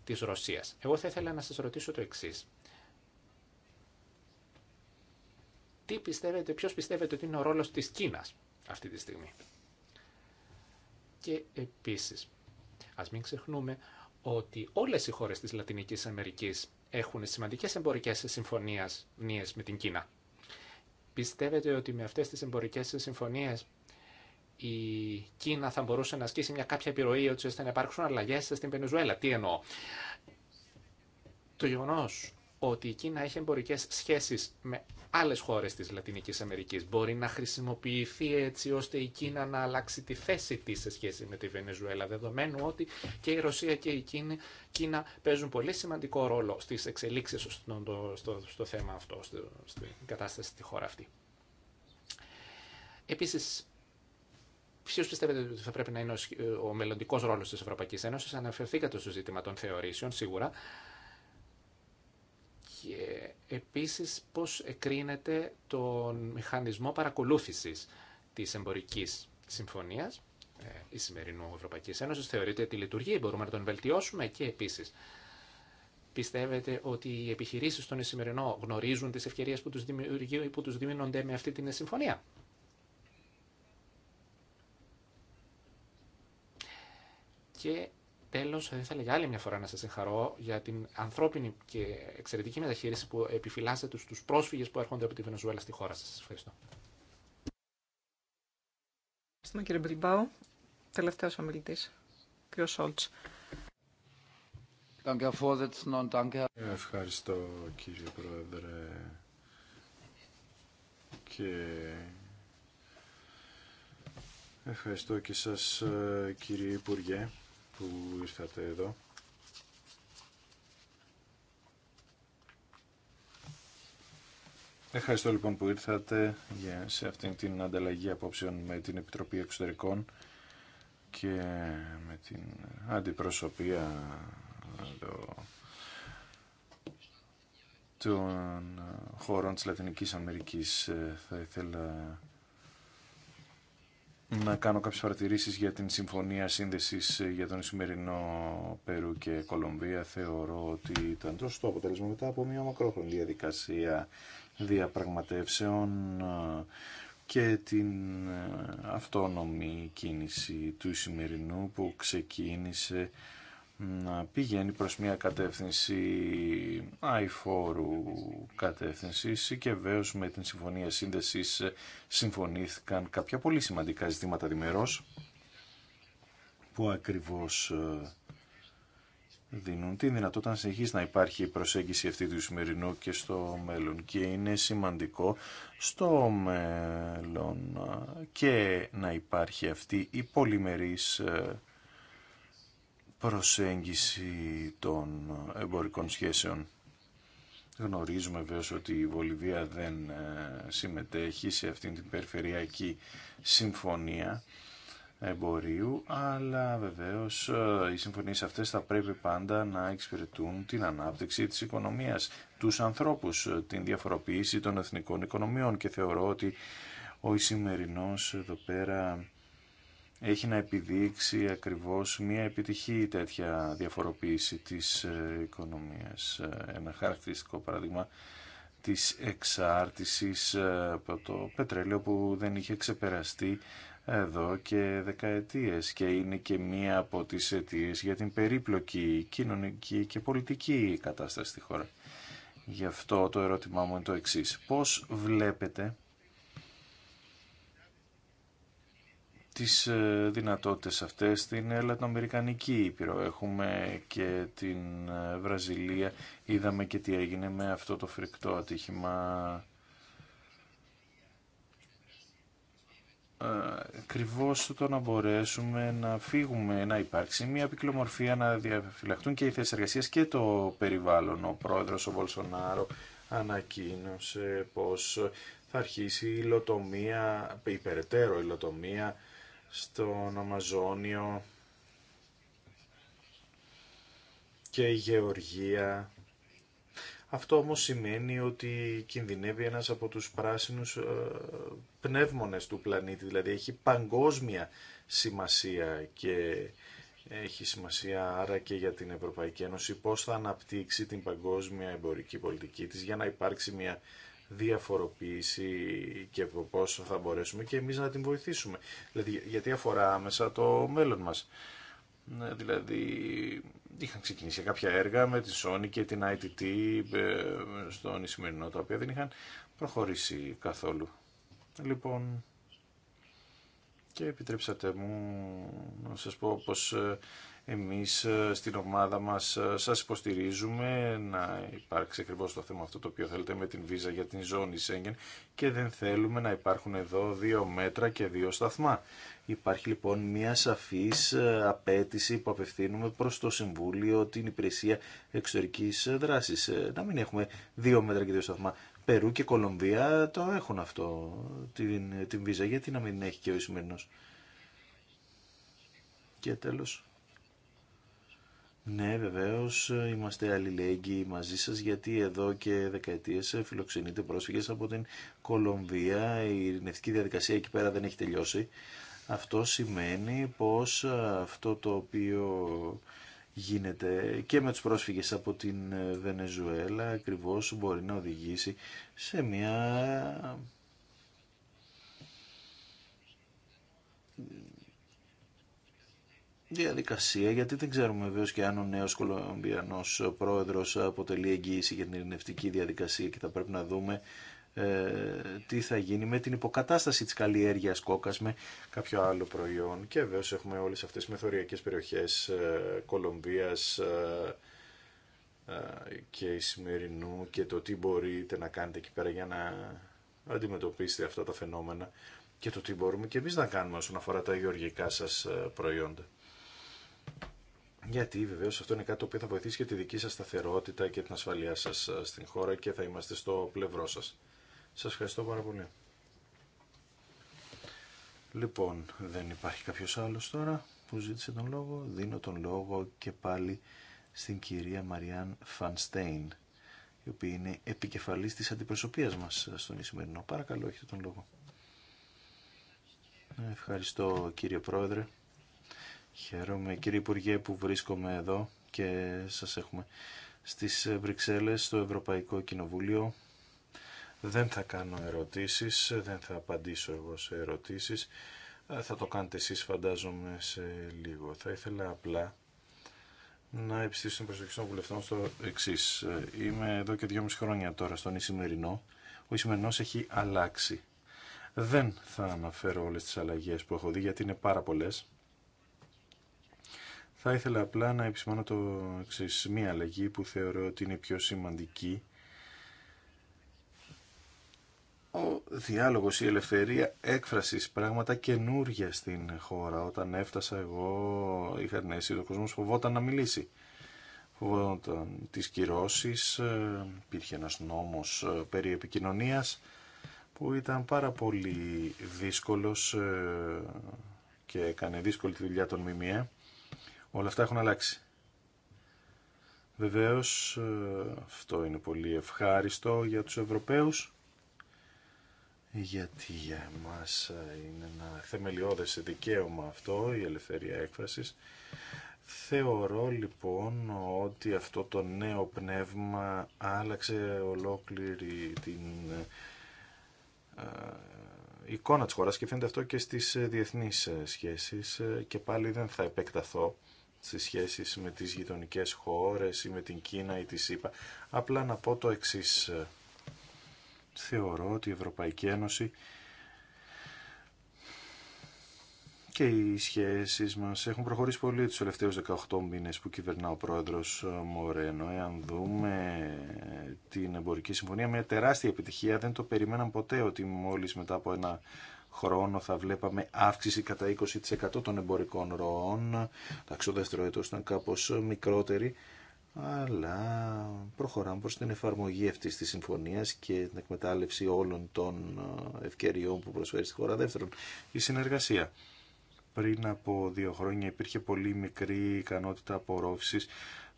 της Ρωσίας. Εγώ θα ήθελα να σας ρωτήσω το εξής. Τι πιστεύετε, ποιος πιστεύετε ότι είναι ο ρόλος της Κίνας αυτή τη στιγμή. Και επίσης, ας μην ξεχνούμε ότι όλες οι χώρες της Λατινικής Αμερικής έχουν σημαντικές εμπορικές συμφωνίες με την Κίνα. Πιστεύετε ότι με αυτές τις εμπορικές συμφωνίες η Κίνα θα μπορούσε να ασκήσει μια κάποια επιρροή ώστε να υπάρξουν αλλαγές στην Πενεζουέλα. Τι εννοώ. Το γεγονός ότι η Κίνα έχει εμπορικέ σχέσει με άλλε χώρε τη Λατινική Αμερική. Μπορεί να χρησιμοποιηθεί έτσι ώστε η Κίνα να αλλάξει τη θέση τη σε σχέση με τη Βενεζουέλα, δεδομένου ότι και η Ρωσία και η Κίνα, παίζουν πολύ σημαντικό ρόλο στι εξελίξει στο, στο, στο, θέμα αυτό, στην κατάσταση στη χώρα αυτή. Επίση, Ποιο πιστεύετε ότι θα πρέπει να είναι ο μελλοντικό ρόλο τη Ευρωπαϊκή Ένωση, αναφερθήκατε στο ζήτημα των θεωρήσεων σίγουρα, και επίσης πώς εκρίνεται τον μηχανισμό παρακολούθησης της εμπορικής συμφωνίας ε, η σημερινού Ευρωπαϊκή Ένωση. θεωρείται ότι λειτουργεί, μπορούμε να τον βελτιώσουμε και επίση. Πιστεύετε ότι οι επιχειρήσει στον Ισημερινό γνωρίζουν τι ευκαιρίε που του δημιουργεί που τους δίνονται με αυτή την συμφωνία. Και τέλος θα ήθελα για άλλη μια φορά να σα συγχαρώ για την ανθρώπινη και εξαιρετική μεταχείριση που επιφυλάσσετε στους πρόσφυγες που έρχονται από τη Βενεζουέλα στη χώρα σας. Ευχαριστώ. Ευχαριστούμε κύριε Μπιλμπάου. Τελευταίος ομιλητής, κύριο Σόλτ. Ευχαριστώ κύριε Πρόεδρε και ευχαριστώ και σας ε, κύριε Υπουργέ που ήρθατε εδώ. Ευχαριστώ λοιπόν που ήρθατε για, σε αυτήν την ανταλλαγή απόψεων με την Επιτροπή Εξωτερικών και με την αντιπροσωπεία εδώ, των χωρών της Λατινικής Αμερικής. Ε, θα ήθελα να κάνω κάποιες παρατηρήσεις για την Συμφωνία Σύνδεσης ε, για τον σημερινό Περού και Κολομβία. Θεωρώ ότι ήταν το αποτέλεσμα μετά από μια μακρόχρονη διαδικασία διαπραγματεύσεων ε, και την ε, αυτόνομη κίνηση του σημερινού που ξεκίνησε να πηγαίνει προς μια κατεύθυνση αϊφόρου κατεύθυνση και βέβαιω με την Συμφωνία Σύνδεσης συμφωνήθηκαν κάποια πολύ σημαντικά ζητήματα δημερώς που ακριβώς ε, δίνουν τη δυνατότητα να συνεχίσει να υπάρχει η προσέγγιση αυτή του σημερινού και στο μέλλον και είναι σημαντικό στο μέλλον ε, και να υπάρχει αυτή η πολυμερής ε, προσέγγιση των εμπορικών σχέσεων. Γνωρίζουμε βέβαια ότι η Βολιβία δεν ε, συμμετέχει σε αυτήν την περιφερειακή συμφωνία εμπορίου, αλλά βεβαίως ε, οι συμφωνίες αυτές θα πρέπει πάντα να εξυπηρετούν την ανάπτυξη της οικονομίας, τους ανθρώπους, ε, την διαφοροποίηση των εθνικών οικονομιών και θεωρώ ότι ο σημερινός εδώ πέρα έχει να επιδείξει ακριβώς μια επιτυχή τέτοια διαφοροποίηση της ε, οικονομίας. Ε, ένα χαρακτηριστικό παράδειγμα της εξάρτησης ε, από το πετρέλαιο που δεν είχε ξεπεραστεί εδώ και δεκαετίες και είναι και μία από τις αιτίε για την περίπλοκη κοινωνική και πολιτική κατάσταση στη χώρα. Γι' αυτό το ερώτημά μου είναι το εξής. Πώς βλέπετε τις ε, δυνατότητες αυτές στην Λατινοαμερικανική Ήπειρο. Έχουμε και την ε, Βραζιλία. Είδαμε και τι έγινε με αυτό το φρικτό ατύχημα. Ε, Ακριβώ το να μπορέσουμε να φύγουμε, να υπάρξει μια πυκλομορφία, να διαφυλαχτούν και οι θέσει εργασία και το περιβάλλον. Ο πρόεδρο ο Βολσονάρο ανακοίνωσε πως θα αρχίσει η υλοτομία, υπεραιτέρω υλοτομία στον Αμαζόνιο και η Γεωργία. Αυτό όμως σημαίνει ότι κινδυνεύει ένας από τους πράσινους ε, πνεύμονες του πλανήτη, δηλαδή έχει παγκόσμια σημασία και έχει σημασία άρα και για την Ευρωπαϊκή Ένωση πώς θα αναπτύξει την παγκόσμια εμπορική πολιτική της για να υπάρξει μια διαφοροποίηση και πώ θα μπορέσουμε και εμείς να την βοηθήσουμε. Δηλαδή, γιατί αφορά άμεσα το μέλλον μας. Ναι, δηλαδή, είχαν ξεκινήσει κάποια έργα με τη Sony και την ITT ε, στον Ισημερινό, τα οποία δεν είχαν προχωρήσει καθόλου. Λοιπόν, και επιτρέψατε μου να σας πω πως ε, εμείς ε, στην ομάδα μας ε, σας υποστηρίζουμε να υπάρξει ακριβώ το θέμα αυτό το οποίο θέλετε με την βίζα για την ζώνη Σέγγεν και δεν θέλουμε να υπάρχουν εδώ δύο μέτρα και δύο σταθμά. Υπάρχει λοιπόν μια σαφής ε, απέτηση που απευθύνουμε προς το Συμβούλιο, την Υπηρεσία Εξωτερικής Δράσης. Να μην έχουμε δύο μέτρα και δύο σταθμά. Περού και Κολομβία το έχουν αυτό, την, την βίζα. Γιατί να μην έχει και ο Ισημερινός. Και τέλος ναι, βεβαίως είμαστε αλληλέγγυοι μαζί σας γιατί εδώ και δεκαετίες φιλοξενείτε πρόσφυγες από την Κολομβία. Η ειρηνευτική διαδικασία εκεί πέρα δεν έχει τελειώσει. Αυτό σημαίνει πως αυτό το οποίο γίνεται και με τους πρόσφυγες από την Βενεζουέλα ακριβώς μπορεί να οδηγήσει σε μια διαδικασία, γιατί δεν ξέρουμε βεβαίω και αν ο νέο Κολομπιανό πρόεδρο αποτελεί εγγύηση για την ειρηνευτική διαδικασία και θα πρέπει να δούμε ε, τι θα γίνει με την υποκατάσταση τη καλλιέργεια κόκα με κάποιο άλλο προϊόν και βέβαια έχουμε όλε αυτέ τι μεθοριακέ περιοχές ε, ε, ε, και η σημερινού και το τι μπορείτε να κάνετε εκεί πέρα για να αντιμετωπίσετε αυτά τα φαινόμενα και το τι μπορούμε και εμείς να κάνουμε όσον αφορά τα γεωργικά σας ε, προϊόντα. Γιατί βεβαίω αυτό είναι κάτι το οποίο θα βοηθήσει και τη δική σας σταθερότητα και την ασφαλεία σας ε, στην χώρα και θα είμαστε στο πλευρό σας. Σας ευχαριστώ πάρα πολύ. Λοιπόν, δεν υπάρχει κάποιο άλλο τώρα που ζήτησε τον λόγο. Δίνω τον λόγο και πάλι στην κυρία Μαριάν Φανστέιν, η οποία είναι επικεφαλής της αντιπροσωπείας μας στον Ισημερινό. Παρακαλώ, έχετε τον λόγο. Ευχαριστώ κύριε Πρόεδρε. Χαίρομαι κύριε Υπουργέ που βρίσκομαι εδώ και σας έχουμε στις Βρυξέλλες, στο Ευρωπαϊκό Κοινοβούλιο. Δεν θα κάνω ερωτήσεις, δεν θα απαντήσω εγώ σε ερωτήσεις. Ε, θα το κάνετε εσείς φαντάζομαι σε λίγο. Θα ήθελα απλά να επιστήσω την προσοχή των βουλευτών στο εξή. Ε, είμαι εδώ και δυόμιση χρόνια τώρα στον Ισημερινό. Ο Ισημερινός έχει αλλάξει. Δεν θα αναφέρω όλες τις αλλαγές που έχω δει γιατί είναι πάρα πολλές. Θα ήθελα απλά να επισημάνω το εξής, μία αλλαγή που θεωρώ ότι είναι πιο σημαντική. Ο διάλογος, η ελευθερία έκφρασης, πράγματα καινούργια στην χώρα. Όταν έφτασα εγώ είχα την αίσθηση ο κόσμος φοβόταν να μιλήσει. Φοβόταν τις κυρώσεις, ε, υπήρχε ένας νόμος ε, περί επικοινωνίας που ήταν πάρα πολύ δύσκολος ε, και έκανε δύσκολη τη δουλειά των ΜΜΕ Όλα αυτά έχουν αλλάξει. Βεβαίως ε, αυτό είναι πολύ ευχάριστο για τους Ευρωπαίους γιατί για μας ε, είναι ένα θεμελιώδες δικαίωμα αυτό η ελευθερία έκφρασης. Θεωρώ λοιπόν ότι αυτό το νέο πνεύμα άλλαξε ολόκληρη την ε, εικόνα της χώρας και φαίνεται αυτό και στις διεθνείς σχέσεις και πάλι δεν θα επεκταθώ σε σχέσει με τις γειτονικές χώρες ή με την Κίνα ή τη ΣΥΠΑ. Απλά να πω το εξής. Θεωρώ ότι η Ευρωπαϊκή Ένωση και οι σχέσεις μας έχουν προχωρήσει πολύ τους τελευταίους 18 μήνες που κυβερνά ο πρόεδρος ε, Μορένο. Εάν δούμε την εμπορική συμφωνία, μια τεράστια επιτυχία, δεν το περιμέναμε ποτέ ότι μόλις μετά από ένα χρόνο θα βλέπαμε αύξηση κατά 20% των εμπορικών ροών. Εντάξει, ο δεύτερο έτος ήταν κάπως μικρότερη, αλλά προχωράμε προς την εφαρμογή αυτή της συμφωνίας και την εκμετάλλευση όλων των ε, ευκαιριών που προσφέρει στη χώρα. Δεύτερον, η συνεργασία. Πριν από δύο χρόνια υπήρχε πολύ μικρή ικανότητα απορρόφησης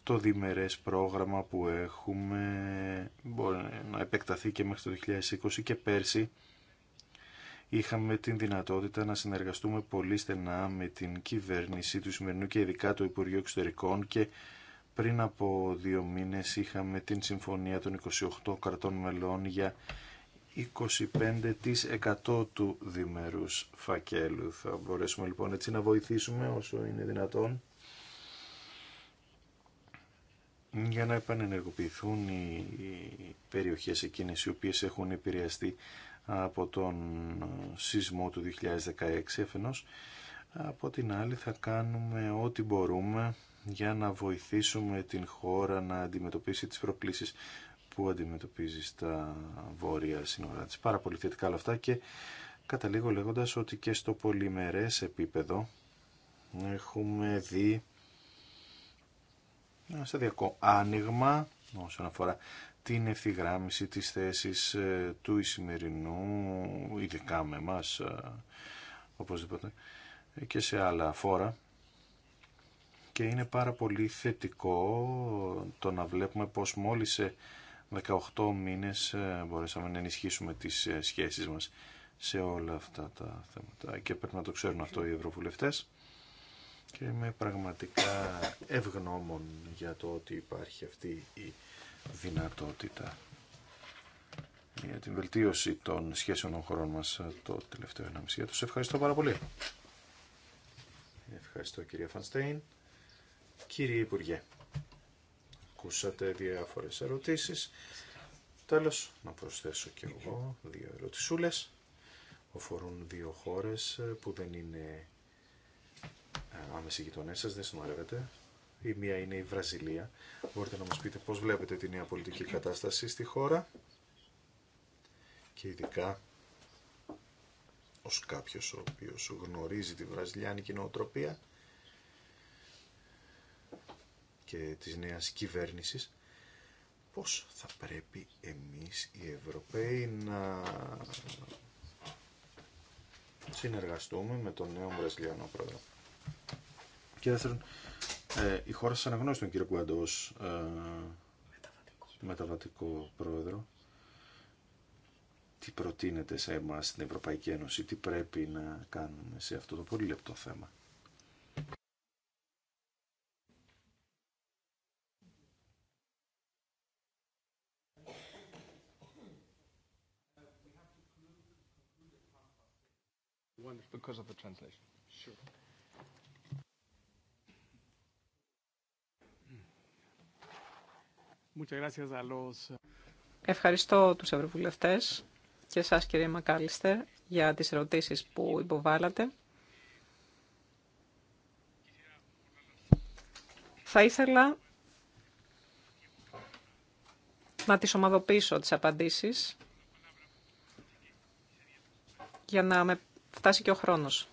το διμερές πρόγραμμα που έχουμε μπορεί να επεκταθεί και μέχρι το 2020 και πέρσι είχαμε την δυνατότητα να συνεργαστούμε πολύ στενά με την κυβέρνηση του σημερινού και ειδικά το Υπουργείο Εξωτερικών και πριν από δύο μήνες είχαμε την συμφωνία των 28 κρατών μελών για 25% του διμερούς φακέλου. Θα μπορέσουμε λοιπόν έτσι να βοηθήσουμε όσο είναι δυνατόν για να επανενεργοποιηθούν οι περιοχές εκείνες οι οποίες έχουν επηρεαστεί από τον σεισμό του 2016 εφενός. Από την άλλη θα κάνουμε ό,τι μπορούμε για να βοηθήσουμε την χώρα να αντιμετωπίσει τις προκλήσεις που αντιμετωπίζει στα βόρεια σύνορά της. Πάρα πολύ θετικά όλα αυτά και καταλήγω λέγοντας ότι και στο πολυμερές επίπεδο έχουμε δει ένα σταδιακό άνοιγμα όσον αφορά την ευθυγράμμιση της θέσης ε, του Ισημερινού, ειδικά με εμάς, ε, οπωσδήποτε, ε, και σε άλλα φόρα. Και είναι πάρα πολύ θετικό το να βλέπουμε πως μόλις σε 18 μήνες μπορέσαμε να ενισχύσουμε τις σχέσεις μας σε όλα αυτά τα θέματα. Και πρέπει να το ξέρουν αυτό οι ευρωβουλευτές. Και είμαι πραγματικά ευγνώμων για το ότι υπάρχει αυτή η δυνατότητα για την βελτίωση των σχέσεων των χωρών μας το τελευταίο 1,5 έτος. Ευχαριστώ πάρα πολύ. Ευχαριστώ κυρία Φανστέιν. Κύριε Υπουργέ, ακούσατε διάφορες ερωτήσεις. Τέλος, να προσθέσω και εγώ δύο ερωτησούλες. Οφορούν δύο χώρες που δεν είναι ε, άμεση γειτονές σας, δεν συμμαρεύεται. Η μία είναι η Βραζιλία. Μπορείτε να μας πείτε πώς βλέπετε τη νέα πολιτική κατάσταση στη χώρα και ειδικά ως κάποιος ο οποίος γνωρίζει τη βραζιλιάνικη νοοτροπία και της νέας κυβέρνησης πώς θα πρέπει εμείς οι Ευρωπαίοι να συνεργαστούμε με τον νέο Βραζιλιανό πρόεδρο. Και δεύτερον, ε, η χώρα σας αναγνώρισε τον κύριο Κουάντο ε, μεταβατικό. μεταβατικό πρόεδρο. Τι προτείνεται σε εμάς στην Ευρωπαϊκή Ένωση, τι πρέπει να κάνουμε σε αυτό το πολύ λεπτό θέμα. Eh, Ευχαριστώ τους ευρωβουλευτές και σας κύριε Μακάλιστε για τις ερωτήσεις που υποβάλατε. Θα ήθελα να τις ομαδοποιήσω τις απαντήσεις για να με φτάσει και ο χρόνος.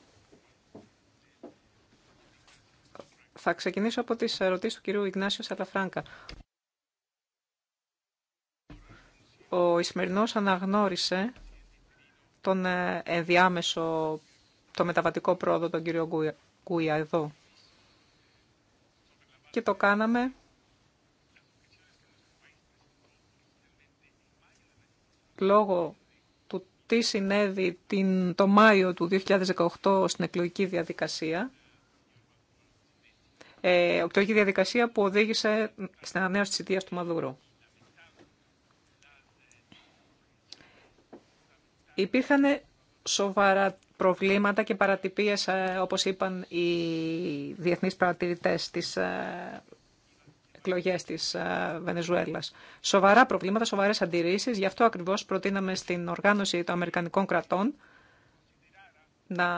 Θα ξεκινήσω από τις ερωτήσεις του κυρίου Ιγνάσιο Σαλαφράγκα ο Ισμερινός αναγνώρισε τον ε, ενδιάμεσο, το μεταβατικό πρόοδο, τον κύριο Γκούια εδώ. Και το κάναμε λόγω του τι συνέβη την, το Μάιο του 2018 στην εκλογική διαδικασία. Ε, διαδικασία που οδήγησε στην ανανέωση της του Μαδουρού. Υπήρχαν σοβαρά προβλήματα και παρατυπίες, ε, όπως είπαν οι διεθνείς παρατηρητές της ε, εκλογές της ε, Βενεζουέλας. Σοβαρά προβλήματα, σοβαρές αντιρρήσεις. Γι' αυτό ακριβώς προτείναμε στην οργάνωση των Αμερικανικών κρατών να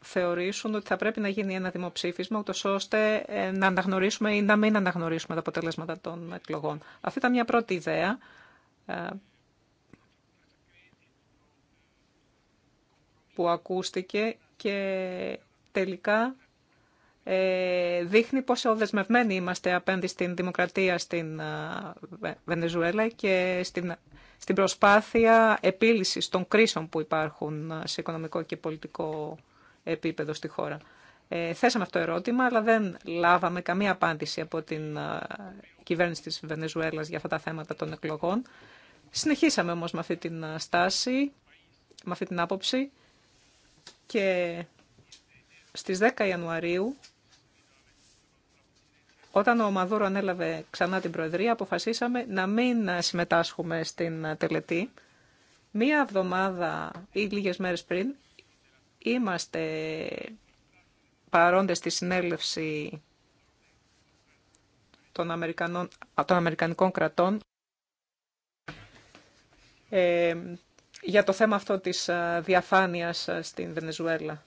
θεωρήσουν ότι θα πρέπει να γίνει ένα δημοψήφισμα, ούτως ώστε να αναγνωρίσουμε ή να μην αναγνωρίσουμε τα αποτελέσματα των εκλογών. Αυτή ήταν μια πρώτη ιδέα που ακούστηκε και τελικά ε, δείχνει πόσο δεσμευμένοι είμαστε απέναντι στην δημοκρατία στην ε, Βενεζουέλα και στην, στην προσπάθεια επίλυσης των κρίσεων που υπάρχουν ε, σε οικονομικό και πολιτικό επίπεδο στη χώρα. θέσαμε αυτό το ερώτημα, αλλά δεν λάβαμε καμία απάντηση από την κυβέρνηση της Βενεζουέλας για αυτά τα θέματα των εκλογών. Συνεχίσαμε όμως με αυτή την στάση, με αυτή την άποψη. Και στις 10 Ιανουαρίου, όταν ο Μαδούρο ανέλαβε ξανά την Προεδρία, αποφασίσαμε να μην συμμετάσχουμε στην τελετή. Μία εβδομάδα ή λίγες μέρες πριν, είμαστε παρόντες στη συνέλευση των, Αμερικανών, των Αμερικανικών κρατών ε, για το θέμα αυτό της ε, διαφάνειας ε, στην Βενεζουέλα.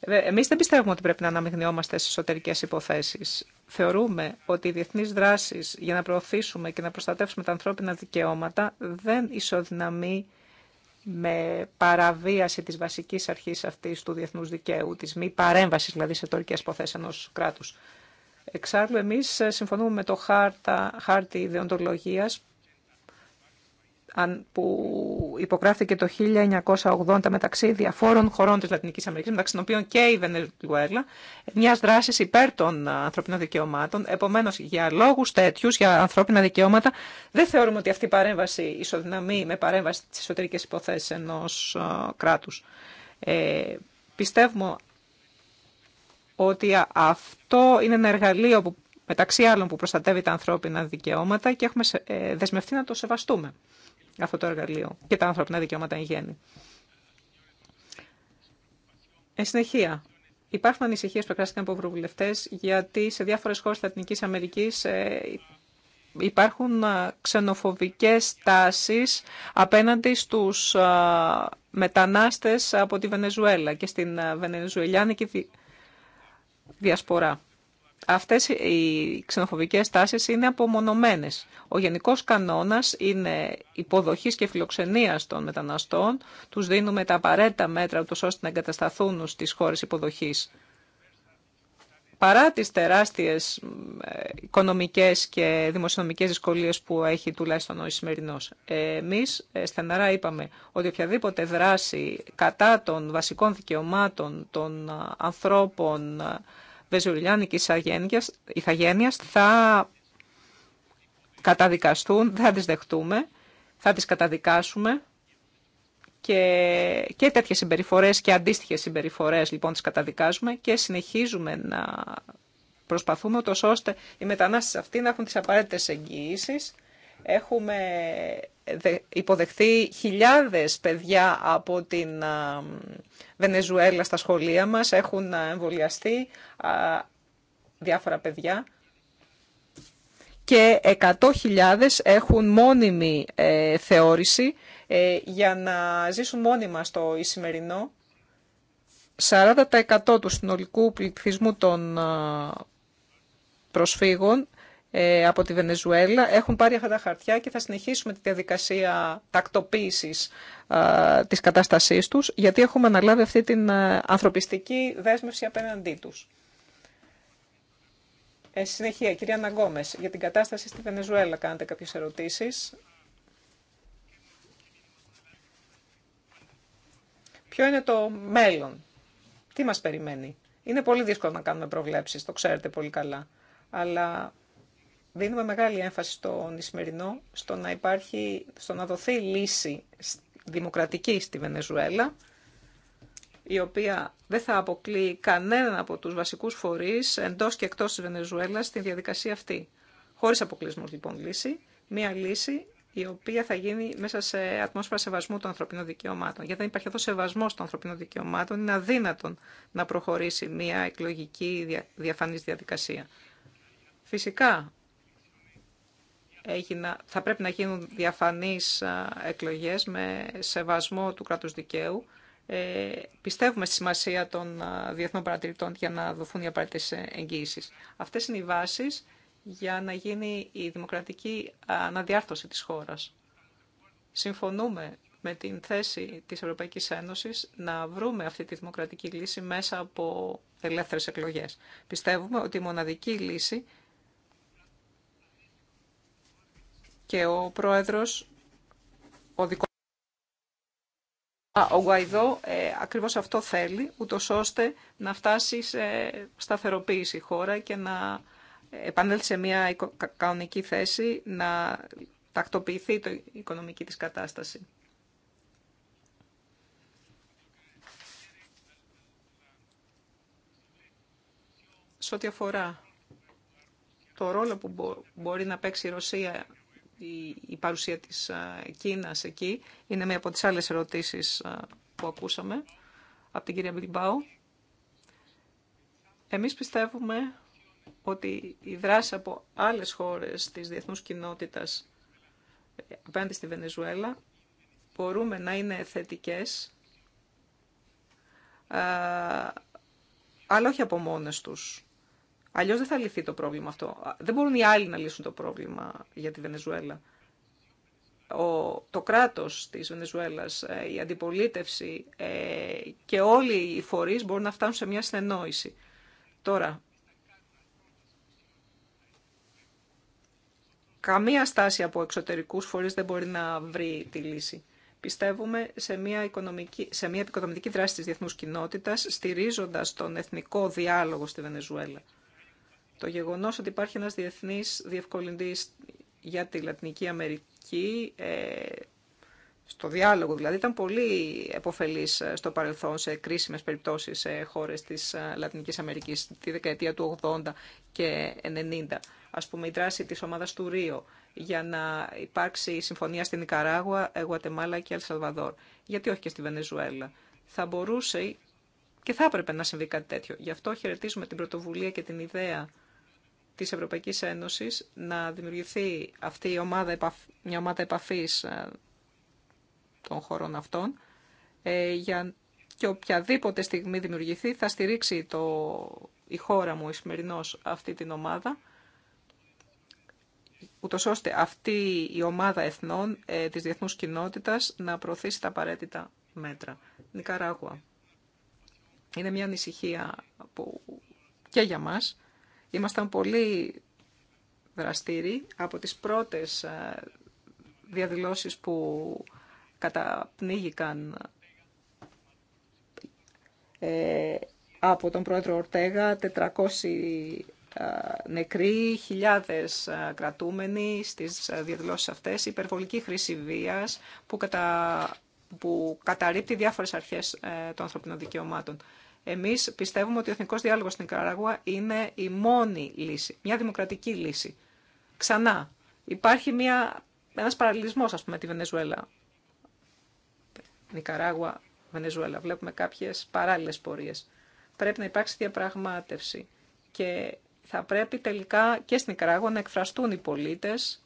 Ε, εμείς δεν πιστεύουμε ότι πρέπει να αναμειγνιόμαστε σε εσωτερικές υποθέσεις. Θεωρούμε ότι οι διεθνείς δράσεις για να προωθήσουμε και να προστατεύσουμε τα ανθρώπινα δικαιώματα δεν ισοδυναμεί με παραβίαση της βασικής αρχής αυτής του διεθνούς δικαίου, της μη παρέμβασης δηλαδή σε τορικές υποθέσεις ενός κράτους. Εξάλλου, εμείς συμφωνούμε με το χάρτη ιδεοντολογίας που υπογράφηκε το 1980 μεταξύ διαφόρων χωρών της Λατινικής Αμερικής, μεταξύ των οποίων και η Βενεζουέλα, μια δράση υπέρ των ανθρωπίνων δικαιωμάτων. Επομένως, για λόγους τέτοιου, για ανθρώπινα δικαιώματα, δεν θεωρούμε ότι αυτή η παρέμβαση ισοδυναμεί με παρέμβαση τι εσωτερικής υποθέσεις ενός κράτους. Ε, πιστεύουμε ότι αυτό είναι ένα εργαλείο που μεταξύ άλλων που προστατεύει τα ανθρώπινα δικαιώματα και έχουμε ε, δεσμευτεί να το σεβαστούμε αυτό το εργαλείο και τα ανθρώπινα δικαιώματα εν γέννη. Εν συνεχεία, υπάρχουν ανησυχίε που εκφράστηκαν από ευρωβουλευτέ γιατί σε διάφορε χώρε τη Λατινική Αμερική ε, υπάρχουν ε, ξενοφοβικές τάσεις απέναντι στους ε, μετανάστες από τη Βενεζουέλα και στην βενεζουελιάνικη διασπορά. Αυτές οι ξενοφοβικές τάσεις είναι απομονωμένες. Ο γενικός κανόνας είναι υποδοχής και φιλοξενίας των μεταναστών. Τους δίνουμε τα απαραίτητα μέτρα ούτως ώστε να εγκατασταθούν στις χώρες υποδοχής. Παρά τις τεράστιες ε, οικονομικές και δημοσιονομικές δυσκολίες που έχει τουλάχιστον ο Ισημερινός, εμείς ε, στεναρά είπαμε ότι οποιαδήποτε δράση κατά των βασικών δικαιωμάτων των ε, ανθρώπων η ηθαγένεια θα καταδικαστούν, θα τις δεχτούμε, θα τις καταδικάσουμε και, και τέτοιες συμπεριφορές και αντίστοιχες συμπεριφορές λοιπόν τις καταδικάζουμε και συνεχίζουμε να προσπαθούμε ούτως ώστε οι μετανάστες αυτοί να έχουν τις απαραίτητες εγγυήσεις Έχουμε υποδεχθεί χιλιάδες παιδιά από την Βενεζουέλα στα σχολεία μας, έχουν εμβολιαστεί διάφορα παιδιά και 100.000 έχουν μόνιμη ε, θεώρηση ε, για να ζήσουν μόνιμα στο Ισημερινό. 40% του συνολικού πληθυσμού των προσφύγων ε, από τη Βενεζουέλα έχουν πάρει αυτά τα χαρτιά και θα συνεχίσουμε τη διαδικασία τακτοποίησης ε, της κατάστασής τους γιατί έχουμε αναλάβει αυτή την ε, ανθρωπιστική δέσμευση απέναντί τους. συνεχεία, κυρία Ναγκόμες, για την κατάσταση στη Βενεζουέλα κάνετε κάποιες ερωτήσεις. Ποιο είναι το μέλλον, τι μας περιμένει. Είναι πολύ δύσκολο να κάνουμε προβλέψεις, το ξέρετε πολύ καλά. Αλλά δίνουμε μεγάλη έμφαση στον Ισημερινό, στο να υπάρχει, στο να δοθεί λύση δημοκρατική στη Βενεζουέλα, η οποία δεν θα αποκλεί κανέναν από τους βασικούς φορείς εντός και εκτός της Βενεζουέλας στη διαδικασία αυτή. Χωρίς αποκλεισμούς λοιπόν λύση, μία λύση η οποία θα γίνει μέσα σε ατμόσφαιρα αποκλεισμό δεν υπάρχει αυτό σεβασμό των ανθρωπίνων δικαιωμάτων, είναι αδύνατον να προχωρήσει μια εκλογική διαφανής διαδικασία. Φυσικά θα πρέπει να γίνουν διαφανείς εκλογές με σεβασμό του κράτους δικαίου. Ε, πιστεύουμε στη σημασία των διεθνών παρατηρητών για να δοθούν οι απαραίτητες ε, εγγύησεις. Αυτές είναι οι βάσεις για να γίνει η δημοκρατική αναδιάρθρωση της χώρας. Συμφωνούμε με την θέση της Ευρωπαϊκής Ένωσης να βρούμε αυτή τη δημοκρατική λύση μέσα από ελεύθερες εκλογές. Πιστεύουμε ότι η μοναδική λύση και ο πρόεδρος, ο δικός ο Γουαϊδό ε, ακριβώς αυτό θέλει, ούτω ώστε να φτάσει σε σταθεροποίηση η χώρα και να επανέλθει σε μια κανονική θέση, να τακτοποιηθεί το οικονομική της κατάσταση. Σε ό,τι αφορά το ρόλο που μπορεί να παίξει η Ρωσία η παρουσία της Κίνας εκεί. Είναι μία από τις άλλες ερωτήσεις που ακούσαμε από την κυρία Μπιλμπάου. Εμείς πιστεύουμε ότι η δράση από άλλες χώρες της διεθνούς κοινότητας ε, απέναντι στη Βενεζουέλα μπορούμε να είναι θετικές, αλλά όχι από μόνες τους. Αλλιώ δεν θα λυθεί το πρόβλημα αυτό. Δεν μπορούν οι άλλοι να λύσουν το πρόβλημα για τη Βενεζουέλα. Ο, το κράτος της Βενεζουέλας, ε, η αντιπολίτευση ε, και όλοι οι φορείς μπορούν να φτάνουν σε μια συνεννόηση. Τώρα, καμία στάση από εξωτερικούς φορείς δεν μπορεί να βρει τη λύση. Πιστεύουμε σε μια, οικονομική, σε μια επικοδομητική δράση της διεθνούς κοινότητας, στηρίζοντας τον εθνικό διάλογο στη Βενεζουέλα. Το γεγονός ότι υπάρχει ένας διεθνής διευκολυντής για τη Λατινική Αμερική, ε, στο διάλογο δηλαδή, ήταν πολύ επωφελής ε, στο παρελθόν σε κρίσιμες περιπτώσεις σε χώρες της ε, Λατινικής Αμερικής, τη δεκαετία του 80 και 90. Ας πούμε η δράση της ομάδας του Ρίο για να υπάρξει συμφωνία στην Ικαράγουα, Γουατεμάλα και Αλσαλβαδόρ. Γιατί όχι και στη Βενεζουέλα. Θα μπορούσε και θα έπρεπε να συμβεί κάτι τέτοιο. Γι' αυτό χαιρετίζουμε την πρωτοβουλία και την ιδέα της Ευρωπαϊκής Ένωσης να δημιουργηθεί αυτή η ομάδα, μια ομάδα επαφής ε, των χωρών αυτών ε, για και οποιαδήποτε στιγμή δημιουργηθεί θα στηρίξει το, η χώρα μου, η αυτή την ομάδα ούτως ώστε αυτή η ομάδα εθνών ε, της διεθνούς κοινότητας να προωθήσει τα απαραίτητα μέτρα. Νικαράγουα. Είναι μια ανησυχία που και για μας Ήμασταν πολύ δραστήριοι από τις πρώτες ε, διαδηλώσεις που καταπνίγηκαν ε, από τον πρόεδρο Ορτέγα, 400 ε, νεκροί, χιλιάδες κρατούμενοι στις διαδηλώσεις αυτές, υπερβολική χρήση βίας που, κατα... που καταρρύπτει διάφορες αρχές των ανθρωπινών δικαιωμάτων. Εμείς πιστεύουμε ότι ο εθνικός διάλογος στην Καραγουά είναι η μόνη λύση, μια δημοκρατική λύση. Ξανά, υπάρχει μια, ένας παραλληλισμός, ας πούμε, τη Βενεζουέλα. Νικαράγουα, Βενεζουέλα. Βλέπουμε κάποιες παράλληλες πορείες. Πρέπει να υπάρξει διαπραγμάτευση και θα πρέπει τελικά και στην Νικαράγουα να εκφραστούν οι πολίτες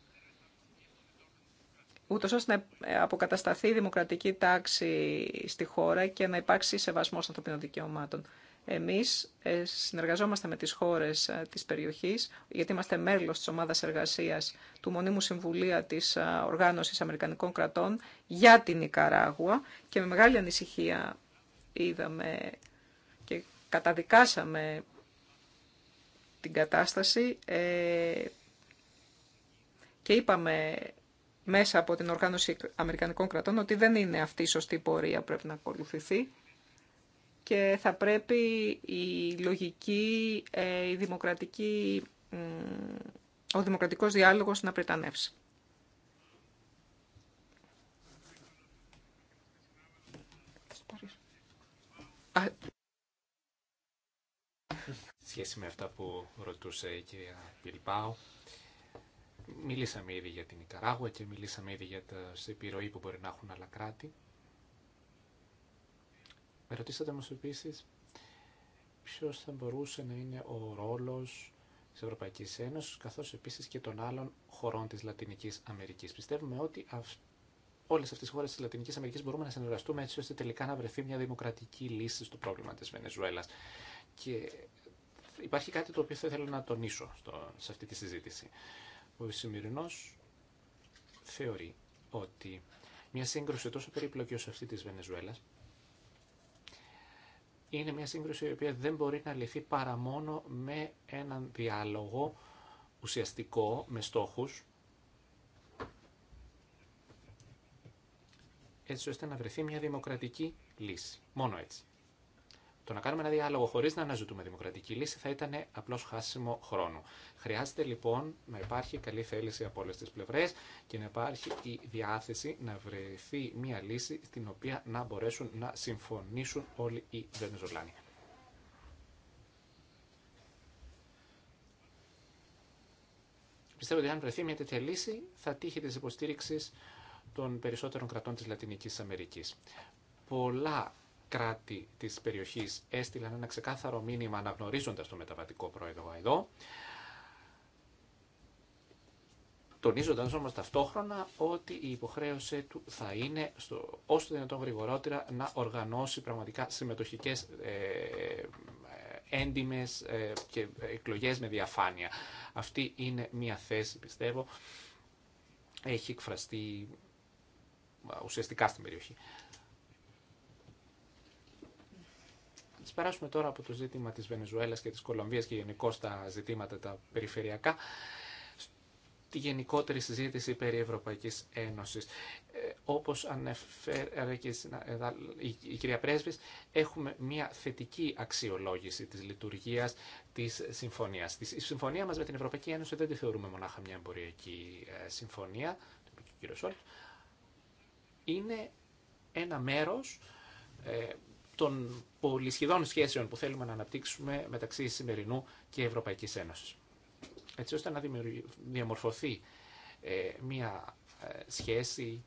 ούτω ώστε να ε, αποκατασταθεί η δημοκρατική τάξη στη χώρα και να υπάρξει σεβασμός των ανθρωπίνων δικαιωμάτων. Εμείς ε, συνεργαζόμαστε με τις χώρες ε, της περιοχής, γιατί είμαστε μέλο της ομάδας εργασίας του Μονίμου Συμβουλία της Οργάνωσης Αμερικανικών Κρατών για την Ικαράγουα και με μεγάλη ανησυχία είδαμε και καταδικάσαμε την κατάσταση και είπαμε μέσα από την οργάνωση Αμερικανικών κρατών ότι δεν είναι αυτή η σωστή πορεία που πρέπει να ακολουθηθεί και θα πρέπει η λογική, ε, η δημοκρατική, ο δημοκρατικός διάλογος να πρετανεύσει. Σχέση με αυτά που ρωτούσε η κυρία Πιλπάου, Μιλήσαμε ήδη για την Ικαράγουα και μιλήσαμε ήδη για τα επιρροή που μπορεί να έχουν άλλα κράτη. Με ρωτήσατε όμως επίσης ποιος θα μπορούσε να είναι ο ρόλος της Ευρωπαϊκής Ένωσης καθώς επίσης και των άλλων χωρών της Λατινικής Αμερικής. Πιστεύουμε ότι όλε αυτέ τι χώρε τη Λατινική Αμερική μπορούμε να συνεργαστούμε έτσι ώστε τελικά να βρεθεί μια δημοκρατική λύση στο πρόβλημα τη Βενεζουέλα. Και υπάρχει κάτι το οποίο θα ήθελα να τονίσω στο, σε αυτή τη συζήτηση. Ο σημερινό θεωρεί ότι μια σύγκρουση τόσο περίπλοκη όσο αυτή της Βενεζουέλας είναι μια σύγκρουση η οποία δεν μπορεί να λυθεί παρά μόνο με έναν διάλογο ουσιαστικό, με στόχους, έτσι ώστε να βρεθεί μια δημοκρατική λύση. Μόνο έτσι. Το να κάνουμε ένα διάλογο χωρί να αναζητούμε δημοκρατική λύση θα ήταν απλώ χάσιμο χρόνο. Χρειάζεται λοιπόν να υπάρχει καλή θέληση από όλε τι πλευρέ και να υπάρχει η διάθεση να βρεθεί μια λύση στην οποία να μπορέσουν να συμφωνήσουν όλοι οι Βενεζολάνοι. Πιστεύω ότι αν βρεθεί μια τέτοια λύση θα τύχει τη υποστήριξη των περισσότερων κρατών της Λατινικής Αμερικής. Πολλά κράτη της περιοχής έστειλαν ένα ξεκάθαρο μήνυμα αναγνωρίζοντα το μεταβατικό πρόεδρο εδώ, τονίζοντα όμω ταυτόχρονα ότι η υποχρέωση του θα είναι στο, όσο δυνατόν γρηγορότερα να οργανώσει πραγματικά συμμετοχικές ε, έντιμες ε, και εκλογές με διαφάνεια. Αυτή είναι μια θέση πιστεύω έχει εκφραστεί ουσιαστικά στην περιοχή. περάσουμε τώρα από το ζήτημα της Βενεζουέλας και της Κολομβίας και γενικώ τα ζητήματα τα περιφερειακά τη γενικότερη συζήτηση περί Ευρωπαϊκής Ένωσης. Ε, όπως ανέφερε και η κυρία Πρέσβης, έχουμε μια θετική αξιολόγηση της λειτουργίας της συμφωνίας. Η συμφωνία μας με την Ευρωπαϊκή Ένωση δεν τη θεωρούμε μονάχα μια εμποριακή ε, συμφωνία, το είπε είναι ένα μέρος ε, των πολυσχεδών σχέσεων που θέλουμε να αναπτύξουμε μεταξύ σημερινού και Ευρωπαϊκής Ένωσης. Έτσι ώστε να διαμορφωθεί ε, μία ε, σχέση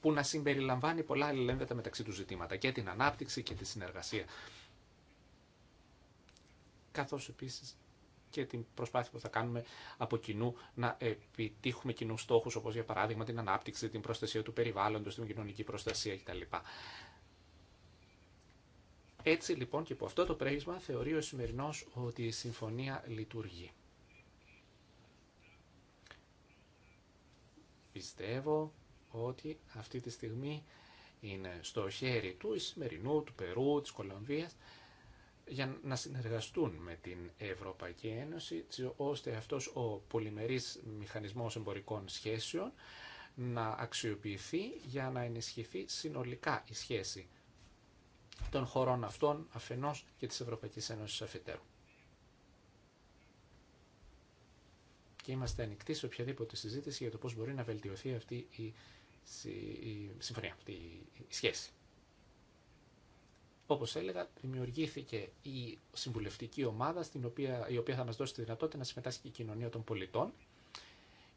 που να συμπεριλαμβάνει πολλά αλληλένδετα μεταξύ του ζητήματα και την ανάπτυξη και τη συνεργασία. Καθώς επίσης και την προσπάθεια που θα κάνουμε από κοινού να επιτύχουμε κοινού στόχου, όπω για παράδειγμα την ανάπτυξη, την προστασία του περιβάλλοντο, την κοινωνική προστασία κτλ. Έτσι λοιπόν και από αυτό το πρέγισμα θεωρεί ο σημερινό ότι η συμφωνία λειτουργεί. Πιστεύω ότι αυτή τη στιγμή είναι στο χέρι του Ισημερινού, του Περού, της Κολομβίας για να συνεργαστούν με την Ευρωπαϊκή Ένωση, ώστε αυτός ο πολυμερής μηχανισμός εμπορικών σχέσεων να αξιοποιηθεί για να ενισχυθεί συνολικά η σχέση των χωρών αυτών αφενός και της Ευρωπαϊκής Ένωσης αφετέρου. Και είμαστε ανοιχτοί σε οποιαδήποτε συζήτηση για το πώς μπορεί να βελτιωθεί αυτή η συμφωνία, αυτή η σχέση. Όπως έλεγα, δημιουργήθηκε η συμβουλευτική ομάδα στην οποία, η οποία θα μας δώσει τη δυνατότητα να συμμετάσχει και η κοινωνία των πολιτών.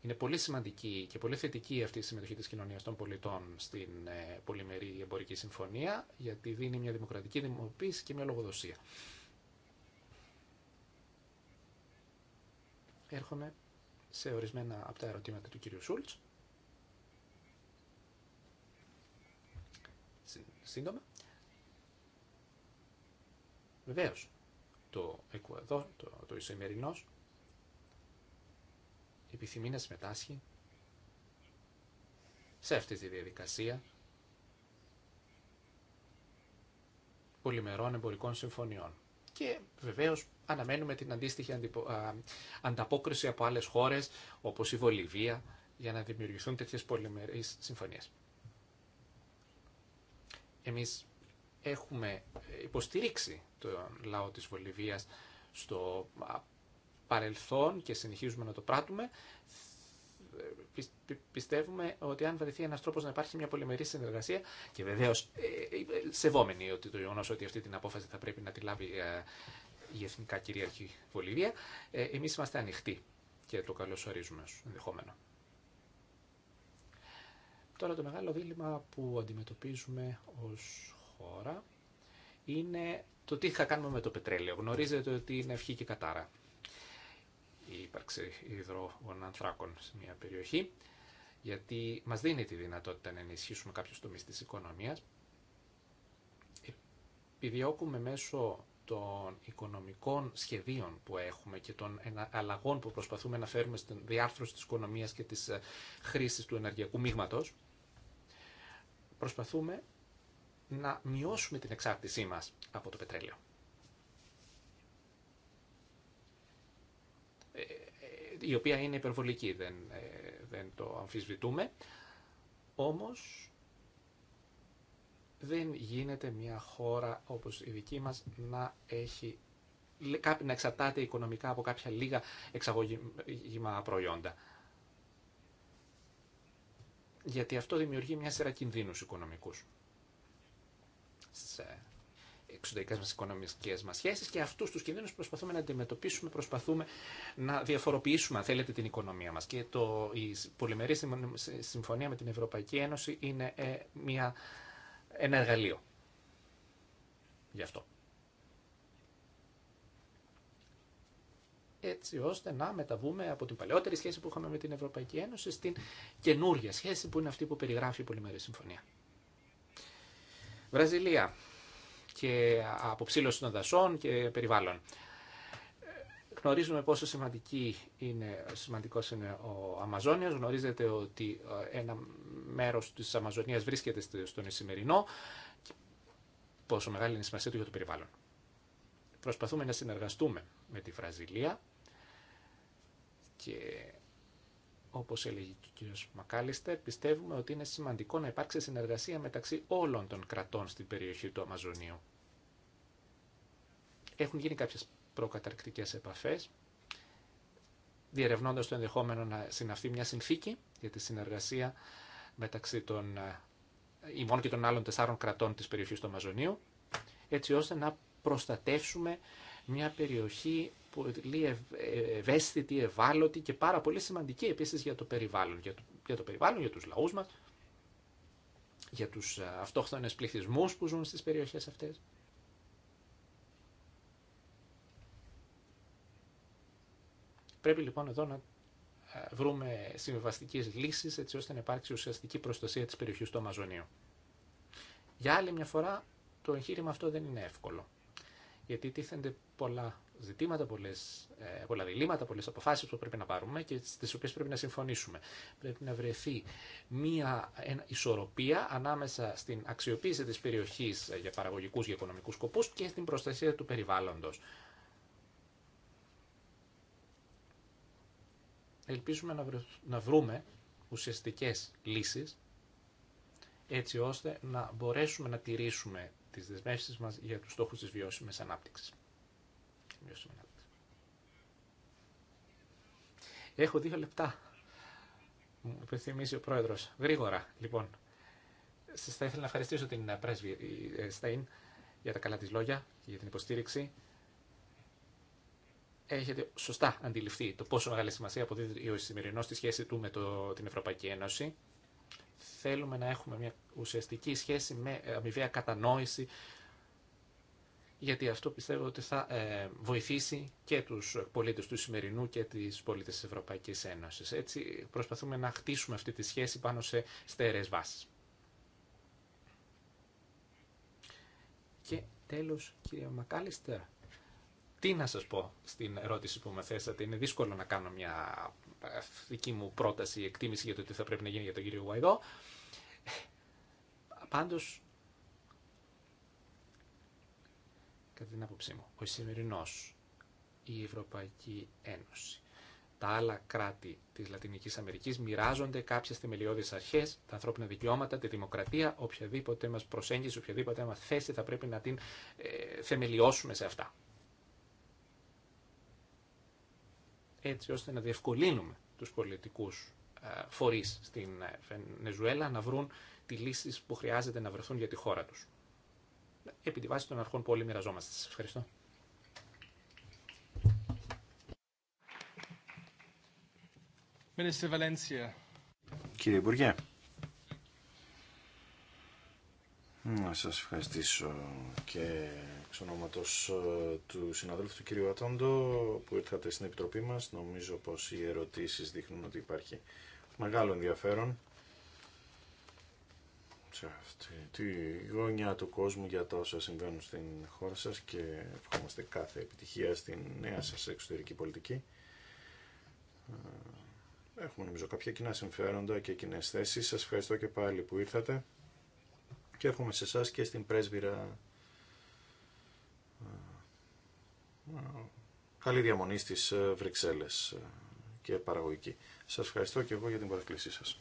Είναι πολύ σημαντική και πολύ θετική αυτή η συμμετοχή της κοινωνίας των πολιτών στην ε, πολυμερή εμπορική συμφωνία, γιατί δίνει μια δημοκρατική δημοποίηση και μια λογοδοσία. Έρχομαι σε ορισμένα από τα ερωτήματα του κύριου Σούλτς. Σύντομα. Βεβαίω, το Εκουαδόρ, το, το Ισοημερινός, επιθυμεί να συμμετάσχει σε αυτή τη διαδικασία πολυμερών εμπορικών συμφωνιών. Και βεβαίω αναμένουμε την αντίστοιχη ανταπόκριση από άλλε χώρε όπω η Βολιβία για να δημιουργηθούν τέτοιε πολυμερεί συμφωνίε. Εμείς έχουμε υποστηρίξει τον λαό της Βολιβίας στο παρελθόν και συνεχίζουμε να το πράττουμε, πιστεύουμε ότι αν βρεθεί ένας τρόπος να υπάρχει μια πολυμερή συνεργασία και βεβαίως ε, ε, σεβόμενοι ότι το γεγονό ότι αυτή την απόφαση θα πρέπει να τη λάβει ε, η Εθνικά Κυρίαρχη Βολιβία, εμείς είμαστε ανοιχτοί και το καλωσορίζουμε ως ενδεχόμενο. Τώρα το μεγάλο δίλημα που αντιμετωπίζουμε ως είναι το τι θα κάνουμε με το πετρέλαιο. Γνωρίζετε ότι είναι ευχή και κατάρα η ύπαρξη υδρόγων ανθράκων σε μια περιοχή, γιατί μας δίνει τη δυνατότητα να ενισχύσουμε κάποιους τομείς της οικονομίας. Επιδιώκουμε μέσω των οικονομικών σχεδίων που έχουμε και των αλλαγών που προσπαθούμε να φέρουμε στην διάρθρωση της οικονομίας και της ε, χρήσης του ενεργειακού μείγματος, προσπαθούμε να μειώσουμε την εξάρτησή μας από το πετρέλαιο. Ε, ε, η οποία είναι υπερβολική, δεν, ε, δεν το αμφισβητούμε. Όμως δεν γίνεται μια χώρα όπως η δική μας να έχει να εξαρτάται οικονομικά από κάποια λίγα εξαγωγήμα προϊόντα. Γιατί αυτό δημιουργεί μια σειρά κινδύνους οικονομικούς. Σε εξωτερικές μας οικονομικές μας σχέσεις και αυτούς τους κινδύνους προσπαθούμε να αντιμετωπίσουμε, προσπαθούμε να διαφοροποιήσουμε αν θέλετε την οικονομία μας. Και το, η πολυμερή συμφωνία με την Ευρωπαϊκή Ένωση είναι ε, μια, ένα εργαλείο γι' αυτό. έτσι ώστε να μεταβούμε από την παλαιότερη σχέση που είχαμε με την Ευρωπαϊκή Ένωση στην καινούργια σχέση που είναι αυτή που περιγράφει η Πολυμερή Συμφωνία. Βραζιλία και αποψήλωση των δασών και περιβάλλον. Γνωρίζουμε πόσο σημαντική είναι, σημαντικός είναι ο Αμαζόνιος. Γνωρίζετε ότι ε, ένα μέρος της Αμαζονίας βρίσκεται στον Ισημερινό. Πόσο μεγάλη είναι η σημασία του για το περιβάλλον. Προσπαθούμε να συνεργαστούμε με τη Βραζιλία και όπως έλεγε και ο κ. Μακάλιστερ, πιστεύουμε ότι είναι σημαντικό να υπάρξει συνεργασία μεταξύ όλων των κρατών στην περιοχή του Αμαζονίου. Έχουν γίνει κάποιες προκαταρκτικές επαφές, διερευνώντας το ενδεχόμενο να συναυθεί μια συνθήκη για τη συνεργασία μεταξύ των ημών ε, και των άλλων τεσσάρων κρατών της περιοχής του Αμαζονίου, έτσι ώστε να προστατεύσουμε μια περιοχή πολύ ευαίσθητη, ευάλωτη και πάρα πολύ σημαντική επίσης για το περιβάλλον, για το, για το περιβάλλον, για τους λαούς μας, για τους ε, αυτόχθονες πληθυσμούς που ζουν στις περιοχές αυτές. Πρέπει λοιπόν εδώ να ε, βρούμε συμβιβαστικέ λύσεις έτσι ώστε να υπάρξει ουσιαστική προστασία της περιοχής του Αμαζονίου. Για άλλη μια φορά το εγχείρημα αυτό δεν είναι εύκολο, γιατί τίθενται πολλά ζητήματα, πολλές, ε, πολλά διλήμματα, πολλέ αποφάσει που πρέπει να πάρουμε και στι οποίε πρέπει να συμφωνήσουμε. Πρέπει να βρεθεί μια ισορροπία ανάμεσα στην αξιοποίηση τη περιοχή ε, για παραγωγικού και οικονομικού σκοπού και στην προστασία του περιβάλλοντο. Ελπίζουμε να βρούμε ουσιαστικέ λύσει, έτσι ώστε να μπορέσουμε να τηρήσουμε τις δεσμεύσεις μας για τους στόχους της βιώσιμης ανάπτυξης. Έχω δύο λεπτά. Μου επιθυμίζει ο πρόεδρο. Γρήγορα, λοιπόν. Σα θα ήθελα να ευχαριστήσω την ε, πρέσβη ε, Στέιν για τα καλά τη λόγια και για την υποστήριξη. Έχετε σωστά αντιληφθεί το πόσο μεγάλη σημασία αποδίδει ο σημερινό στη σχέση του με το, την Ευρωπαϊκή Ένωση. Θέλουμε να έχουμε μια ουσιαστική σχέση με αμοιβαία κατανόηση γιατί αυτό πιστεύω ότι θα ε, βοηθήσει και τους πολίτες του σημερινού και τις πολίτες της Ευρωπαϊκής Ένωσης. Έτσι προσπαθούμε να χτίσουμε αυτή τη σχέση πάνω σε στερεές βάσεις. Και τέλος, κύριε Μακάλιστερ, τι να σας πω στην ερώτηση που με θέσατε. Είναι δύσκολο να κάνω μια ε, δική μου πρόταση, εκτίμηση για το τι θα πρέπει να γίνει για τον κύριο Γουαϊδό. Ε, πάντως, κατά την άποψή μου, ο σημερινός, η Ευρωπαϊκή Ένωση, τα άλλα κράτη της Λατινικής Αμερικής μοιράζονται κάποιες θεμελιώδεις αρχές, τα ανθρώπινα δικαιώματα, τη δημοκρατία, οποιαδήποτε μας προσέγγιση, οποιαδήποτε μας θέση θα πρέπει να την ε, θεμελιώσουμε σε αυτά. Έτσι ώστε να διευκολύνουμε τους πολιτικούς ε, φορείς στην ε, Βενεζουέλα να βρουν τη λύση που χρειάζεται να βρεθούν για τη χώρα τους επί τη βάση των αρχών που όλοι μοιραζόμαστε. Σας ευχαριστώ. Κύριε Υπουργέ, να σας ευχαριστήσω και εξ ονόματος ε, του συναδέλφου του κύριου Ατόντο που ήρθατε στην Επιτροπή μας. Νομίζω πως οι ερωτήσεις δείχνουν ότι υπάρχει μεγάλο ενδιαφέρον σε αυτή τη γωνιά του κόσμου για τα όσα συμβαίνουν στην χώρα σας και ευχόμαστε κάθε επιτυχία στην νέα σας εξωτερική πολιτική. Ε, έχουμε νομίζω κάποια κοινά συμφέροντα και κοινέ θέσει. Σας ευχαριστώ και πάλι που ήρθατε και εύχομαι σε εσά και στην πρέσβυρα ε, καλή διαμονή στις ε, Βρυξέλλες και παραγωγική. Σας ευχαριστώ και εγώ για την παρακλήσή σας.